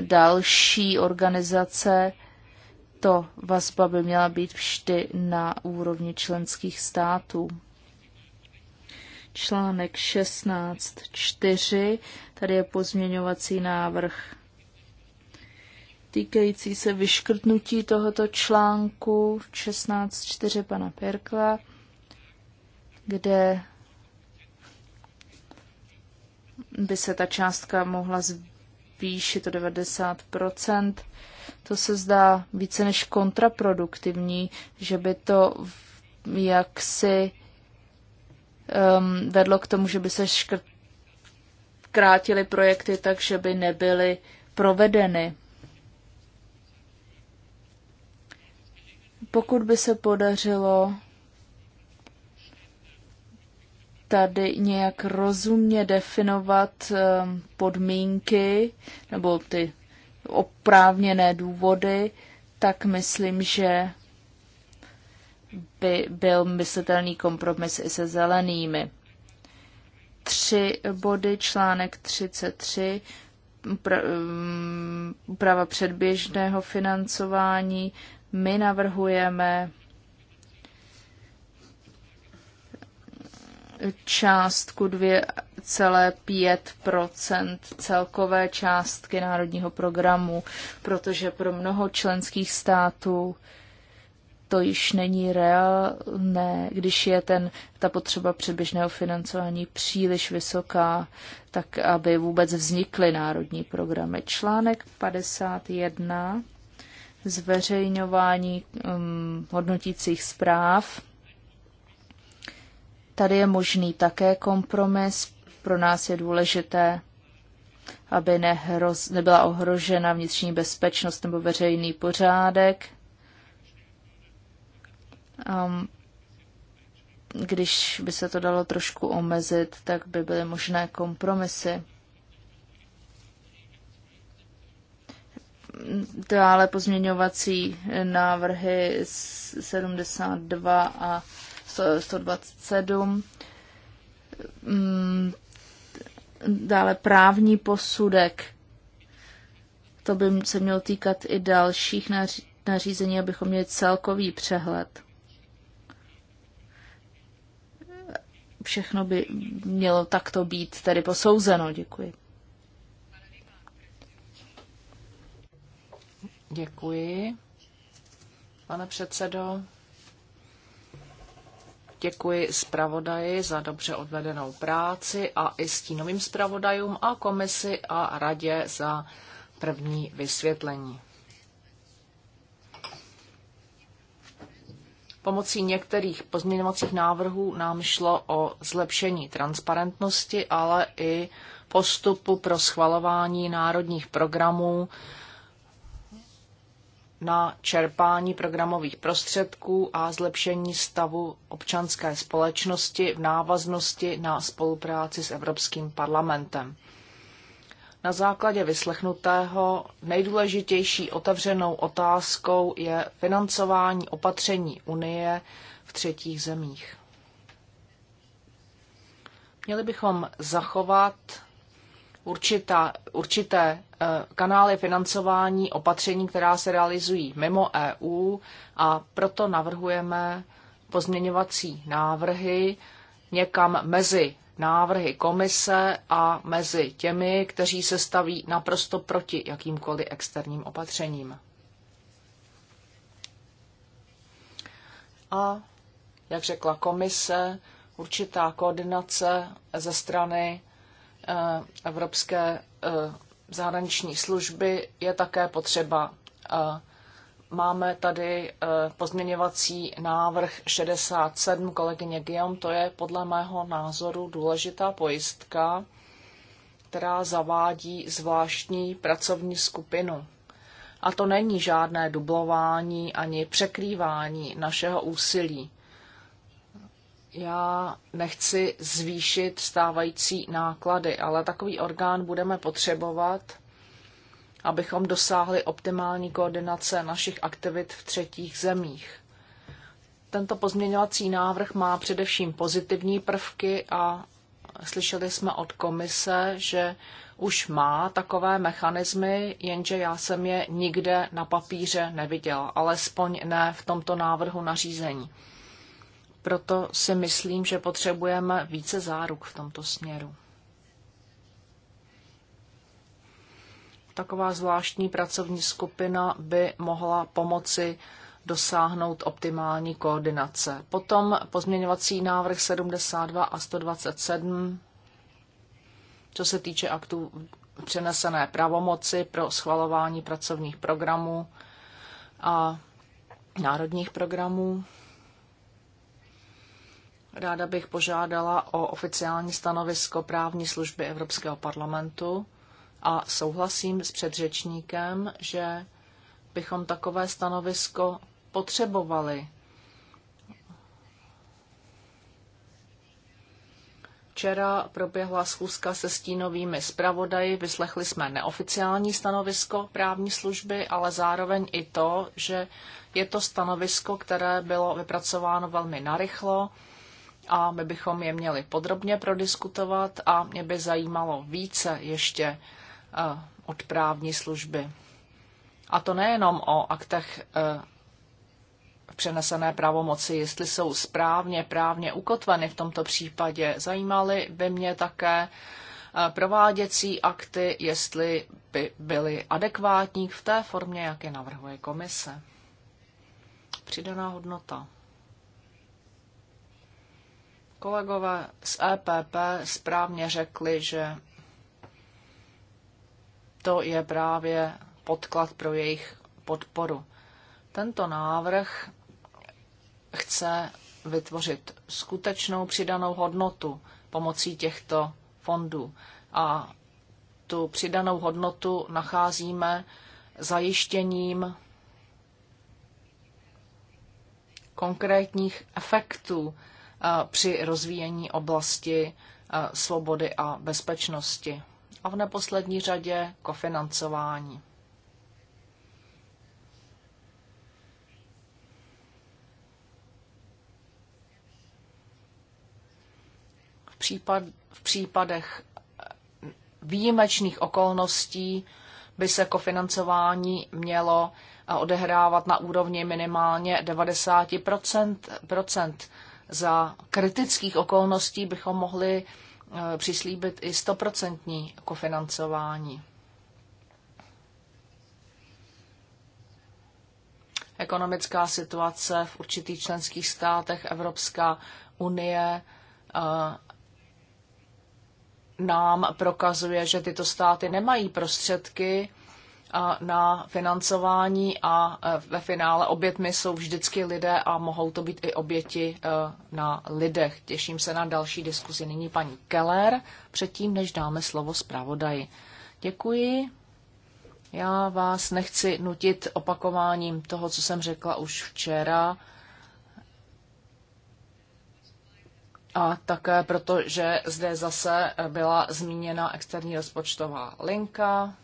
další organizace. To vazba by měla být vždy na úrovni členských států článek 16.4. Tady je pozměňovací návrh týkající se vyškrtnutí tohoto článku 16.4 pana Perkla, kde by se ta částka mohla zvýšit o 90 To se zdá více než kontraproduktivní, že by to jaksi um, vedlo k tomu, že by se škrt, krátily projekty tak, že by nebyly provedeny. pokud by se podařilo tady nějak rozumně definovat ehm, podmínky nebo ty oprávněné důvody, tak myslím, že by byl myslitelný kompromis i se zelenými. Tři body, článek 33, ehm, úprava předběžného financování, my navrhujeme částku 2,5 celkové částky národního programu, protože pro mnoho členských států to již není reálné, když je ten, ta potřeba předběžného financování příliš vysoká, tak aby vůbec vznikly národní programy. Článek 51 zveřejňování um, hodnotících zpráv. Tady je možný také kompromis. Pro nás je důležité, aby nehroz, nebyla ohrožena vnitřní bezpečnost nebo veřejný pořádek. Um, když by se to dalo trošku omezit, tak by byly možné kompromisy. dále pozměňovací návrhy 72 a 127. Mm, dále právní posudek. To by se mělo týkat i dalších nařízení, abychom měli celkový přehled. Všechno by mělo takto být tedy posouzeno. Děkuji. Děkuji, pane předsedo. Děkuji zpravodaji za dobře odvedenou práci a i stínovým zpravodajům a komisi a radě za první vysvětlení. Pomocí některých pozměňovacích návrhů nám šlo o zlepšení transparentnosti, ale i postupu pro schvalování národních programů na čerpání programových prostředků a zlepšení stavu občanské společnosti v návaznosti na spolupráci s Evropským parlamentem. Na základě vyslechnutého nejdůležitější otevřenou otázkou je financování opatření Unie v třetích zemích. Měli bychom zachovat určitá, určité eh, kanály financování opatření, která se realizují mimo EU a proto navrhujeme pozměňovací návrhy někam mezi návrhy komise a mezi těmi, kteří se staví naprosto proti jakýmkoliv externím opatřením. A, jak řekla komise, určitá koordinace ze strany Eh, Evropské eh, zahraniční služby je také potřeba. Eh, máme tady pozměňovací návrh 67 kolegyně Guillaume, to je podle mého názoru důležitá pojistka, která zavádí zvláštní pracovní skupinu. A to není žádné dublování ani překrývání našeho úsilí já nechci zvýšit stávající náklady, ale takový orgán budeme potřebovat, abychom dosáhli optimální koordinace našich aktivit v třetích zemích. Tento pozměňovací návrh má především pozitivní prvky a slyšeli jsme od komise, že už má takové mechanismy, jenže já jsem je nikde na papíře neviděla, alespoň ne v tomto návrhu nařízení proto si myslím, že potřebujeme více záruk v tomto směru. Taková zvláštní pracovní skupina by mohla pomoci dosáhnout optimální koordinace. Potom pozměňovací návrh 72 a 127, co se týče aktů přenesené pravomoci pro schvalování pracovních programů a národních programů. Ráda bych požádala o oficiální stanovisko právní služby Evropského parlamentu a souhlasím s předřečníkem, že bychom takové stanovisko potřebovali. Včera proběhla schůzka se stínovými zpravodaji, vyslechli jsme neoficiální stanovisko právní služby, ale zároveň i to, že je to stanovisko, které bylo vypracováno velmi narychlo a my bychom je měli podrobně prodiskutovat a mě by zajímalo více ještě eh, od právní služby. A to nejenom o aktech eh, přenesené pravomoci, jestli jsou správně právně ukotveny v tomto případě. Zajímaly by mě také eh, prováděcí akty, jestli by byly adekvátní v té formě, jak je navrhuje komise. Přidaná hodnota. Kolegové z EPP správně řekli, že to je právě podklad pro jejich podporu. Tento návrh chce vytvořit skutečnou přidanou hodnotu pomocí těchto fondů. A tu přidanou hodnotu nacházíme zajištěním konkrétních efektů při rozvíjení oblasti svobody a bezpečnosti. A v neposlední řadě kofinancování. V, případ, v případech e, výjimečných okolností by se kofinancování mělo odehrávat na úrovni minimálně 90 za kritických okolností bychom mohli e, přislíbit i stoprocentní kofinancování. Ekonomická situace v určitých členských státech Evropská unie e, nám prokazuje, že tyto státy nemají prostředky na financování a e, ve finále obětmi jsou vždycky lidé a mohou to být i oběti e, na lidech. Těším se na další diskuzi. Nyní paní Keller, předtím než dáme slovo zpravodaji. Děkuji. Já vás nechci nutit opakováním toho, co jsem řekla už včera. A také proto, že zde zase byla zmíněna externí rozpočtová linka,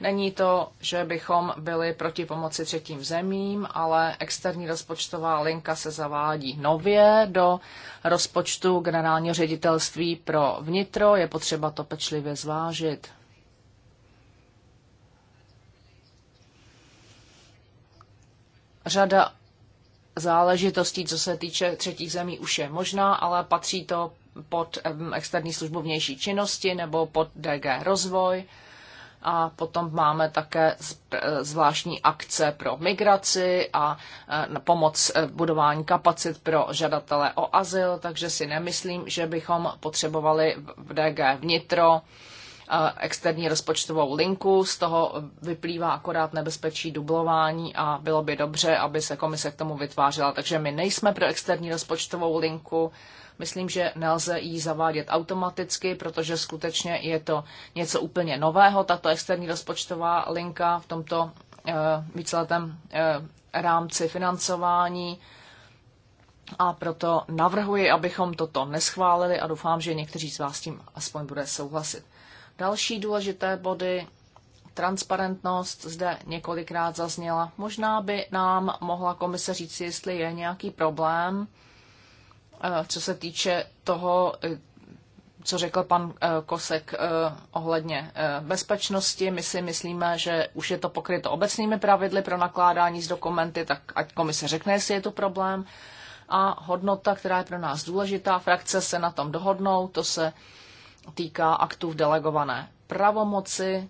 Není to, že bychom byli proti pomoci třetím zemím, ale externí rozpočtová linka se zavádí nově do rozpočtu generálního ředitelství pro vnitro. Je potřeba to pečlivě zvážit. Řada záležitostí, co se týče třetích zemí, už je možná, ale patří to pod externí službu vnější činnosti nebo pod DG rozvoj a potom máme také eh, zvláštní akce pro migraci a eh, pomoc eh, budování kapacit pro žadatele o azyl, takže si nemyslím, že bychom potřebovali v DG vnitro externí rozpočtovou linku, z toho vyplývá akorát nebezpečí dublování a bylo by dobře, aby se komise k tomu vytvářela. Takže my nejsme pro externí rozpočtovou linku, Myslím, že nelze ji zavádět automaticky, protože skutečně je to něco úplně nového, tato externí rozpočtová linka v tomto eh, víceletém eh, rámci financování a proto navrhuji, abychom toto neschválili a doufám, že někteří z vás s tím aspoň bude souhlasit. Další důležité body, transparentnost zde několikrát zazněla. Možná by nám mohla komise říct, jestli je nějaký problém Eh, co se týče toho, eh, co řekl pan eh, Kosek ohledně bezpečnosti. My si myslíme, že už je to pokryto obecnými pravidly pro nakládání s dokumenty, tak ať komise řekne, jestli je to problém. A hodnota, která je pro nás důležitá, frakce se na tom dohodnou, to se týká aktů v delegované pravomoci,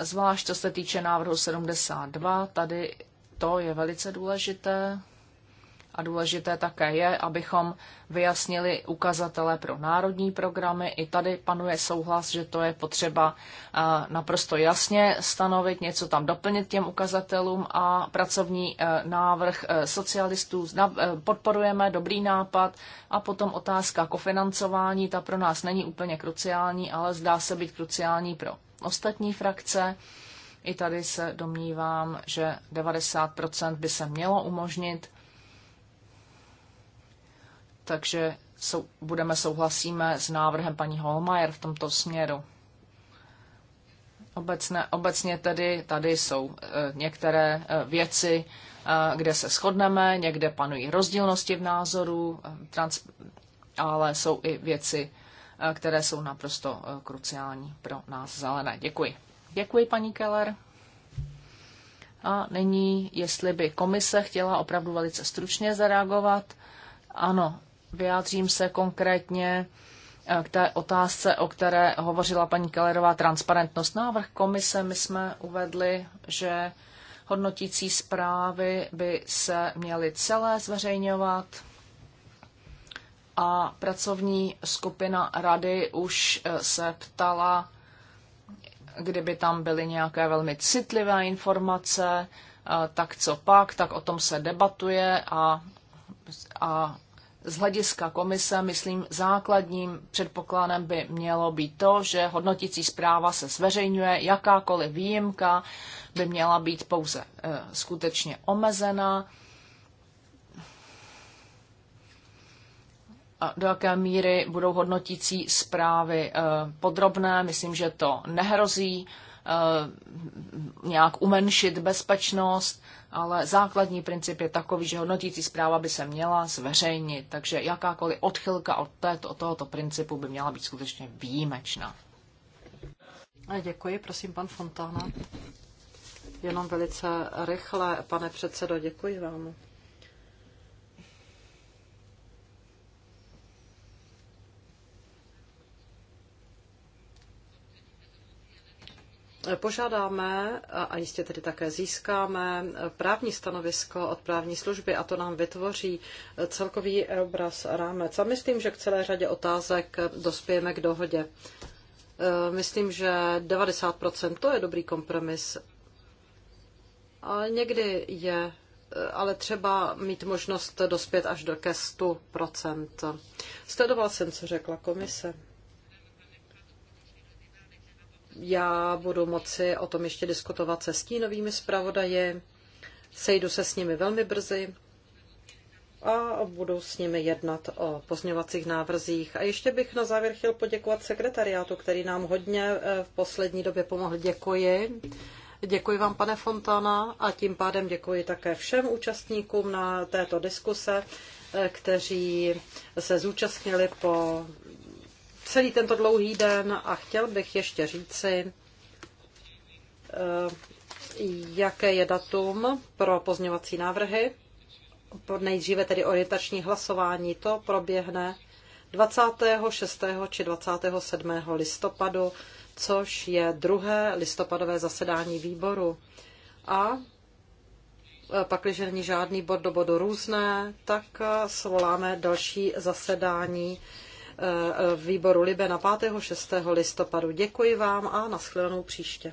zvlášť co se týče návrhu 72, tady to je velice důležité. A důležité také je, abychom vyjasnili ukazatele pro národní programy. I tady panuje souhlas, že to je potřeba eh, naprosto jasně stanovit, něco tam doplnit těm ukazatelům a pracovní eh, návrh eh, socialistů podporujeme, dobrý nápad. A potom otázka kofinancování, ta pro nás není úplně kruciální, ale zdá se být kruciální pro ostatní frakce. I tady se domnívám, že 90 by se mělo umožnit takže sou, budeme souhlasíme s návrhem paní Holmajer v tomto směru. Obecne, obecně tedy tady jsou e, některé e, věci, e, kde se shodneme, někde panují rozdílnosti v názoru, trans, ale jsou i věci, e, které jsou naprosto e, kruciální pro nás zelené. Děkuji. Děkuji, paní Keller. A nyní, jestli by komise chtěla opravdu velice stručně zareagovat. Ano, Vyjádřím se konkrétně eh, k té otázce, o které hovořila paní Kellerová, transparentnost. Návrh komise my jsme uvedli, že hodnotící zprávy by se měly celé zveřejňovat a pracovní skupina rady už eh, se ptala, kdyby tam byly nějaké velmi citlivé informace, eh, tak co pak, tak o tom se debatuje a, a z hlediska komise, myslím, základním předpokladem by mělo být to, že hodnotící zpráva se zveřejňuje, jakákoliv výjimka by měla být pouze e, skutečně omezená. do jaké míry budou hodnotící zprávy eh, podrobné. Myslím, že to nehrozí eh, nějak umenšit bezpečnost ale základní princip je takový, že hodnotící zpráva by se měla zveřejnit, takže jakákoliv odchylka od, této, od tohoto principu by měla být skutečně výjimečná. Eh, děkuji, prosím, pan Fontána. Jenom velice rychle, pane předsedo, děkuji vám. požádáme a jistě tedy také získáme právní stanovisko od právní služby a to nám vytvoří celkový obraz rámec. A myslím, že k celé řadě otázek dospějeme k dohodě. E, myslím, že 90% to je dobrý kompromis. Ale někdy je e, ale třeba mít možnost dospět až do ke 100%. Sledoval jsem, co řekla komise já budu moci o tom ještě diskutovat se stínovými zpravodaji, sejdu se s nimi velmi brzy a budu s nimi jednat o pozměňovacích návrzích. A ještě bych na závěr chtěl poděkovat sekretariátu, který nám hodně eh, v poslední době pomohl. Děkuji. Děkuji vám, pane Fontana, a tím pádem děkuji také všem účastníkům na této diskuse, eh, kteří se zúčastnili po celý tento dlouhý den a chtěl bych ještě říci, eh, jaké je datum pro pozměňovací návrhy. Nejdříve tedy orientační hlasování to proběhne 26. či 27. listopadu, což je druhé listopadové zasedání výboru. A eh, pak, když není žádný bod do bodu různé, tak eh, svoláme další zasedání Eh, eh, výboru Libe na 5. 6. listopadu. Děkuji vám a nashledanou příště.